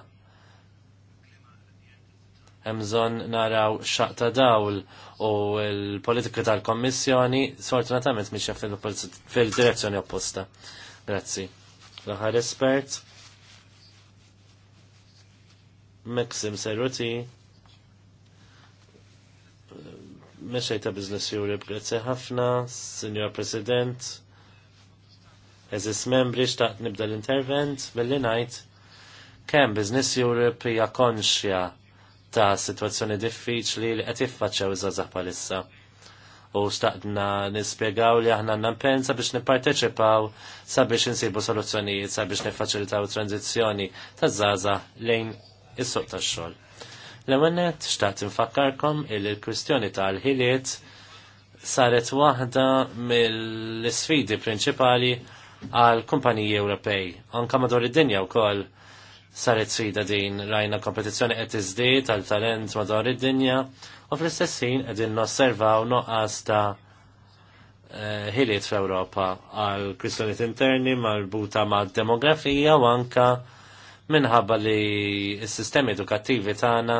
Hemm bżonn naraw xaq ta' dawl u l-politika tal-Kommissjoni sfortunatament mhix fil-direzzjoni opposta. Grazzi. L-aħħar espert Maxim Serruti meċċejta Business Europe, grazie ħafna, Signor President, eżis membri xtaqt nibda l-intervent, billi najt, kem Business Europe hija konxja ta' situazzjoni diffiċli li qed jiffaċċew iż-żazax bħalissa u staqtna nispiegaw li aħna nampensa biex nipparteċipaw sabiex insibu soluzzjonijiet sabiex nifaċilitaw tranzizjoni ta' zaza lejn is sot tax-xogħol. L-ewenet xtaqt infakkarkom il kwistjoni tal-ħiliet saret waħda mill-sfidi prinċipali għal kumpaniji Ewropej. Anka madwar id-dinja wkoll saret sfida din rajna kompetizzjoni qed iżdied tal talent madwar id-dinja u fl-istess ħin qegħdin nosservaw noqas ta' eh, ħiliet fl-Ewropa għal kwistjonijiet interni marbuta mad demografija u anka minħabba li s-sistemi edukattivi tagħna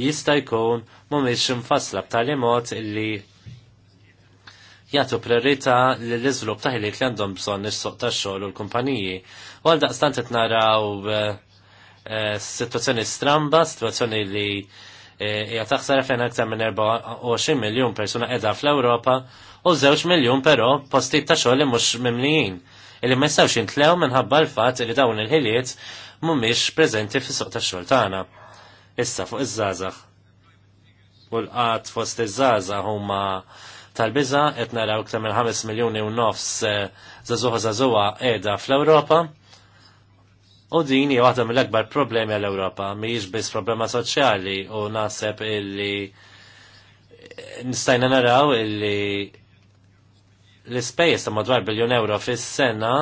jista' jkun mhumiex imfassla b'tali mod li jagħtu priorità li l ta' ħiliet li għandhom bżonn is-soq tax-xogħol u l-kumpaniji. U għal daqstant qed naraw eh, eh, situazzjoni stramba, situazzjoni li eh, hija taħsar fejn aktar minn 24 miljun persuna qiegħda fl-Ewropa u żewġ miljun però postijiet ta' xogħol li mhux mimlijin illi ma jistgħux jintlew minħabba l-fatt li dawn il-ħiliet mhumiex prezenti fis-soq tax-xogħol tagħna. Issa fuq iż żazax U l qat fost iż żazax huma tal-biża qed naraw iktar minn 5 miljuni u nofs eh, żagħżugħa żagħżugħa qiegħda fl-Ewropa. U din hija waħda mill-akbar problemi għall ewropa mhijiex biss problema soċjali u naħseb illi nistajna naraw illi l-ispejjeż ta' madwar biljun euro fis-sena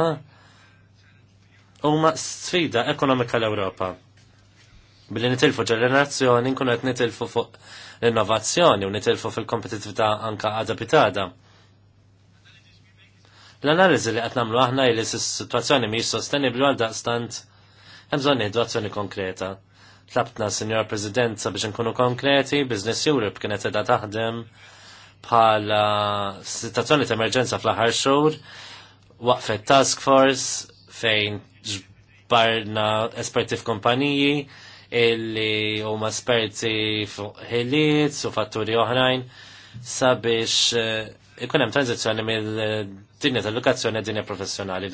huma sfida ekonomika l-Ewropa. Billi nitilfu ġenerazzjoni nkunu qed nitilfu fuq l-innovazzjoni u nitilfu fil-kompetitività anka għada bitada. L-analiżi li qed nagħmlu aħna li s-sitwazzjoni mhijiex sostenibbli għal daqstant hemm bżonn nieħdu konkreta. Tlabtna Sinjor President sabiex nkunu konkreti, Business Europe kienet qiegħda taħdem bħala sitwazzjoni ta' emerġenza fl-aħħar xhur, waqfet task force fejn ġbarna esperti f'kumpaniji illi huma esperti fuq u fatturi oħrajn sabiex eh, ikun hemm tranzizzjoni mill-dinja tal-edukazzjoni dinja professjonali.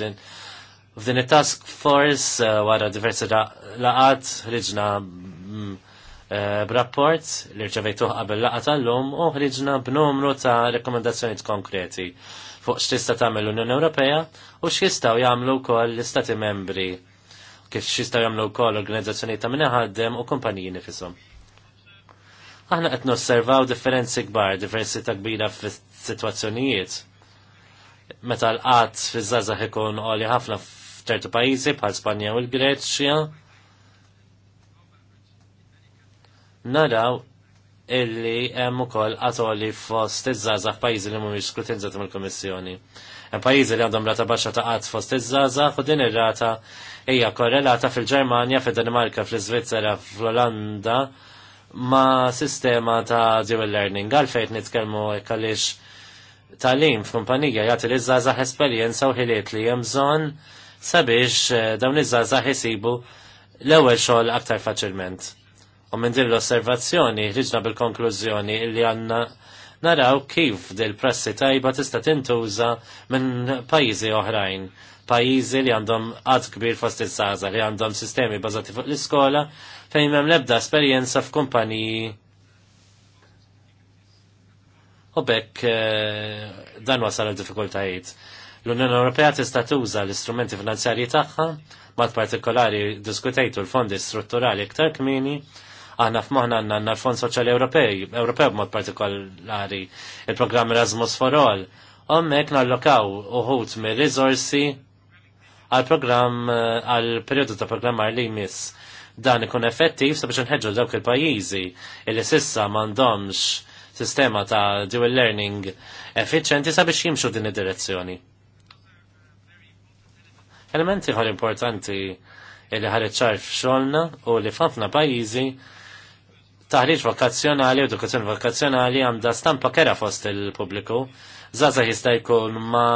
F'din it-task force eh, wara diversi laqat ħriġna mm, eh, b'rapport li rċevejtuħ qabel laqat tal-lum u ħriġna b'numru ta' rekomendazzjonijiet konkreti fuq x'tista' tagħmel l-Unjoni Ewropea u x'jistgħu jagħmlu wkoll l-istati membri kif x'jistgħu jagħmlu wkoll organizzazzjonijiet ta' minħaddem u kumpaniji nifisom. Aħna qed nosservaw differenzi kbar, diversità kbira fis-sitwazzjonijiet. Meta l-qatt fiż-żażaħ ikun għoli ħafna f'ċertu pajjiżi bħal Spanja u l-Greċja, naraw illi hemm ukoll qatoli fost iż-żgħażagħ f'pajjiżi li mhumiex skrutinizzati mill-Kummissjoni. Pajizi li għandhom rata baxa ta' qatt fost iż-żaza, u din ir-rata hija korrelata fil-Ġermanja, fil-Danimarka, fl-Iżvizzera, fl-Olanda ma' sistema ta' dual learning. Għalfejn nitkellmu għaliex tal-lim f'kumpanija jagħti liż żaħ esperjenza u ħiliet li hemm bżonn sabiex eh, dawn iż-żaza ħisibu l-ewwel xogħol aktar faċilment. U minn din l-osservazzjoni ħriġna bil-konklużjoni li għandna naraw kif del prassi tajba tista' tintuża minn pajjiżi oħrajn. Pajjiżi li għandhom għad kbir fost il żgħażagħ li għandhom sistemi bażati fuq l-iskola fejn hemm l-ebda esperjenza f'kumpaniji U bekk eh, dan wasal il-diffikultajiet. L-Unjoni Ewropea tista' tuża l-istrumenti finanzjarji tagħha, mat partikolari diskutejtu l-fondi strutturali iktar kmini, Aħna f'moħna għandna l-Fond Soċjali Ewropej, Ewropew b'mod partikolari, il-programm Erasmus for All. Ommek nallokaw uħut me rizorsi għal-programm għal-periodu ta' programm li jmiss. Dan ikun effettiv sabiex nħeġġu dawk il-pajjiżi illi sissa m'għandhomx sistema ta' dual learning effiċenti sabiex jimxu din id-direzzjoni. Elementi ħol importanti illi ħareċ ċarf xolna u li f'ħafna pajjiżi taħriġ vokazzjonali, edukazzjoni vokazzjonali għandha stampa kera fost il-pubbliku. Zaza jista' jkun ma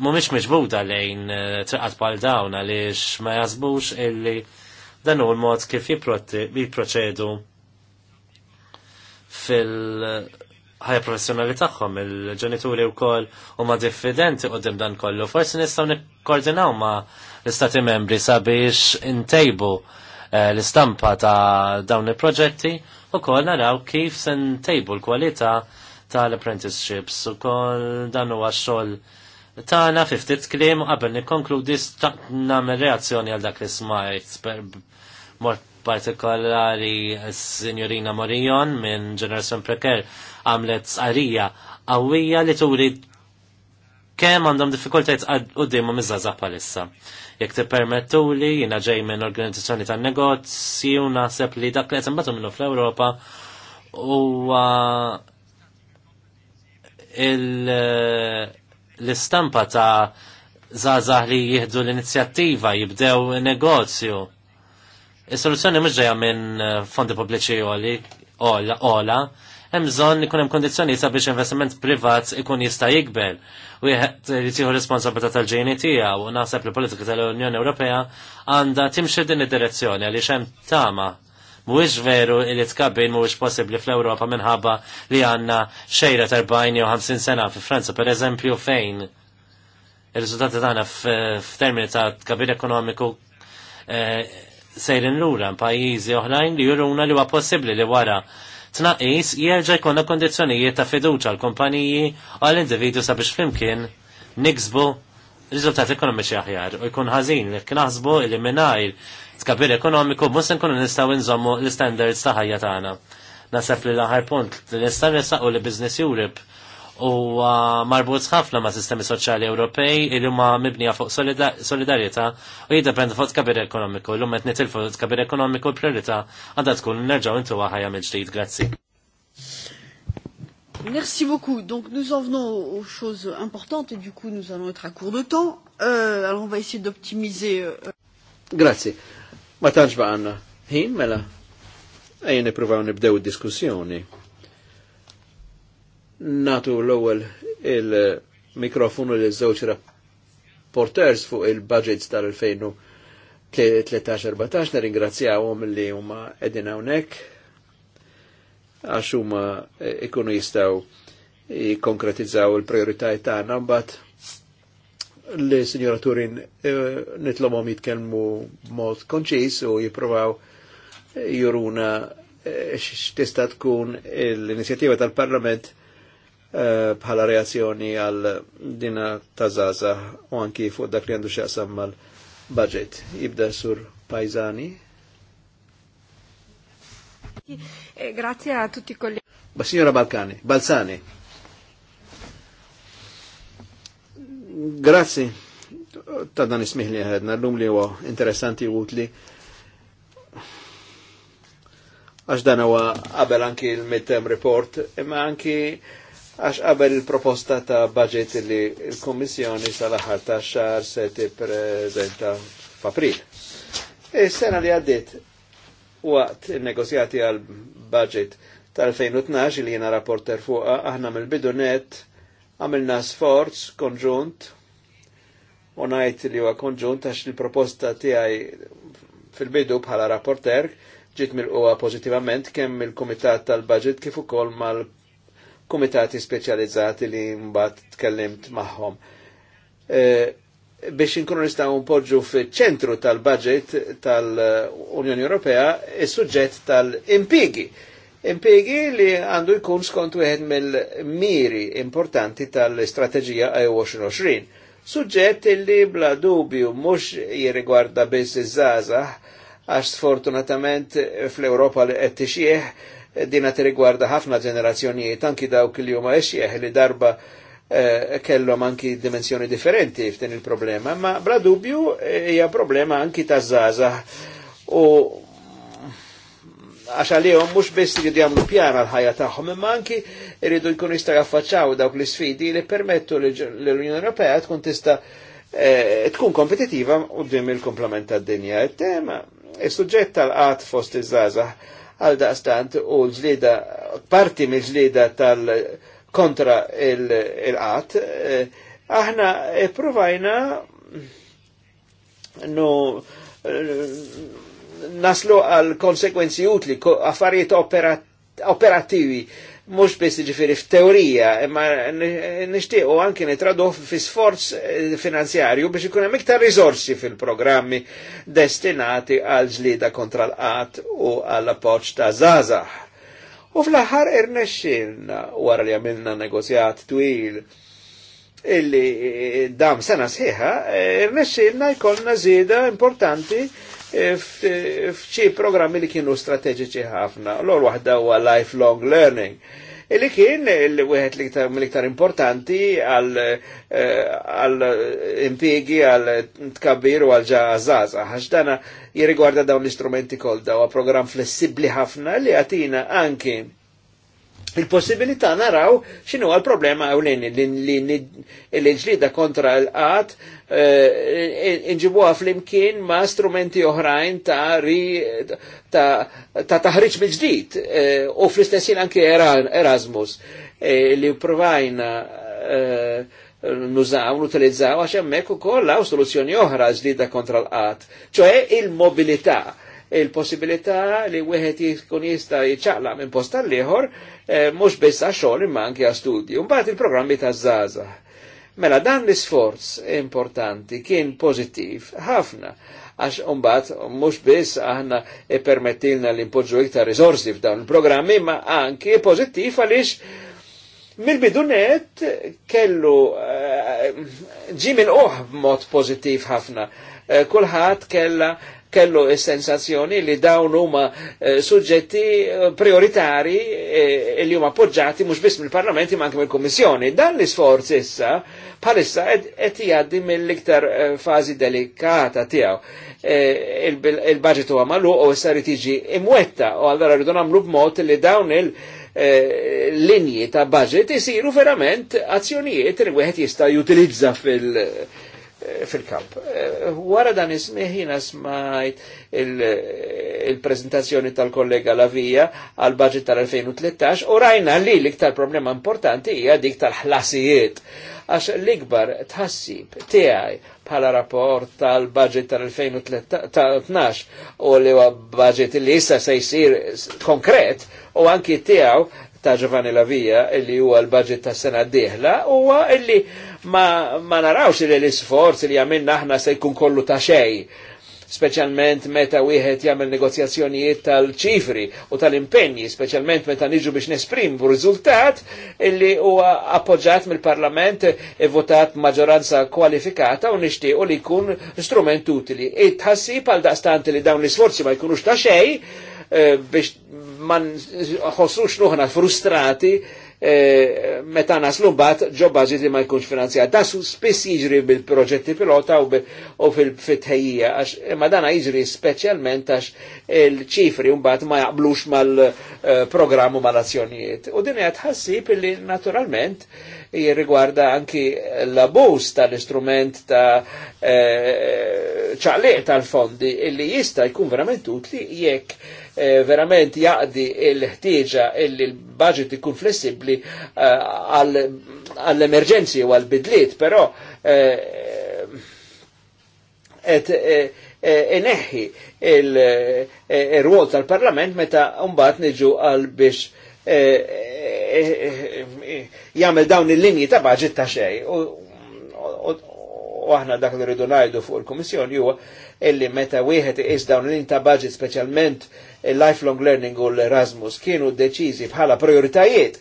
mhumiex miġbuda lejn eh, triqat bħal dawn għaliex ma jasbux illi dan hu l-mod kif jipproċedu fil-ħajja professjonali tagħhom il-ġenituri wkoll huma diffidenti qudiem dan kollu. Forsi nistgħu nikkoordinaw ma l-istati membri sabiex intejbu Eh, l-istampa ta' dawn il-proġetti u koll naraw kif sen tejbu l-kwalità tal-apprenticeships u koll dan huwa xogħol tagħna fi ftit kliem qabel nikkonkludi nagħmel reazzjoni għal dak li smajt mort partikolari s-Sinjorina Morion minn Generation Precare għamlet għarija qawwija li turi kemm għandhom diffikultajt għoddimhom iż-żgħażagħ bħalissa. Jek te permettu li jina ġej minn organizzazzjoni ta' negozju naħseb li dak li qed imbagħtu minnu fl-Ewropa u l-istampa ta' zazah li jihdu l-inizjattiva, jibdew negozju. Is-soluzzjoni mhux ġejja minn fondi pubbliċi ola, ola, hemm bżonn ikun hemm kondizzjoni sabiex investiment privat ikun jista' jikber u jieħed li tieħu responsabilità tal-ġejni tiegħu u naħseb li politika tal-Unjoni Ewropea għandha timxi din id-direzzjoni għaliex hemm tama Mhuwiex veru li tkabbin mhuwiex possibbli fl-Ewropa minħabba li għandna xejra ta' 40 jew 50 sena fi Franza pereżempju fejn il-riżultati tagħna f'termini ta' tkabbir ekonomiku eh, sejrin lura pajjiżi oħrajn li juruna li huwa possibbli li wara tnaqis jerġa' jkollna kondizzjonijiet ta' fiduċa l kumpaniji għal individu sabiex flimkien niksbu riżultati ekonomiċi aħjar u jkun ħażin li knaħsbu li mingħajr tkabir ekonomiku mhux se nkunu nistgħu nżommu l istandards ta' ħajja tagħna. Nasab li l-aħħar punt li nista' nisaqu li Business Europe u marbut ħafna ma' sistemi soċjali Ewropej il huma mibnija fuq solidarjetà u jiddependi fuq kabir ekonomiku. L-lum qed nitilfu kabir ekonomiku l-priorità għandha tkun nerġgħu intu ħajja mill-ġdid. Grazzi. Merci beaucoup. Donc nous en venons aux choses importantes et du coup nous allons être à court de temps. Euh, alors on va essayer d'optimiser. Euh... Grazie. Ma tantx baqanna. Ħin mela. Ejja provaw nibdew id-diskussjoni natu l-ewwel il-mikrofonu li żewġ rapporters fuq il-budgets tal-2013-14 nirringrazzjawhom li huma qegħdin hawnhekk għax huma eh, ikunu jistgħu jikkonkretizzaw il-prioritajiet tagħna mbagħad li sinjora Turin eh, nitlomhom jitkellmu mod konċis u jippruvaw eh, juruna x'tista' tkun l-inizjattiva tal-Parlament Eh, bħala reazzjoni għal dina tazaza u anki fuq dak li għandu xaqsam mal budget. Ibda sur Pajzani. Eh, grazie a tutti i colleghi. Ba signora Balcani, Balzani. Grazie ta' dan ismiħ li għedna l-lum li huwa interessanti u utli għax dan huwa qabel anki il midterm report, imma anki għax qabel il-proposta ta' budget li il-Kommissjoni sal-aħħar ta' xar se tippreżenta f'April. Is-sena li għaddiet waqt il-negozjati għal budget tal-2012 li jena rapporter fuqa aħna mill-bidunet għamilna sforz konġunt u najt li huwa konġunt għax il-proposta tiegħi fil-bidu bħala rapporter ġiet mill-qwa pożittivament kemm il-Kumitat tal-Budget kif ukoll mal kumitati speċjalizzati li mbagħad tkellimt magħhom. E, biex inkunu nistgħu npoġġu fiċ-ċentru tal-budget tal-Unjoni Ewropea is-suġġett tal-impigi. Impigi li għandu jkun skont wieħed mill-miri importanti tal-istrateġija 2020. E Suġġett li bla dubju mhux jirrigwarda biss iż-żgħażagħ għax sfortunatament fl ewropa li qed tixjeħ. Eh, dina tirigwarda ħafna ġenerazzjonijiet anki dawk li huma exjeħ li darba eh, kellhom anki dimensjoni differenti f'din il-problema, ma bla dubju eh, hija problema anki ta' zaza u għax għalihom mhux biss jridu jagħmlu pjan għall-ħajja tagħhom, imma anki rridu jkunu jista' jaffaċċaw dawk l-isfidi li permettu l-Unjoni Ewropea tkun tista' tkun kompetitiva u il-komplement tad-dinja. Il-tema, is-suġġett tal fost iż-żgħażagħ għal daqstant u l-ġlida, parti mill ġlida tal-kontra il-qat, eh, aħna provajna nu eh, naslu għal konsekwenzi utli, affarijiet operativi mux biss ġifiri f'teorija, imma nishtiqu anki nitradu fi sforz eh, finanzjarju biex ikun hemm iktar risorsi fil-programmi destinati għal ġlida kontra l-qat u għal appoġġ ta' zazah. U fl-aħħar irnexxilna wara li għamilna negozjat twil illi dam sena sħiħa, eh, irnexxilna jkollna żieda importanti f'ċi programmi li kienu strateġiċi ħafna. L-għol wahda huwa lifelong learning. Illi kien il-wieħed l-iktar importanti eh, għal impiegi għal tkabbir u għal ġazaza. Għaxdana dana jirrigwarda dawn l-istrumenti kol dawa program flessibli ħafna li għatina anki il-possibilità naraw xinu għal problema għawlin l inġlida kontra l-qat eh, inġibuha fl-imkien ma strumenti oħrajn ta' taħriċ bil-ġdid eh, u fl-istessin anki Erasmus eh, li provajna nużaw, nutilizzaw, għax u kolla u soluzzjoni oħra ġdida kontra l-qat, ċoħe il mobilita il-possibilità li wieħed jkun jista' jiċċaqlaq minn post tal-ieħor eh, mhux biss għax-xogħol imma anke għal studju. Mbagħad il-programmi taż-żgħażagħ. Mela dan l-isforz importanti kien pożittiv ħafna għax umbat mux biss aħna e permettilna li impoġġu iktar risorsi f'dawn il-programmi, ma anki pozittiv għalix mil-bidunet kellu eh, ġimil uh, minn uħ mod pozittiv ħafna. Eh, Kulħat kella kellu sensazzjoni li dawn huma eh, suġġetti eh, prioritari eh, li huma appoġġati mhux biss mill-Parlamenti ma anke mill-Kummissjoni. Dan l-isforz issa bħalissa qed jgħaddi mill-iktar fażi delikata tiegħu. Il-budget huwa magħluq u issa rid jiġi imwetta u allura rridu nagħmlu b'mod li dawn il- linji ta' budget isiru verament azzjonijiet li wieħed jista' jutilizza fil- fil-kamp. Eh, wara dan ismi ħina smajt il-prezentazzjoni il prezentazzjoni tal kollega Lavija għal budget tal-2013 u rajna li l-iktar problema importanti hija dik tal-ħlasijiet. Għax l-ikbar tħassib tiegħi bħala rapport tal-budget tal-2012 u li huwa budget li issa se jsir konkret u anki tiegħu ta' Giovanni Lavija li huwa l-budget tas-sena d-dieħla huwa illi, illi ma, ma narawx li l-isforz li għamilna aħna se jkun kollu ta' xej specialment meta wieħed jagħmel negozjazzjonijiet tal-ċifri u tal-impenji, speċjalment meta niġu biex nesprimbu riżultat illi huwa appoġġat mill-Parlament e votat maġoranza kwalifikata u nixtiequ li jkun strument utili. tħassib għal daqstant li dawn l-isforzi ma jkunux ta' xej eh, biex ma nħossux nuħna frustrati Eh, meta naslu mbagħad ġo bażi ma jkunx finanzjat. Da spiss jiġri bil-proġetti pilota u fil-fitħejjija għax ma dana jiġri speċjalment għax il-ċifri mbagħad ma jaqblux mal-programm eh, u mal-azzjonijiet. U din qed ħassib li naturalment jirrigwarda anki l-abus tal-istrument ta' eh, ċaqliq tal-fondi illi jista' jkun verament utli jekk E, verament jaqdi il-ħtieġa illi l-budget ikun flessibli e, għall-emerġenzi u għall-bidliet, però e, et ineħħi il-rwol tal-parlament meta mbagħad niġu għal biex jagħmel dawn il-linji ta' budget ta' xej. U aħna dak li rridu ngħidu fuq il-Kummissjoni huwa illi meta wieħed iqis dawn l-linji ta' budget speċjalment il-lifelong learning u l-Erasmus kienu deċiżi bħala prioritajiet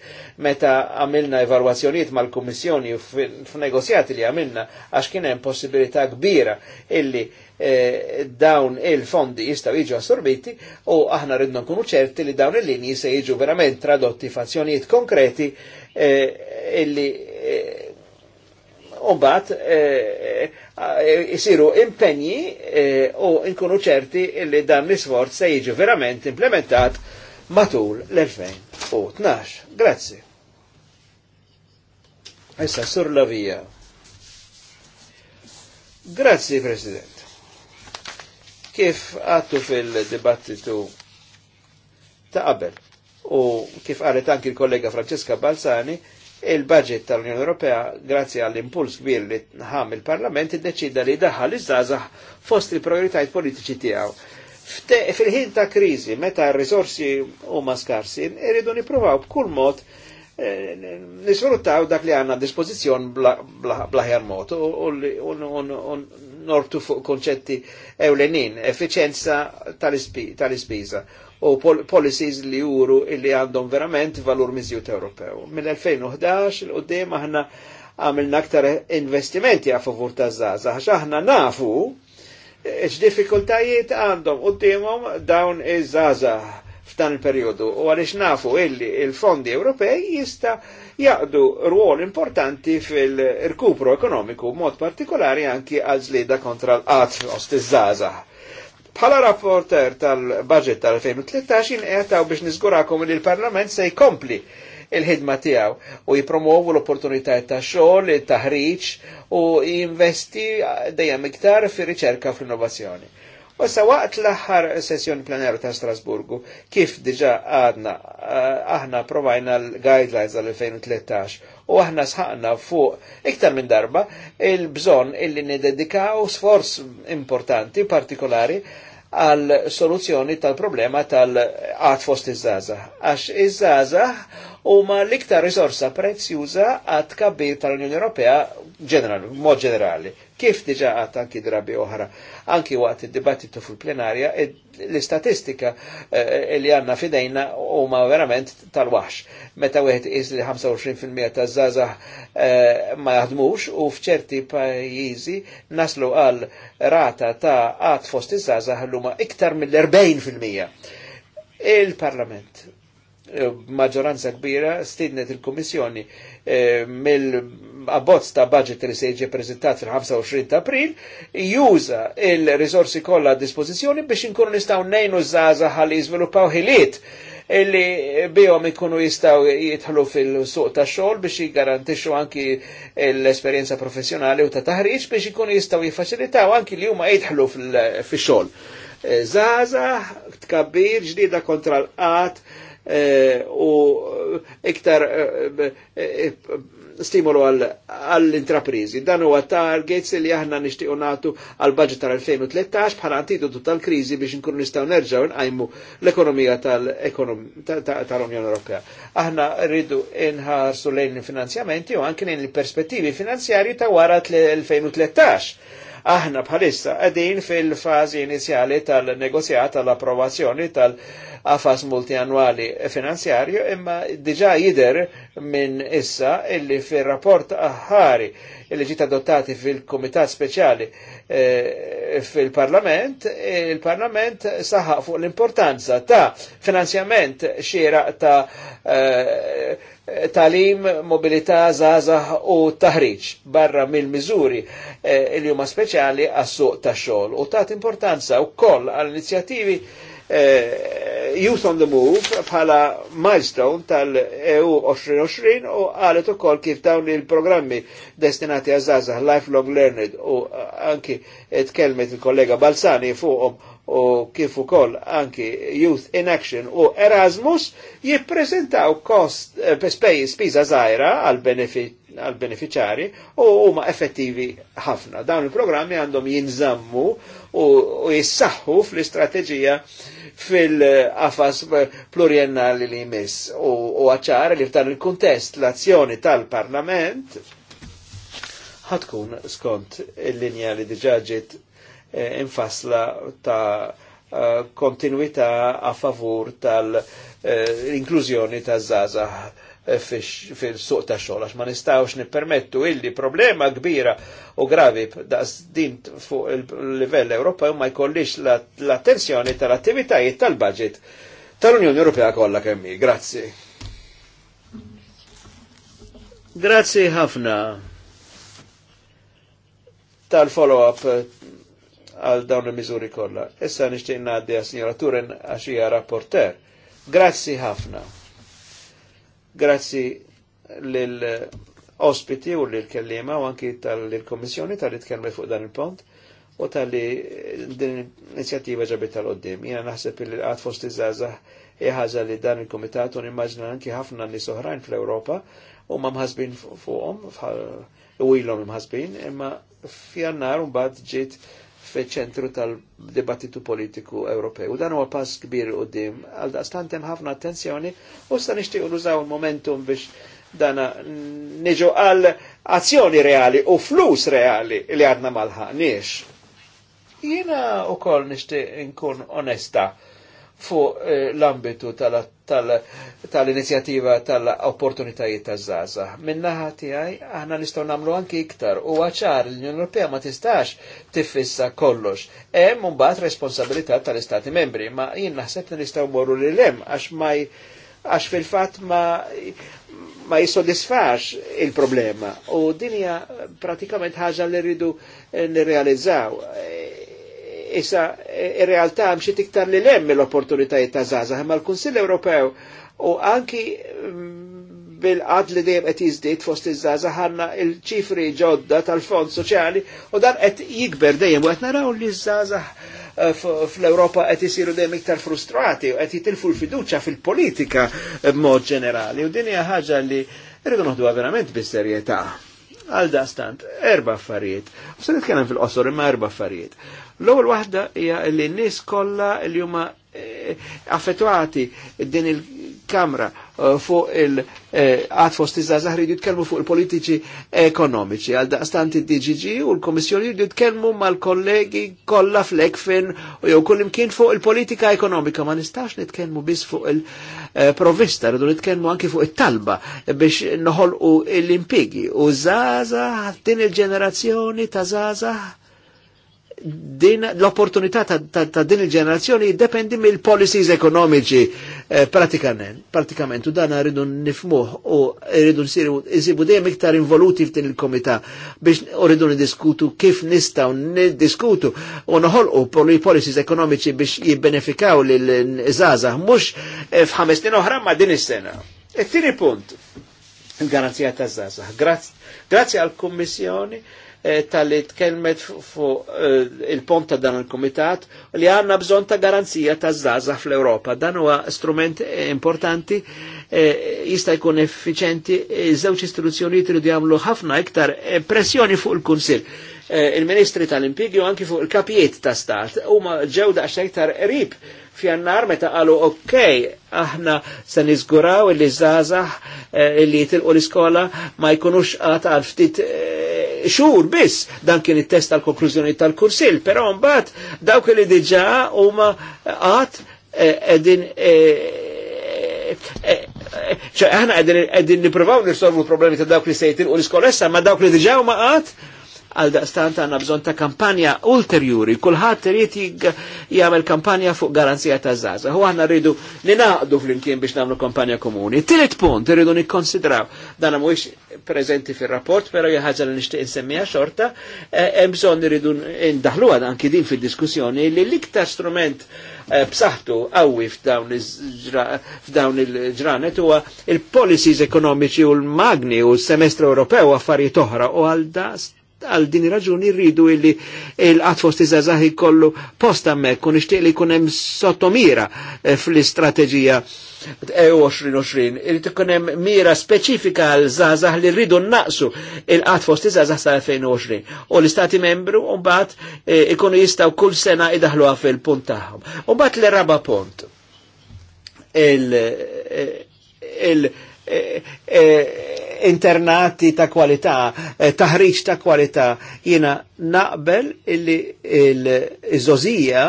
meta għamilna evalwazzjonijiet mal-Kummissjoni f-negozjati li għamilna għax kien hemm possibilità kbira illi eh, dawn il-fondi jistgħu jiġu assorbiti u aħna ridna nkunu ċerti li dawn il-linji se jiġu verament tradotti f'azzjonijiet konkreti eh, illi eh, bat jisiru eh, eh, eh, impenji u nkunu ċerti li dan l-isforz se jiġi verament implementat matul l-2012. Grazzi. Issa, sur la via. Grazzi, President. Kif għattu fil-dibattitu ta' qabel u kif għalet anki il-kollega Francesca Balzani, Il-budget tal-Unjoni Ewropea, grazzi għall-impuls kbir li ħam il-Parlament, iddeċida li daħal iż-żgħażagħ fost il-prioritajiet politiċi tiegħu. Fil-ħin ta' kriżi, meta r-risorsi huma skarsi, irridu nippruvaw b'kull mod eh, nisfruttaw dak li għanna dispozizjon blaħjar mot u nortu fuq konċetti ewlenin, efficienza tal-ispiża u policies li juru illi għandhom verament valur mizjut Ewropew. Mill-2011 il-qoddim aħna għamilna aktar investimenti għaf favur ta' zaza, għax aħna nafu eh, x'diffikultajiet għandhom qudiemhom dawn iż-żaza f'dan il-periodu u għaliex nafu illi il-fondi Ewropej jista jaqdu ruol importanti fil-rkupru ekonomiku mod partikolari anki għal żlieda kontra l-qatt fost iż-żgħażagħ. Bħala rapporter tal-budget tal-2013 inqetaw biex niżgurakom li l-Parlament se jkompli il-ħidma tiegħu u jipromovu l-opportunitajiet ta' xogħol, taħriġ u jinvesti dejjem iktar fir-riċerka u fl-innovazzjoni. U sa waqt l-aħħar sessjoni plenaru ta' Strasburgu, kif diġa għadna, eh, aħna provajna l-guidelines għal-2013 u aħna sħaqna fuq iktar minn darba il-bżon illi nidedikaw sforz importanti, partikolari, għal soluzzjoni tal-problema tal għad fost iż-żaza. Għax iż-żaza huma l-iktar risorsa prezzjuża għad kabbir tal-Unjoni Ewropea mod ġenerali kif diġa għat anki drabi oħra, anki waqt id-dibattitu fil-plenarja, l-istatistika eh, li għanna fidejna huma verament tal-wax. Meta wieħed is li 25% ta' zaza eh, ma jaħdmux u fċerti pajjiżi naslu għal rata ta' għat fosti iż l luma iktar mill-40%. Il-Parlament eh, maġġoranza kbira stidnet il komissjoni mill abbozz ta' budget li se jiġi prezentat fil-25 ta' april, juża il risorsi kollha a dispożizzjoni biex inkunu nistgħu nejnu żgħażha ħalli jiżviluppaw ħiliet illi bihom ikunu jistaw jitħlu fil-suq ta' xol biex jgarantixu anki l-esperienza professjonali u ta' taħriġ biex ikunu jistaw jifacilitaw anki li huma jitħlu fil-xol. Zaza, e, tkabbir, ġdida kontra l-qat, e, u iktar e, stimolu għall-intraprizi. Dan huwa targets li aħna nixtiequ nagħtu għal budget tal-2013 bħala antidotu tal-kriżi biex inkunu nistgħu nerġgħu nqajmu l-ekonomija tal-Unjoni Ewropea. Aħna rridu inħarsu lejn il-finanzjamenti u anke lejn il-perspettivi finanzjarji ta' wara 2013 aħna bħalissa qegħdin fil fażi inizjali tal-negozjat tal-approvazzjoni tal-afas multianwali finanzjarju imma diġa jider minn issa illi fir rapport aħħari illi ġiet adottati fil-Kumitat Speċjali eh, fil-Parlament, il-Parlament saħaq fuq l-importanza ta' finanzjament xiera ta' eh, talim, mobilità, zazah u taħriġ barra mill-miżuri eh, il-juma speċjali għas-suq ta' xogħol u tat importanza wkoll għall-inizjattivi Eh, Youth on the Move bħala milestone tal-EU 2020 u għalet ukoll kif dawn il-programmi destinati għazzaza lifelong learned u eh, anki tkelmet il-kollega Balsani fuqhom u kif ukoll anki Youth in Action u Erasmus jipprezentaw kost eh, spiża żgħira għal għal beneficjari u huma effettivi ħafna. Dawn il-programmi għandhom jinżammu u jissaħħu fl-istrateġija fil-qafas pluriennali li jmiss u għacċar li f'dan il-kontest l-azzjoni tal-parlament ħatkun skont il-linja li diġaġit eh, infasla ta' eh, kontinuità a favur tal-inklużjoni eh, ta' zaza Eh, fil-suq ta' xogħol għax ma nistgħux nippermettu illi problema kbira u gravi daqs din fuq il-livell Ewropew ma jkollix l-attenzjoni tal-attivitajiet tal-budget tal-Unjoni Ewropea kollha kemm Grazzi. Grazzi ħafna tal-follow-up eh, għal dawn il-miżuri kollha. Issa nixtieq ngħaddi għas-Sinjora Turen għax hija rapporter. Grazzi ħafna. Grazzi lill-ospiti u lill-kellima u anki tal-Komissjoni tal-li tkellmu fuq dan il-pont u tal-li din inizjattiva ġabit tal-qoddim. Jena naħseb li għad fost iżazah iħazza li dan il-komitat u nimmaġna anki ħafna nies oħrajn fl europa u ma mħazbin fuqom, u ilom mħazbin, imma f'jannar un bad ġit fil-ċentru tal-dibattitu politiku Ewropew. U dan huwa pass kbir u dim, għal daqstantem ħafna attenzjoni u sta nixtiequ nużaw il-momentum biex dana niġu għal azzjoni reali u flus reali li għadna nix. Jena u kol nishtiq nkun onesta fuq eh, l-ambitu tal-att tal-inizjativa tal-opportunitajiet ta' żaza Minnaħa tiegħi aħna nistgħu nagħmlu anki iktar u għacħar, l-Unjoni Ewropea ma tistax tiffissa kollox. Hemm mbagħad responsabilità tal-Istati membri, ma jien naħseb li nistgħu morru li hemm għax ma għax fil-fatt ma ma jisodisfax il-problema. U dinja pratikament ħaġa li rridu nirrealizzaw. Issa, e, ir-realtà mxie tiktar li lem l-opportunitajiet ta' zaza, ma l-Kunsill Ewropew u anki mm, bil-qad li dejjem qed jiżdied fost iż-żaza ħanna il-ċifri ġodda tal-Fond Soċjali u dan qed jikber dejjem u qed naraw li ż-żaza e, fl-Europa qed isiru dejjem iktar frustrati u qed jitilfu l-fiduċja fil-politika b'mod ġenerali u din hija ħaġa li rridu noħduha verament bis-serjetà. Għal dastant, erba affarijiet. U se fil-qosor imma erba affarijiet. L-ewwel waħda hija li n-nies kollha li huma eh, affettwati din il-Kamra eh, fuq il-għad eh, fost iż-żazah rridu jitkellmu fuq il-politiċi ekonomiċi. Għal daqstant id-DGG u l-Komissjoni rridu jitkellmu mal-kollegi kollha fl-ekfin u jew kull imkien fuq il-politika ekonomika. Ma nistax nitkellmu biss fuq il-provista, rridu nitkellmu anki fuq it-talba biex u l-impigi. U żazah din il-ġenerazzjoni ta' żazah din l-opportunità ta, ta, ta', din il-ġenerazzjoni jiddependi mill-policies ekonomiċi eh, pratikament, pratikament u dan rridu nifmuħ u rridu nsiru isibu dejjem iktar involuti f'din il komita biex u rridu nidiskutu kif nistaw nidiskutu u noħolqu policies ekonomiċi biex jibbenefikaw l żgħażagħ mux eh, f'ħames snin oħra ma' din is-sena. Il-tini e punt il-garanzija ta' żgħażagħ. Grazzi għall-Kummissjoni. Graz Eh, tal-li tkelmet fuq eh, il-pont ta' dan il-komitat li għanna bżon ta' garanzija ta' zaza fl-Europa. Dan huwa strument importanti eh, jista' jkun effiċenti żewġ istituzzjonijiet iridu jagħmlu ħafna iktar pressjoni fuq il-Kunsill. Il-Ministri tal-Impjegi u anki fuq il-kapijiet ta' stat huma ġew daqs iktar rib fjannar meta qalu ok, aħna se niżguraw li żgħażagħ li jitilqu l-iskola ma jkunux għata għal ftit xur biss dan kien it-test tal-konklużjoni tal-kursil, però mbagħad dawk li diġà huma qatt eh, qegħdin eh, eh, ċe aħna qegħdin nippruvaw nirsolvu problemi ta' dawk li sejtin u l-iskolessa ma' dawk li diġà huma qatt għal daqstant għanna bżon ta' kampanja ulterjuri, kullħat rrit jgħamil kampanja fuq garanzija ta' zaza. Hu għanna rridu ninaqdu fl-imkien biex namlu kampanja komuni. Tilet punt rridu nikkonsidraw, dan mhuwiex prezenti fil-rapport, pero jħagġa li nixtieq insemmija xorta, eh, hemm bżonn rridu ndaħlu għad anki din fid-diskussjoni li l-iktar strument eh, b'saħħtu qawwi f'dawn il-ġranet huwa il-policies ekonomiċi u l-magni u s-semestru Ewropew affarijiet oħra u għal dast għal din raġuni rridu illi il-qatt fost iż kollu posta post hemmhekk u nixtieq li jkun hemm sottomira eh, fl-istrateġija 2020 irid ikun hemm mira speċifika għal zazah li rridu naqsu il-qatt fost iż sa 2020 u l-istati membru mbagħad eh, ikunu jistaw kull sena għaf fil-punt tagħhom. U mbagħad l-raba punt il eh, Eh, eh, internati ta' kwalità, eh, taħriġ ta' kwalità. Jiena naqbel illi l żożija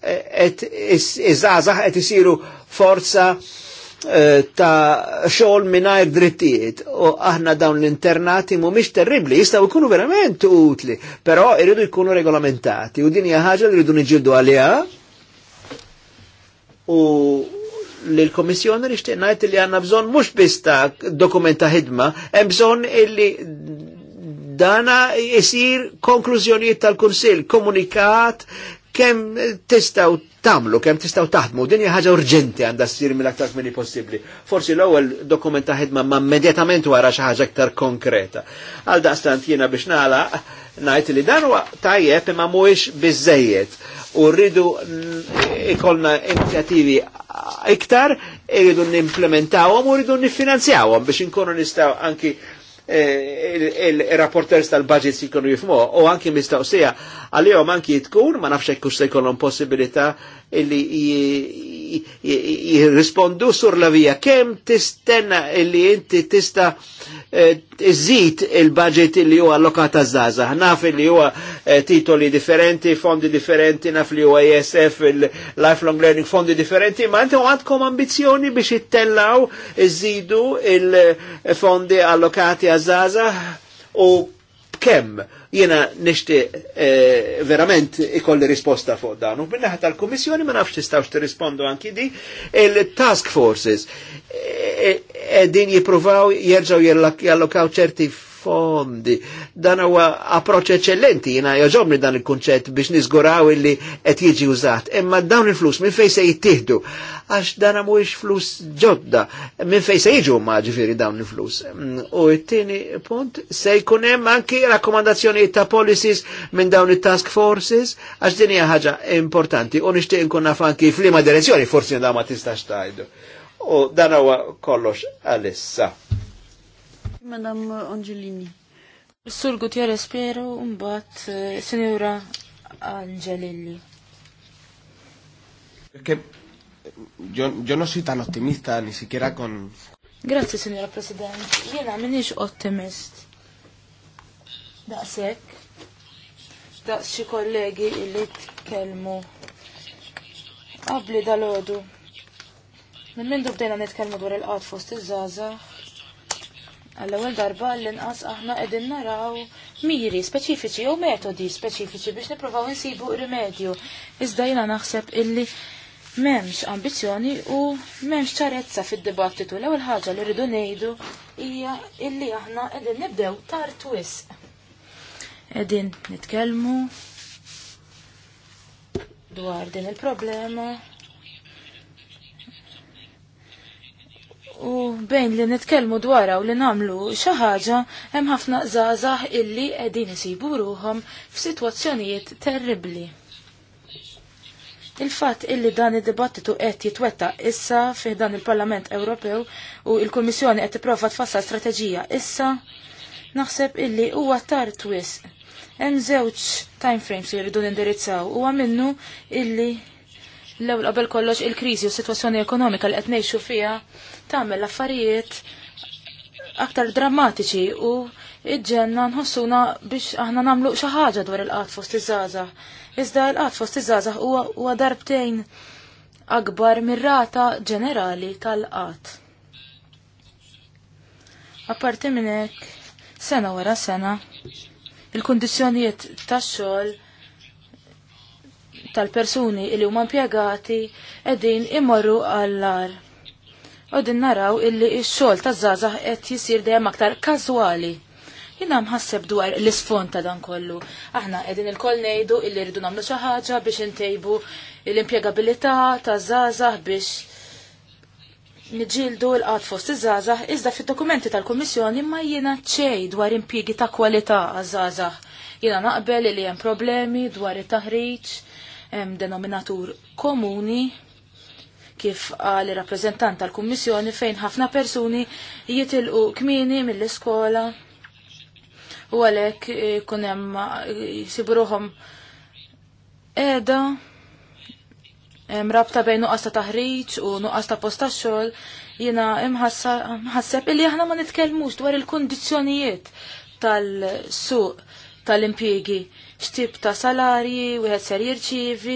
qed iżgħażagħ qed isiru forza ta' xogħol mingħajr drittijiet u aħna dawn l-internati mhumiex terribli, jistgħu jkunu verament utli, però jridu jkunu regolamentati u din hija ħaġa li rridu niġġieldu għaliha u l-Komissjoni nixtieq ngħid li għandna bżonn mhux biss ta' dokumenta ħidma, hemm bżonn illi dana jisir konklużjonijiet tal-Kunsill, komunikat kemm tistgħu tamlu, kemm tistgħu taħdmu, din hija ħaġa urġenti għandha ssir mill-aktar minni possibbli. Forsi l-ewwel dokumenta ħidma ma' immedjatament wara xi ħaġa aktar konkreta. Għal daqstant jiena biex nagħlaq najt li dan huwa tajjeb imma mhuwiex biżejjed u rridu ikollna inizjattivi iktar irridu nimplementawhom u rridu niffinanzjawhom biex inkunu nistgħu anki eh, il-rapporters tal-budgets jikonu jifmu u anki mistaqsija għal-jom anki jitkun ma nafxek kux se jkollhom possibilità illi jirrispondu sur la vija. Kem tistenna illi inti tista eh, iżid il-budget illi huwa allokata zaza. Naf illi huwa eh, titoli differenti, fondi differenti, naf li huwa ISF, e il-lifelong learning, fondi differenti, ma inti għandkom ambizjoni biex ittellaw iżidu il-fondi eh, allokati a zaza u kemm jiena nishti eh, verament ikolli risposta fuq dan. U minnaħat tal-Kummissjoni ma nafx tistgħux rispondu anki di il-task forces qegħdin eh, eh, jippruvaw jerġgħu jallokaw ċerti fondi. Dan huwa approċċ eċċellenti, jiena joġobni dan il-kunċett biex niżguraw illi qed jiġi użat. Imma dawn il-flus minn fejn se jittieħdu għax dan mhuwiex flus ġodda minn fejn se jiġu ma ġifieri dawn il-flus. Mm, u t-tieni punt se jkun hemm anki rakkomandazzjonijiet ta' policies minn dawn it-task forces għax din hija ħaġa importanti u nixtieq nkun naf anki f'liema direzzjoni forsi dawn ma tistax tajdu. U dan huwa kollox għalissa. Madam Angelini. Sur Gutierrez spero un bat eh, Signora Angelini. Perché yo, yo no soy tan optimista ni siquiera con... Grazie, signora Presidente, io President. Jena minix ottimist. Daqsek. Daqs xi kollegi illi tkellmu. Abli dal-ħodu. Minn minn bdejna nitkellmu dwar il-qat fost iż-żazax Għall-ewwel darba l-inqas aħna qegħdin naraw miri speċifiċi jew metodi speċifiċi biex nippruvaw insibu rimedju. Iżda jiena naħseb illi m'hemmx ambizzjoni u m'hemmx ċarezza fid-dibattitu. L-ewwel ħaġa li rridu ngħidu hija illi aħna qegħdin nibdew tar wisq. Qegħdin nitkellmu dwar din il-problema U bejn li nitkellmu dwara u li nagħmlu xi ħaġa hemm ħafna żgħażagħ illi qegħdin isibu ruhom f'sitwazzjonijiet terribbli. Il-fatt illi dan id-dibattitu qed jitwettaq issa fih dan il-Parlament Ewropew u il-Kummissjoni qed tipprova tfassal strateġija issa, naħseb illi huwa tar twisq. Hemm żewġ frames li jridu nindirizzaw huwa minnu illi l-ewwel qabel kollox il-kriżi u s-sitwazzjoni ekonomika li qed ngħixu fiha tagħmel l-affarijiet aktar drammatiċi u iġġenna nħossuna biex aħna nagħmlu xi ħaġa dwar il-qatt fost iż-żgħażagħ. Iżda l-qatt fost iż-żgħażagħ huwa darbtejn akbar mir-rata ġenerali tal-qatt. Apparti minn hekk, sena wara sena, il-kundizzjonijiet tax-xogħol tal-persuni li huma impjegati qegħdin imorru għall-lar. naraw illi x-xogħol taż-żgħażagħ qed jisir dejjem aktar każwali jina mħasseb dwar l-isfond ta' dan kollu. Aħna qegħdin il-koll nejdu illi rridu namlu xi ħaġa biex intejbu l-impjegabilità ta' żgħażagħ biex niġildu l-qat fost iż-żgħażagħ iżda fid-dokumenti tal-Kummissjoni ma jiena ċej dwar impjiegi ta' kwalità għaż-żgħażagħ. Jiena naqbel li hemm problemi dwar it-taħriġ hemm denominatur komuni kif għal rappreżentant tal-Kummissjoni fejn ħafna persuni jitilqu kmini mill-iskola u għalhekk ikun eh, hemm eh, jsiburuhom qiegħda hemm rabta bejn nuqqas ta' taħriġ u nuqqas ta' post tax-xogħol jiena mħasseb illi aħna ma nitkellmux dwar il-kundizzjonijiet tal-suq tal-impjiegi. tal suq tal impjiegi x'tip ta' salari wieħed ser jirċievi,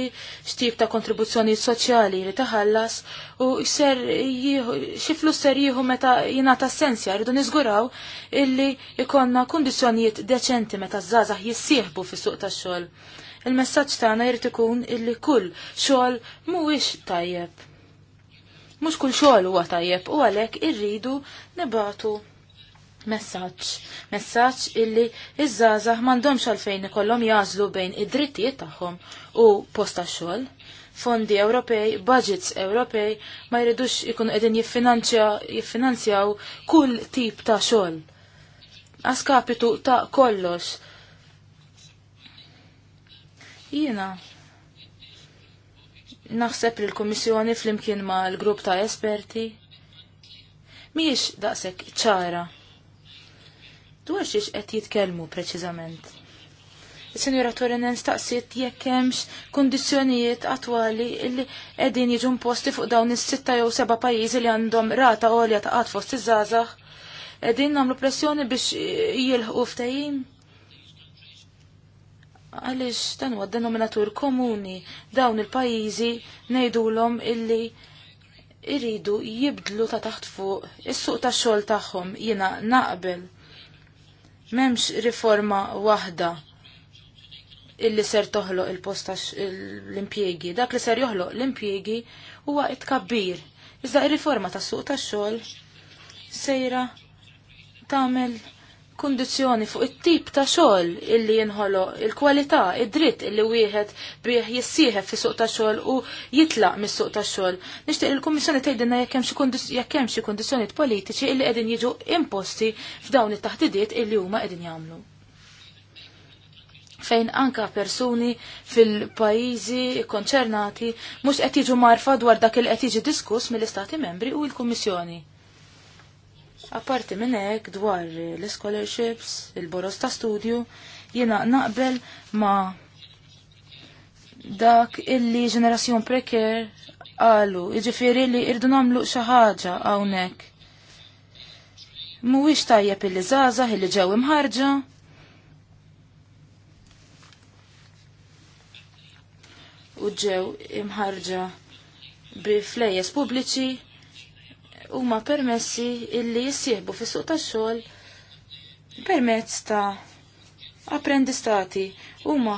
x'tip ta' kontribuzzjoni soċjali li taħallas u ser jieħu, xiflu ser jieħu meta jingħata sensja rridu niżguraw illi ikonna kundizzjonijiet deċenti meta żgħażagħ jissieħbu fis-suq tax-xogħol. Il-messaġġ tagħna jrid ikun illi kull xogħol mhuwiex tajjeb. Mhux kull xogħol huwa tajjeb u għalhekk irridu nibatu Messaċ, messaċ illi iż-żazah mandomx għalfejn ikollhom jażlu bejn id-drittijiet tagħhom u posta xogħol. Fondi Ewropej, budgets Ewropej ma jridux ikun qegħdin jiffinanzjaw kull tip ta' xogħol. Askapitu ta' kollox. Jiena naħseb li l-Kummissjoni flimkien ma' l-grupp ta' esperti miex daqshekk ċara dwar xiex qed jitkellmu preċiżament. Is-Sinjora Torinen staqsiet jekk hemmx kundizzjonijiet attwali li qegħdin jiġu posti fuq dawn is-sitta jew seba' pajjiżi li għandhom rata għolja ta' qatt fost iż-żgħażagħ. Qegħdin nagħmlu pressjoni biex jilħqu ftehim. Għaliex dan huwa denominatur komuni dawn il-pajjiżi ngħidulhom illi iridu jibdlu ta' taħt fuq is-suq tax-xogħol tagħhom jiena naqbel Memx riforma waħda illi ser toħloq il-posta l impiegi Dak li ser joħloq l impiegi huwa it-kabbir. Iżda ir-riforma tas suq tax-xogħol sejra tagħmel kundizzjoni fuq it-tip ta' xogħol illi jinħolo, il-kwalità, id-dritt illi wieħed bih jissieħeb fi suq ta' xogħol u jitlaq mis-suq ta' xogħol. Nixtieq il-Kummissjoni tgħidilna jekk hemm jekk hemm xi kundizzjonijiet politiċi illi qegħdin jiġu imposti f'dawn it-taħdidiet illi huma qegħdin jagħmlu. Fejn anka persuni fil-pajjiżi konċernati mhux qed jiġu marfa dwar dak il qed jiġi diskuss mill-Istati Membri u l-Kummissjoni. Apparti minn hekk dwar l-scholarships, il-boros ta' studju, jiena naqbel ma' dak illi ġenerazzjon preker għalu, iġifiri li irdu namlu xaħġa għawnek. Mhuwiex tajjeb illi żgħażagħ illi ġew imħarġa. U ġew imħarġa bi flejjes pubbliċi huma permessi illi jissieħbu fis-suq tax-xogħol permezz ta' apprendistati huma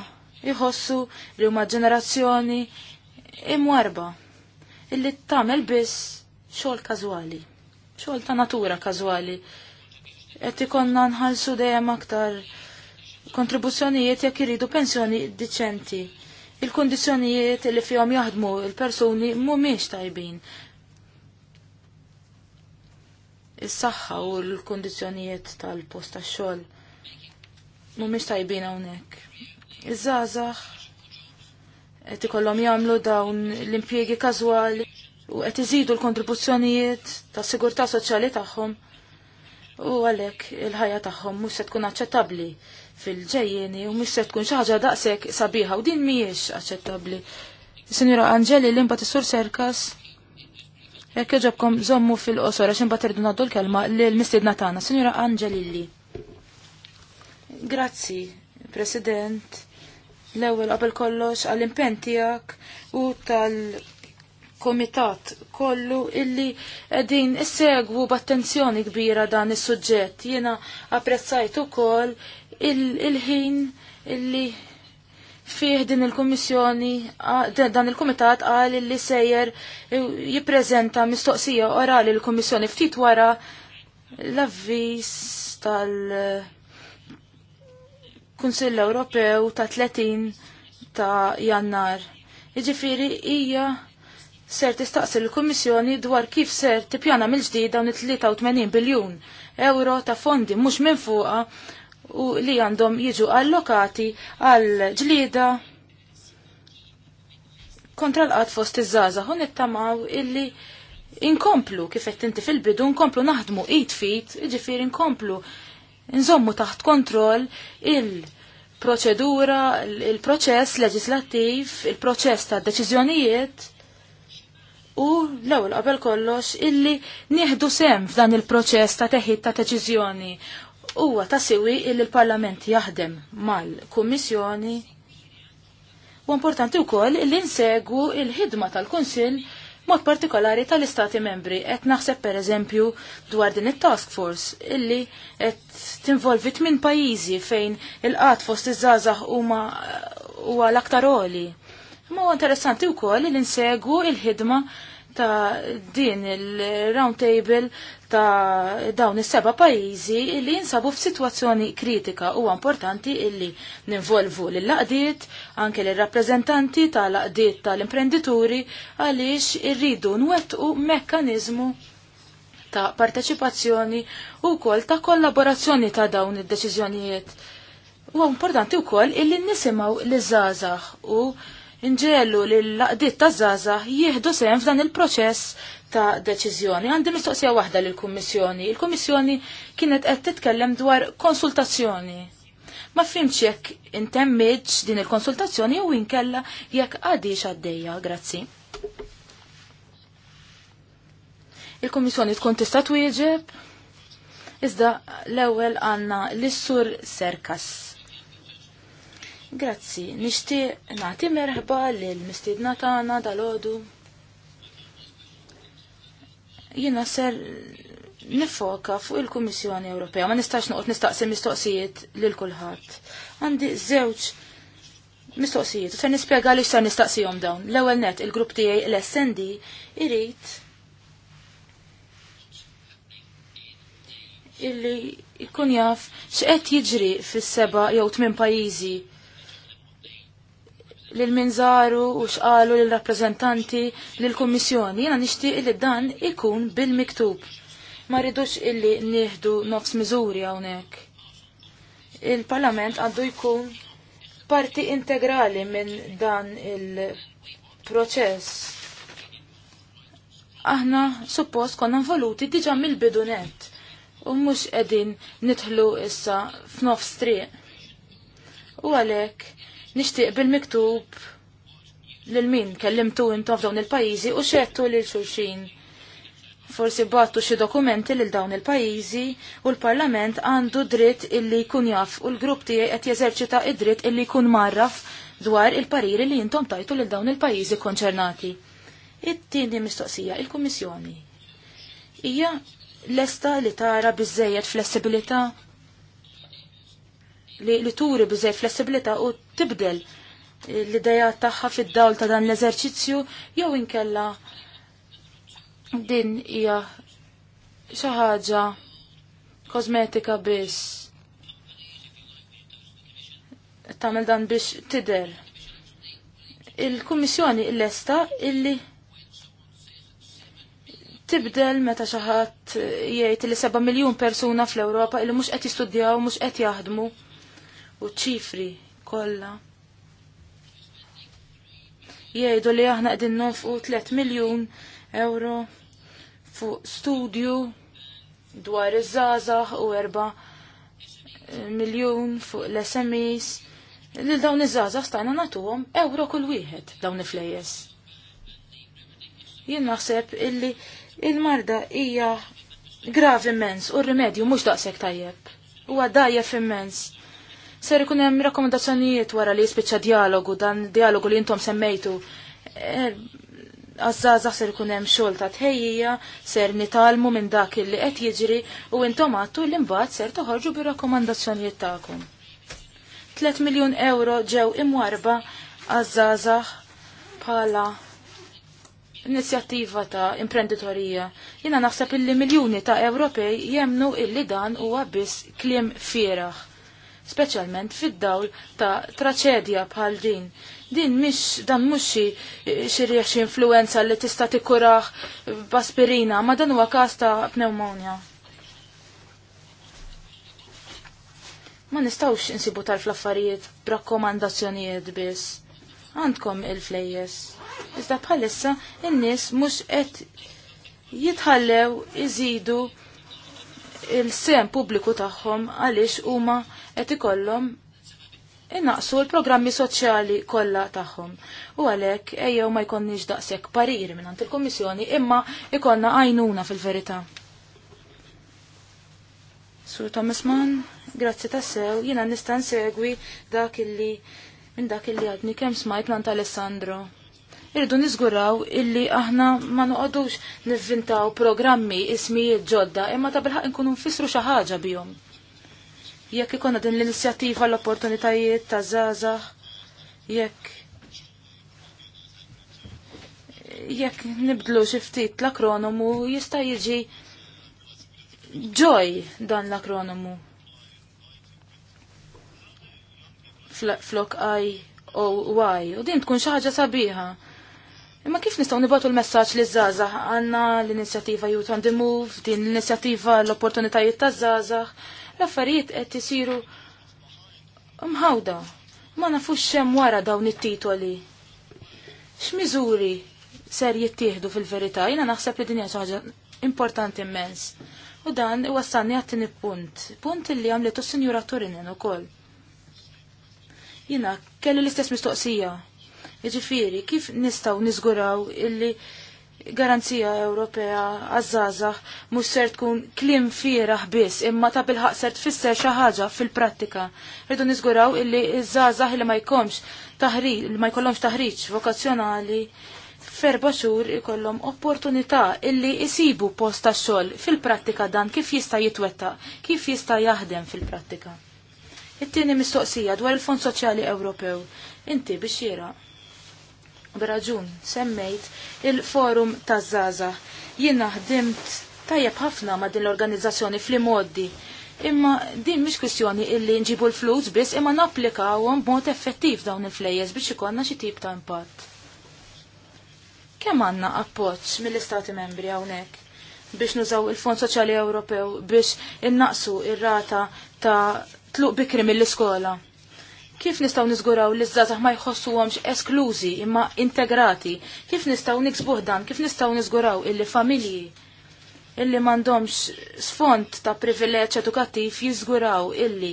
jħossu li huma ġenerazzjoni imwarba illi tagħmel biss xogħol każwali, xogħol ta' natura każwali. Qed ikonna nħallsu dejjem aktar kontribuzzjonijiet jekk iridu pensjoni diċenti. Il-kundizzjonijiet li fihom jaħdmu il-persuni mhumiex tajbin is-saħħa u l-kondizzjonijiet tal-post tax-xogħol mhumiex tajbin hawnhekk. Iż-żgħażagħ qed ikollhom jagħmlu dawn l-impjiegi każwali u qed iżidu l-kontribuzzjonijiet tas-sigurtà soċjali tagħhom u għalhekk il-ħajja tagħhom mhux se tkun aċċettabbli fil-ġejjeni u mhux se tkun xi ħaġa daqshekk sabiħa u din mhijiex aċċettabbli. Sinjura Angeli l-imba tiss-sur serkas Jekk ġabkom żommu fil-qosor għax batterdu naddu l-kelma l mistiedna tagħna, Signora Angelilli. Grazzi, President l-ewwel qabel kollox għall impentijak u tal-komitat kollu illi qegħdin issegwu b'attenzjoni kbira dan is-suġġett. Jiena apprezzajt ukoll il-ħin illi fih din il-Kummissjoni, dan il-Kumitat qal li sejjer e, jippreżenta mistoqsija orali l-Kummissjoni ftit wara l avvis tal Kunsill Ewropew ta' 30 ta' Jannar. Jiġifieri hija ser tistaqsi l-Kummissjoni dwar kif ser tippjana mill-ġdida dawn it-83 biljun euro ta' fondi mhux minn fuqha u li għandhom jiġu allokati għal ġlieda kontra l-qat fost iż-żaza, hun tamaw illi inkomplu kifet inti fil-bidu, inkomplu naħdmu id fit, iġifir inkomplu nżommu taħt kontroll il-proċedura, il-proċess leġislattiv, il-proċess ta' deċiżjonijiet u l-ewwel qabel kollox illi nieħdu sem f'dan il-proċess ta' teħid ta' deċiżjoni huwa ta' siwi illi l-Parlament jaħdem mal-Kummissjoni u importanti wkoll li nsegwu il-ħidma tal-Kunsill mod partikolari tal-Istati membri qed naħseb pereżempju dwar din it-task force illi qed tinvolvi tmien pajjiżi fejn il-qatt fost iż-żgħażagħ huma eh, huwa l-aktar oli. Ma huwa interessanti wkoll li nsegwu il-ħidma ta' din il-round table ta' dawn is-seba' pajjiżi li jinsabu f'sitwazzjoni kritika u importanti illi ninvolvu lill-laqdiet, anke l-rappresentanti ta' laqdiet tal imprendituri għaliex irridu nwettqu mekkaniżmu ta' parteċipazzjoni u kol ta' kollaborazzjoni ta' dawn id-deċiżjonijiet. U importanti u kol illi nisimaw l-żazax u inġelu li l laqdit ta' zaza jieħdu sehem f'dan il-proċess ta' deċiżjoni. Għandi mistoqsija waħda lill kummissjoni Il-Kummissjoni kienet qed titkellem dwar konsultazzjoni. Ma fimx jekk intemmiġ din il-konsultazzjoni u inkella jekk għadix għaddejja, grazzi. Il-Kummissjoni tkun tista' twieġeb? Iżda l-ewwel għandna l issur Serkas. Grazzi, nixtieq nagħti merħba lil mistiedna tagħna dal ħodu Jina ser nifoka fuq il-Kummissjoni Ewropea, ma nistax noqgħod nistaqsi mistoqsijiet lil kulħadd. Għandi żewġ mistoqsijiet, u se nispjega li x'ser nistaqsihom dawn. L-ewwel net il-grupp tiegħi l-SND irid illi jkun jaf x'qed jiġri fis-seba' jew tmien pajjiżi lil minżaru u xqalu lil rappreżentanti lil kummissjoni jiena nixtieq li dan ikun bil-miktub. Ma rridux illi nieħdu nofs miżuri hawnhekk. Il-Parlament għandu jkun parti integrali minn dan il-proċess. Aħna suppost konna voluti diġa mill-bidunet u mhux qegħdin nidħlu issa f'nofs triq. U għalhekk Nixtieq bil-miktub lil min kellimtu intom f'dawn il-pajjiżi u xettu lil xulxin. Forsi battu xi dokumenti lil dawn il-pajjiżi u l-Parlament għandu dritt illi jkun jaf u l-grupp tiegħi qed jeżerċita id-dritt illi jkun marraf dwar il-pariri li jintom tajtu lil dawn il-pajjiżi konċernati. It-tieni mistoqsija il-Kummissjoni. Hija lesta li tara biżejjed flessibilità li turi bizzej flessibilita u tibdel l-ideja tagħha fid-dawl ta' dan l-eżerċizzju jew inkella din hija xi ħaġa kosmetika biss. Tagħmel dan biex tidher. Il-Kummissjoni l-esta illi tibdel meta xi ħadd jgħid li 7 miljun persuna fl-Ewropa illi mhux qed jistudjaw, mhux qed jaħdmu u ċifri kollha jgħidu li aħna qegħdin nonfqu 3 miljun euro fuq studju dwar iż-żgħażagħ u 4 miljun fuq l-SMEs. Lil dawn iż-żgħażagħ stajna nagħtuhom euro kull wieħed dawn il-flejjes. Jien naħseb illi il-marda hija grav immens u r-rimedju mhux daqshekk tajjeb. Huwa dajjef immens ser ikun hemm rakkomandazzjonijiet wara li jispiċċa dialogu dan dialogu li intom semmejtu. Eh, għazzazax ser ikun hemm xogħol ta' tħejjija, ser nitalmu minn dak li qed jiġri u intom għattu li imbagħad ser toħorġu bir-rakkomandazzjonijiet tagħkom. 3 miljun euro ġew imwarba għazzazax bħala inizjattiva ta' imprenditorija. Jina naħseb illi miljoni ta' Ewropej jemnu illi dan huwa biss kliem fieraħ speċjalment fid-dawl ta' traċedja bħal din. Din mish, dan mhux xi riex influenza li tista' tikkuraħ b'aspirina, ma dan huwa każ ta' pneumonia. Ma nistawx insibu tal fl-affarijiet b'rakkomandazzjonijiet biss. Għandkom il-flejjes. Iżda bħalissa n nies mhux qed jitħallew iżidu il-sem pubbliku tagħhom għaliex huma qed ikollhom innaqsu l-programmi soċjali kollha tagħhom. U għalhekk ejjew ma jkollniex daqshekk pariri mingħand il-Kummissjoni imma ikollna għajnuna fil-verità. Sur Thomas Mann, grazzi tassew, jiena nista' nsegwi dak illi minn dak illi għadni kemm smajt lant Alessandro. Irridu niżguraw illi aħna ma noqogħdux nivvintaw programmi ismijiet ġodda imma ta' bilħaq nkunu nfissru xi ħaġa bihom jekk ikonna din l-inizjattiva l-opportunitajiet ta' zaza, jekk jekk nibdlu xiftit l-akronomu jista' jiġi ġoj dan l-akronomu. Flok I o Y u din tkun xi ħaġa sabiħa. Imma kif nistgħu nibgħatu l-messaġġ li żgħażagħ għandna l-inizjattiva Youth on the Move, din l-inizjattiva l-opportunitajiet taż-żgħażagħ l-affarijiet qed isiru mħawda. Ma nafux xem wara dawn it-titoli. X'miżuri ser jittieħdu fil-verità, jiena naħseb li din hija ħaġa importanti immens. U dan iwassalni għattini punt, punt li għamletu s-Sinjura Turinen u koll. Jina, kelli l-istess mistoqsija. Iġifiri, kif nistaw nizguraw illi garanzija Ewropea għazzaza mhux ser tkun klim fieraħ biss imma ta' bilħaq ser tfisser xi ħaġa fil-prattika. Rridu niżguraw illi iż-żgħażagħ li ma jkomx taħriġ li ma jkollhomx taħriġ vokazzjonali ferba xhur ikollhom opportunità illi isibu post ta' xogħol fil-prattika dan kif jista' jitwettaq, kif jista' jaħdem fil-prattika. It-tieni mistoqsija dwar il-Fond Soċjali Ewropew. Inti biex jiraq b'raġun semmejt il-forum ta' Zaza. Jina ħdimt tajjeb ħafna ma' din l-organizzazzjoni fl-imoddi. Imma din mhix kwistjoni illi nġibu l-flus biss imma napplikawhom b'mod effettiv dawn il-flejjes biex ikollna xi tip ta' impatt. Kemm għandna appoġġ mill-Istati Membri hawnhekk? biex nużaw il-Fond Soċjali Ewropew biex innaqsu ir-rata ta' tluq bikri mill-iskola. Kif nistaw nizguraw li żgħażagħ ma jħossuhomx esklużi imma integrati? Kif nistaw niksbuh dan? Kif nistaw niżguraw illi familji illi m'għandhomx sfond ta' privileġġ edukattiv jiżguraw illi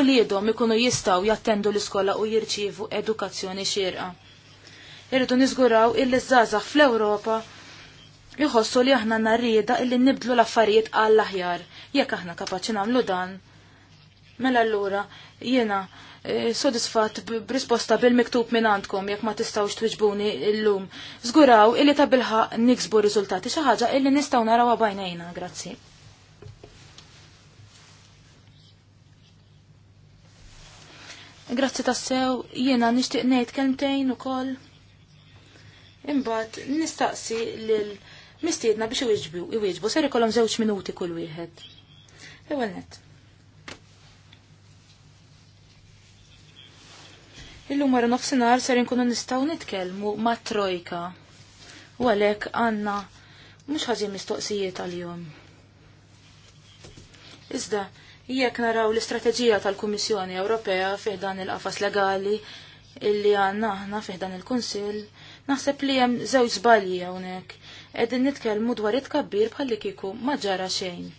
u liedhom ikunu jistgħu jattendu l-iskola u jirċievu edukazzjoni xierqa. Irridu niżguraw illi żgħażagħ fl-Ewropa jħossu li aħna narrieda illi nibdlu l-affarijiet għall-aħjar jekk aħna kapaċi nagħmlu dan Mela allura jiena eh, sodisfatt b'risposta bil-miktub minn għandkom jekk ma tistgħux twiġbuni llum. Żguraw illi ta' bilħa niksbu riżultati xi ħaġa illi nistgħu narawha bajnejna, grazzi. Grazzi tassew, jiena nixtieq ngħid kelmtejn ukoll. Imbagħad nistaqsi lil mistiedna biex iwieġbu, iwieġbu ser ikollhom żewġ minuti kull wieħed. Ewwel nett. Illum wara nofsinar ser inkunu nistgħu nitkellmu ma' trojka. U għalhekk għandna mhux ħażin mistoqsijiet għal jom Iżda, jekk naraw l-istrateġija tal-Kummissjoni Ewropea fiħdan il-qafas legali illi għanna aħna fiħdan il-Kunsill, naħseb li hemm żewġ żbalji hawnhekk. Qegħdin nitkellmu dwar it-kabbir bħalli kieku ma ġara xejn.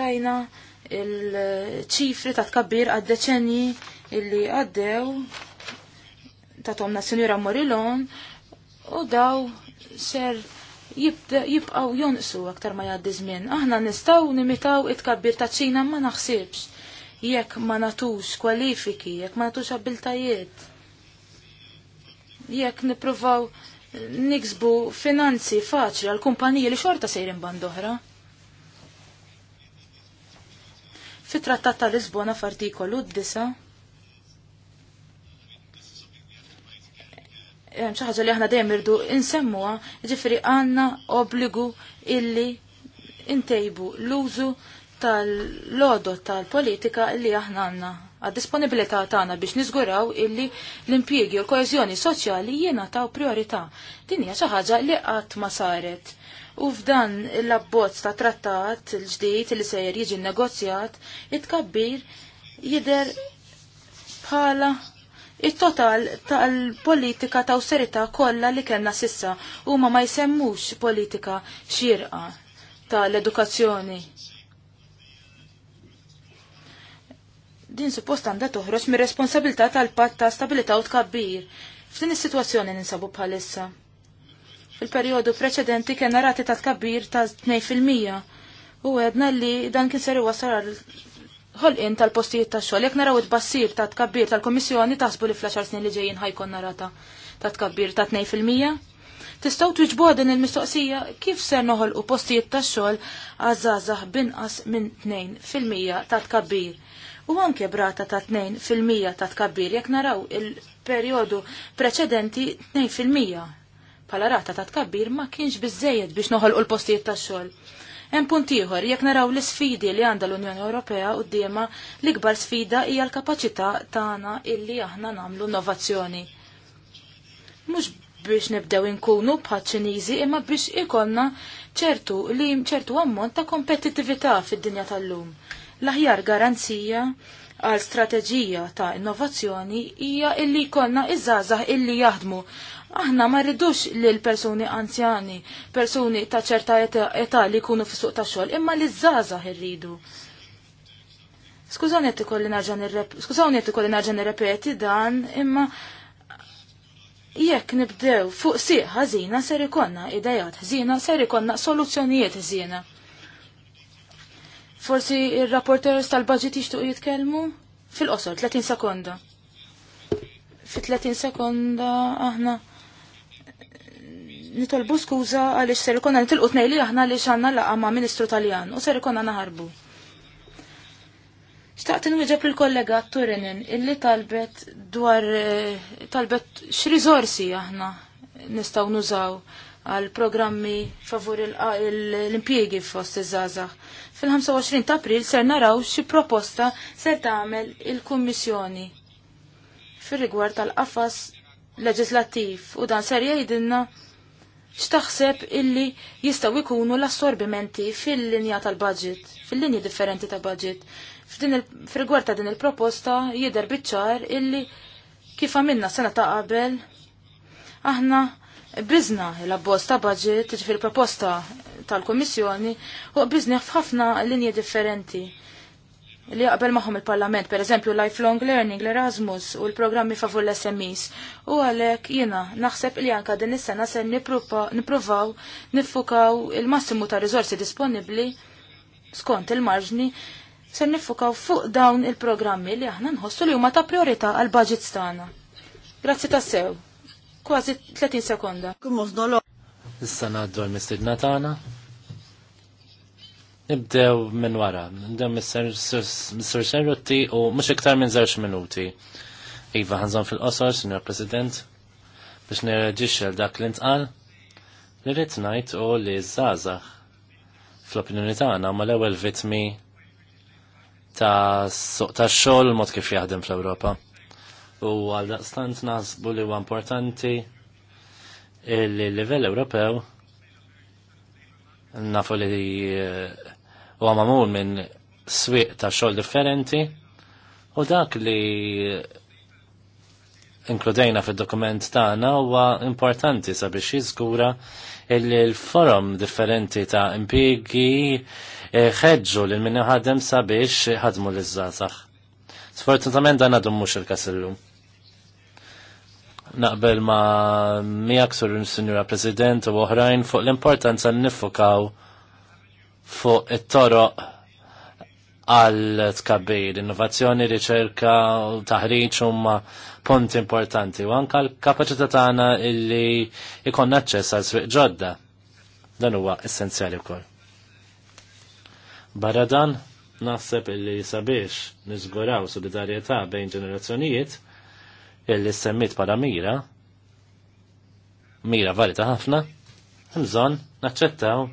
Rajna il-ċifri ta' tkabbir għad deċenji illi għaddew ta' tomna Sinjura Morilon, u daw ser jibqaw jonqsu aktar ma jgħaddi żmien. Aħna nistgħu nimitaw it-tkabbir ta' ċina ma naħsibx jekk ma natux kwalifiki, jekk ma natux abiltajiet. Jekk nippruvaw niksbu finanzi faċli għal kumpaniji li xorta sejrin band oħra. fit-Trattat ta' Lisbona f'artikolu 9 hemm xi ħaġa li aħna dejjem irdu insemmuha, jiġifieri għandna obbligu illi ntejbu l-użu tal lodo tal-politika illi aħna għandna għad disponibilità tagħna biex niżguraw illi l-impjiegi u l-koeżjoni soċjali jingħataw priorità. Din hija xi ħaġa li qatt ma saret U f'dan l-abbozz ta' trattat il-ġdijt li sejjer jiġi negozjat, it-kabbir jider bħala it-total tal-politika ta' serita kollha li kellna sissa huma ma jsemmux politika xirqa tal-edukazzjoni. Din suppost għandha toħroġ mir-responsabilità tal-patt ta' stabilità u tkabbir. F'din is-sitwazzjoni ninsabu bħalissa. Fil-periodu preċedenti kena rati ta' tkabbir ta' 2% u għedna li dan kien seri wasar għal ħolqin tal-postijiet ta' xogħol. Jekk naraw it-bassir ta' tkabbir tal-Kummissjoni taħsbu li fl-10 snin li ġejjin ħajkun narata ta' tkabbir ta' 2%. Tistgħu twiġbuha din il-mistoqsija kif ser noħolqu postijiet ta' xogħol għażażaħ binqas minn 2% ta' tkabbir. U anke brata ta' 2% ta' tkabbir jekk naraw il-perjodu preċedenti 2%. Pala rata ta' tkabbir ma kienx bizzejed biex noħolqu l-postijiet tax-xogħol. Hemm punt ieħor jekk naraw l-isfidi li għandha l-Unjoni Ewropea qudiema l-ikbar sfida hija l-kapaċità tagħna illi aħna nagħmlu innovazzjoni. Mhux biex nibdew inkunu bħal Ċiniżi imma biex ikonna ċertu li ċertu ammont ta' kompetittività fid-dinja tal-lum. L-aħjar garanzija għal strateġija ta' innovazzjoni hija illi jkollna iż-żgħażagħ illi jaħdmu Aħna ma rridux li l-persuni anzjani, persuni ta' ċerta età li jkunu fis-suq ta' xogħol, imma li żgħażagħ irridu. Skużawni qed ikolli nerġa' nirrepeti dan, imma jekk nibdew fuq siħ ħażina ser ikonna idejat ħażina ser ikonna soluzzjonijiet ħażina. Forsi il rapporters tal-budget jixtuq jitkellmu fil-qosor 30 sekonda. Fi 30 sekonda aħna nitolbu skuża għaliex ser ikonna nitilqu tnejli aħna li xanna laqa ma' Ministru Taljan u ser ikonna naħarbu. Xtaqt inwieġeb il kollega Turenin illi talbet dwar eh, talbet x'riżorsi aħna nistgħu nużaw għal programmi favur ah, l-impjiegi fost iż-żgħażagħ. Fil-25 ta' April ser naraw xi proposta ser tagħmel il-Kummissjoni fir-rigward tal-qafas leġislattiv u dan ser jgħidilna x'taħseb illi jistgħu jkunu l-assorbimenti fil-linja tal-budget, fil-linji differenti ta' budget. fil il ta' din il-proposta jidher biċ-ċar illi kif għamilna sena ta' qabel aħna bizna l-abbozz ta' budget, fil proposta tal-Komissjoni, u bizna f'ħafna linja differenti li jaqbel maħom il-parlament, per eżempju lifelong learning, l-Erasmus u l-programmi favur l-SMEs. U għalek jina naħseb li anka din is-sena ser nipruvaw nifukaw il-massimu ta' rizorsi disponibli skont il-marġni se nifukaw fuq dawn il-programmi li aħna nħossu li huma ta' priorità għal budget tagħna. Grazzi ta' sew. Kważi 30 sekonda. Is-sena ngħaddu l-mistidna tagħna. Nibdew minn wara, nibdew Mr. Serrotti u mux iktar minn zewġ minuti. Iva ħanżon fil-qosor, Sr. President, biex nirreġiċel dak li ntqal, li rrit najt u li zazax fl-opinjoni tagħna ma l-ewwel vitmi ta' xogħol mod kif jaħdem fl-Ewropa. U għal daqstant nasbu li huwa importanti li l-livell Ewropew nafu li eh, u għamamur minn swieq ta' xogħol differenti u dak li inkludejna fil-dokument tagħna huwa importanti sabiex jiżgura illi l-forum differenti ta' impiegi eh, ħeġġu lil min ħadem sabiex ħadmu l-iżżasax. Sfortunatament dan għadhom mhux il-każ Naqbel ma' miegħek sur Sinjura President u oħrajn fuq l-importanza nifukaw fuq it-toroq għal tkabbir, innovazzjoni, riċerka u taħriġ huma punt importanti u anka l-kapaċità tagħna illi ikonna aċċess għal swieq ġodda. Dan huwa essenzjali wkoll. Barra dan, naħseb illi sabiex niżguraw solidarjetà bejn ġenerazzjonijiet illi semmit bħala mira, mira varita ħafna, bżonn naċċettaw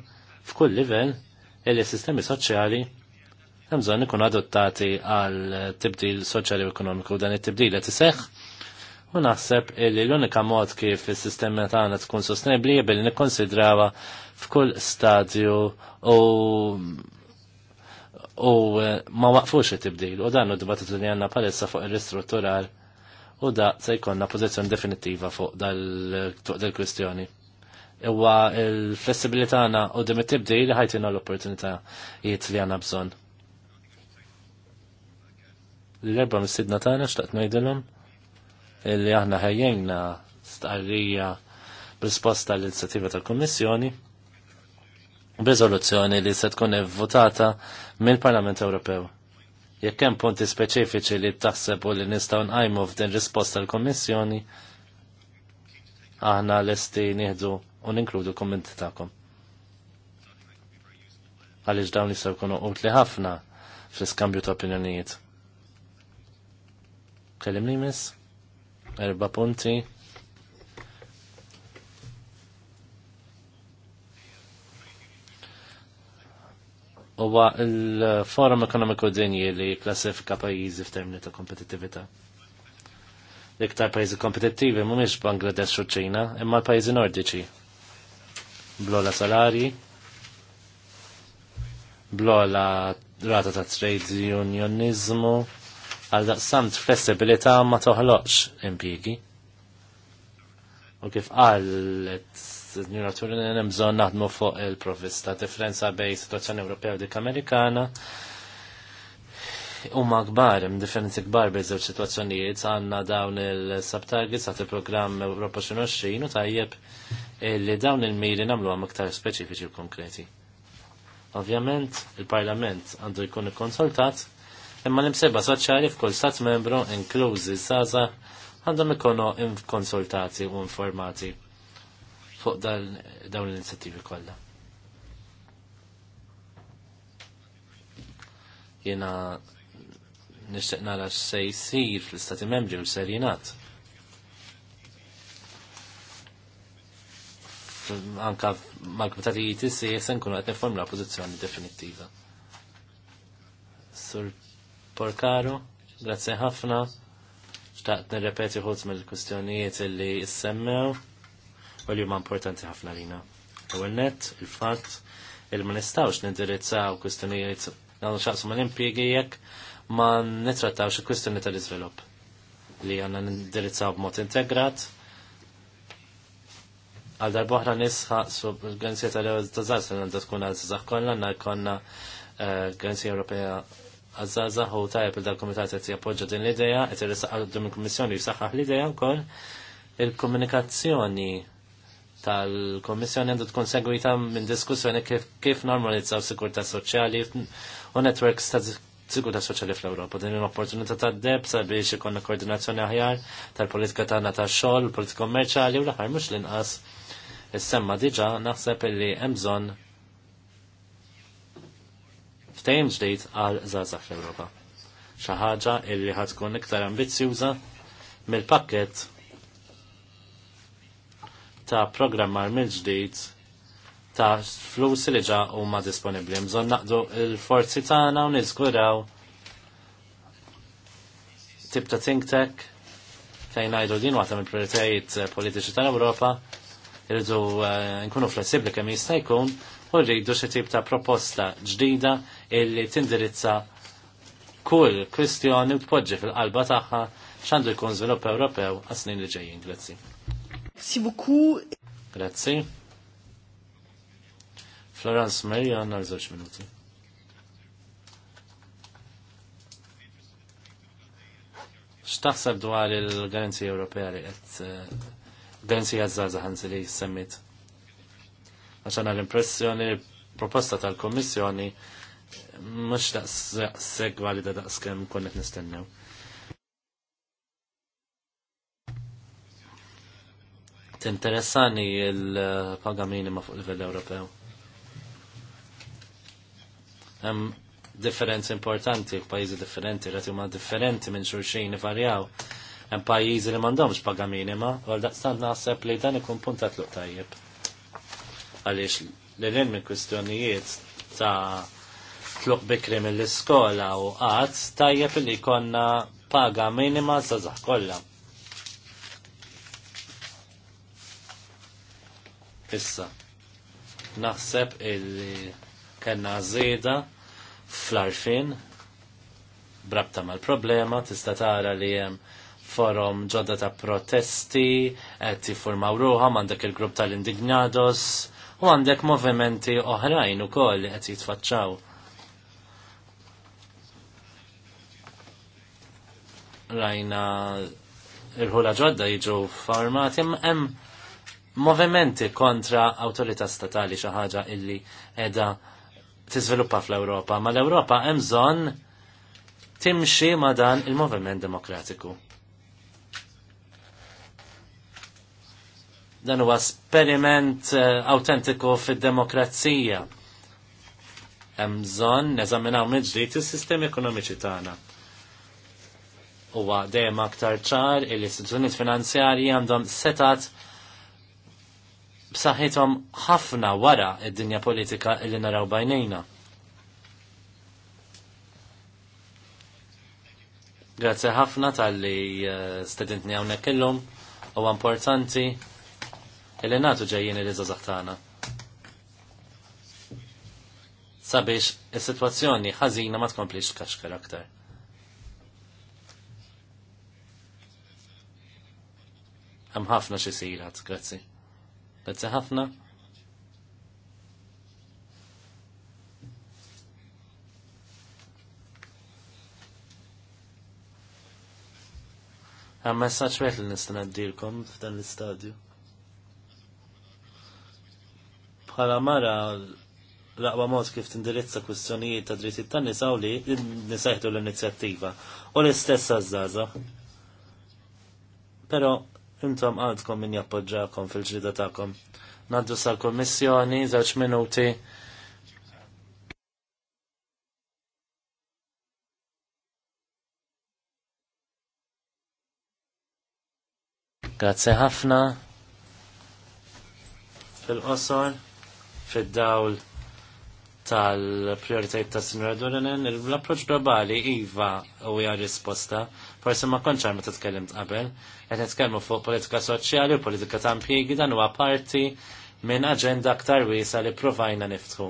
f'kull livell illi sistemi soċjali hemm bżonn ikun adottati għal tibdil soċjali u ekonomiku dan it-tibdil qed iseħħ u naħseb illi l-unika mod kif is-sistema tagħna tkun sostenibbli billi nikkonsidrawha f'kull stadju u u ma waqfux it-tibdil u dan u dibattitu li għandna palissa fuq ir-ristrutturar u da se jkollna pożizzjoni definittiva fuq dal-kwistjoni. Iwa il-flessibilità għana u dim tibdi li ħajtina l-opportunità jiet li għana bżon. L-erba mis-sidna tagħna xtaqt ngħidilhom li aħna ħejjejna stqarrija b'risposta l inizjativa tal-Kummissjoni b'riżoluzzjoni li se tkun votata mill-Parlament Ewropew. Jekk hemm punti speċifiċi li taħseb u li nistgħu nqajmu f'din risposta l-Kummissjoni, aħna lesti nieħdu u ninkludu kommenti ta'kom. Għaliex dawn jistgħu jkunu utli ħafna fl-iskambju ta' opinjonijiet. Kellim miss? Erba punti. huwa il-Forum Ekonomiku Dinji li klassifika pajjiżi f'termini ta' kompetittività. L-iktar pajjiżi kompetittivi mhumiex Bangladesh u Ċina, imma l-pajjiżi nordiċi blola salari, blola rata ta' trade unionizmu, għal daqsamt flessibilità ma toħloqx impiegi. U kif qalet Njura n bżon naħdmu fuq il-provista, differenza bej situazzjoni Ewropea u dik Amerikana, Umma kbar, differenzi kbar bej żewġ situazzjonijiet għandna dawn il-subtargets għat il-programm Ewropa 2020 u tajjeb li dawn il-miri namlu għam iktar speċifiċi u konkreti. Ovvjament, il-Parlament għandu jkun ikkonsultat, imma l-imseba soċjali f'kull stat membru inklużi saza għandhom ikonu konsultati u informati fuq dawn l-inizjattivi kollha. Jena nishtiq nara x-sej jsir fl-istati membri u s-serjinat. anka mal-komitatijiet issi jesen kunu għetni niformla pozizjoni definittiva. Sur Porcaro, grazie ħafna, xtaqt nirrepeti ħut mill-kustjonijiet illi jissemmew, u li huma importanti ħafna lina. U net, il-fatt, il-ma nistawx nindirizzaw kustjonijiet għandu xaqsu ma l-impiegi jekk ma nitrattawx il-kustjoni tal izvelop li għanna nindirizzaw b'mod integrat, għal darbohra nisħa sub għansija tal-Eżazazar għandha tkun għal-Zazax kollha għandna jkollna eh, Genzija Ewropea għal u tajab il-dal-Komitat qed jappoġġa din l-idea, qed irrisaqqa qudiem il-Kummissjoni jsaħħaħ l-idea wkoll il-komunikazzjoni tal-Kommissjoni għandu tkun segwita minn diskussjoni kif, kif normalizzaw sikurta soċjali u networks ta' sigurta soċjali fl europa Din l-opportunità ta' deb sabiex ikonna koordinazzjoni aħjar tal-politika tagħna nata xogħol politika kommerċali u l-aħħar mhux l-inqas Is-semma diġa naħseb illi hemm bżonn ftehim ġdid għal żgħażagħ fl-Ewropa. Xi ħaġa illi ħad tkun iktar ambizzjuża mill-pakkett ta' programmar mill-ġdid ta' flus li ġa huma disponibbli. Bżonn naqdu l-forzi tagħna u niżguraw tip ta' think tank fejn ngħidu din waħda mill-prioritajiet politiċi tal-Ewropa irridu eh, nkunu flessibli kemm jista' jkun u rridu xi tip ta' proposta ġdida illi tindirizza kull kwistjoni u tpoġġi fil-qalba tagħha x'għandu jkun żvilupp Ewropew għas-snin li ġejjin. Grazzi. Grazzi. Florence Mary għandna żewġ minuti. X'taħseb dwar il-Garanzija Ewropea li qed eh, Dan si għazzaza ħanzi li jissemmit. Għaxana l-impressjoni proposta tal-Komissjoni mux daqs segwa li da daqs kem konnet nistennew. Tinteressani il-paga minima fuq livell Ewropew. Hemm differenzi importanti, pajjiżi differenti, rati huma differenti minn xulxin varjaw hemm pajjiżi li m'għandhomx paga minima, għal daqstant naħseb li dan ikun punt ta' tluq tajjeb. Għaliex l-lin minn kwistjonijiet ta' tluq bikri mill-iskola u qatt tajjeb li jkollna paga minima żgħażagħ kollha. Issa, naħseb illi kellna żieda fl-arfin brabta mal problema tista tara li jem forum ġodda ta' protesti, qed jiffurmaw ruħam għandek il-grupp tal-indignados u għandek movimenti oħrajn ukoll li qed jitfaċċaw. Rajna il-ħula ġodda jiġu formati hemm movimenti kontra awtorità statali xi ħaġa illi qiegħda tiżviluppa fl-Ewropa, ma l-Ewropa hemm bżonn timxi ma dan il-moviment demokratiku. Dan huwa esperiment eh, autentiku fid-demokrazija. Hemm bżonn neżaminaw mill-ġdid is-sistemi ekonomiċi tagħna huwa dejjem aktar ċar il-istituzzjonijiet finanzjarji għandhom setat b'saħħithom ħafna wara id-dinja politika li naraw bajnejna. Grazzi ħafna tal-li eh, stedintni hawnhekk illum huwa importanti il natu ġejjin li iżazax tagħna. Sabiex is-sitwazzjoni ħażina ma tkomplix kax aktar. Hemm ħafna xi sirat, grazzi. Grazzi ħafna. Għam messaċ l nistan għaddilkom f'dan l-istadju. bħala mara l mod kif tindirizza kwistjonijiet ta' drittijiet tan nisa u li nisajħdu l-inizjattiva. U l-istess għazzaza. Pero, intom għadkom min jappoġġakom fil-ġrida ta'kom. Naddu sal-kommissjoni, zaċ minuti. Grazie ħafna. Fil-qosor fid-dawl tal-prioritajt ta' Sinra Durinen, l-approċ globali iva u hija risposta, forse ma konċar ma t-tkellimt qabel, t nitkellmu fuq politika soċjali u politika ta' impjiegi dan huwa parti minn aġenda aktar wiesa li provajna niftħu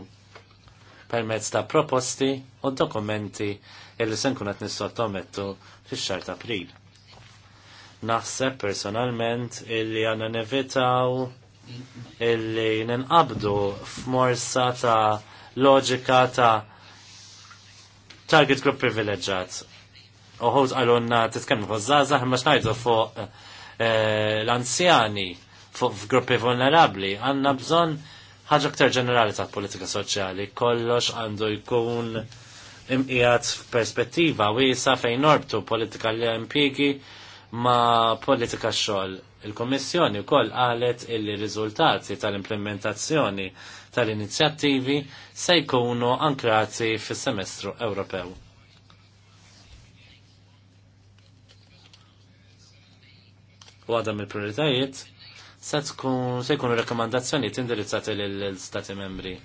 permezz ta' proposti u dokumenti illi se nkun qed nissottomettu fix-xahar ta' April. Naħseb personalment illi għandna nevitaw illi ninqabdu f'morsa ta' loġika ta' target group privileġġat. Uħuż għalunna titkemmu fuq zazah, ma xnajdu fuq eh, l-anzjani, fuq f'gruppi vulnerabli, għanna bżon ħaġa ktar ġenerali ta' politika soċjali, kollox għandu jkun imqijat f'perspettiva wiesa fejn norbtu politika l impiegi ma' politika xogħol. Il-Kommissjoni wkoll qalet il riżultati tal-implementazzjoni tal-inizjattivi se jkunu ankrati fis-semestru Ewropew. U għadam il-prioritajiet se jkunu rekomandazzjoni indirizzati lill-Stati membri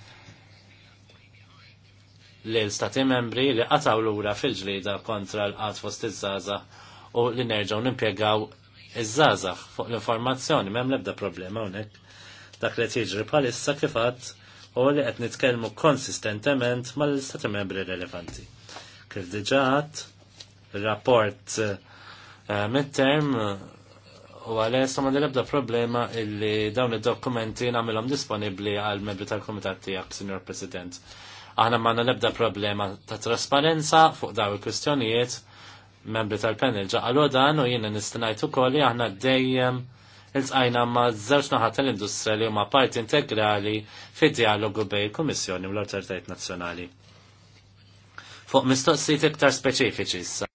l-stati membri li qataw lura fil-ġlida kontra l-qat fost iż-żaza u li nerġaw nimpjegaw iż-żazax fuq l-informazzjoni, m'hemm l-ebda problema hawnhekk. Dak li qed jiġri bħalissa kif għadd u li qed nitkellmu konsistentement mal-istati membri relevanti. Kif diġà rapport eh, mid-term u għales ma l-ebda problema illi dawn id-dokumenti namilom disponibbli għal membri tal-Kumitat tiegħek, Signor President. Aħna ma l-ebda problema ta' trasparenza fuq daw il-kwistjonijiet membri tal-panel ġaqalu dan u jiena nistinajt ukoll li aħna dejjem l-tqajna ma' żewġ naħat tal-industrija li huma parti integrali fid-dialogu bejn il-Kummissjoni u l-Awtoritajiet Nazzjonali. Fuq mistoqsijiet iktar speċifiċi issa.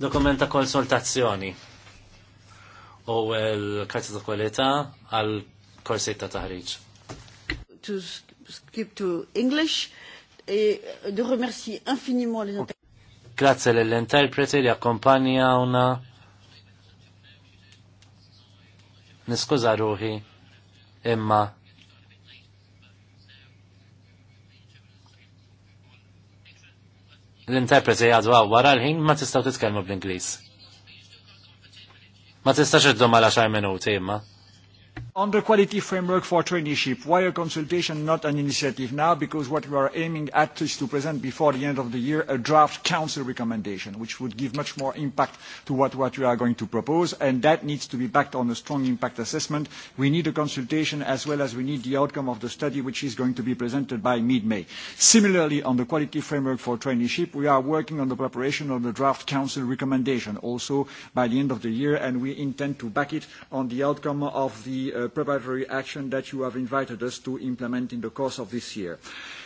Dokumenta konsultazzjoni u l-karti ta' kwalità għal korsiet ta' taħriġ. To skip to English et eh, de remercier infiniment les Grazzi l-interpreti li akkompanjawna. Niskuża ruħi imma l-interpreti għadu wara l-ħin ma tistaw titkellmu bl-Inglis. Ma tistax id-dum għal 10 minuti imma. On the quality framework for traineeship, why a consultation, not an initiative now? Because what we are aiming at is to present before the end of the year a draft council recommendation, which would give much more impact to what, what we are going to propose, and that needs to be backed on a strong impact assessment. We need a consultation as well as we need the outcome of the study, which is going to be presented by mid-May. Similarly, on the quality framework for traineeship, we are working on the preparation of the draft council recommendation also by the end of the year, and we intend to back it on the outcome of the the uh, preparatory action that you have invited us to implement in the course of this year.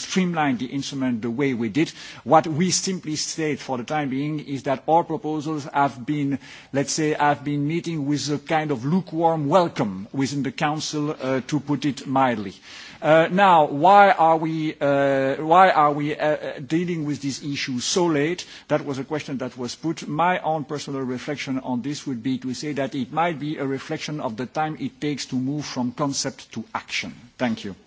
streamline the instrument the way we did. What we simply state for the time being is that our proposals have been, let's say, have been meeting with a kind of lukewarm welcome within the Council, uh, to put it mildly. Uh, now, why are we, uh, why are we uh, uh, dealing with this issue so late? That was a question that was put. My own personal reflection on this would be to say that it might be a reflection of the time it takes to move from concept to action. Thank you. <laughs>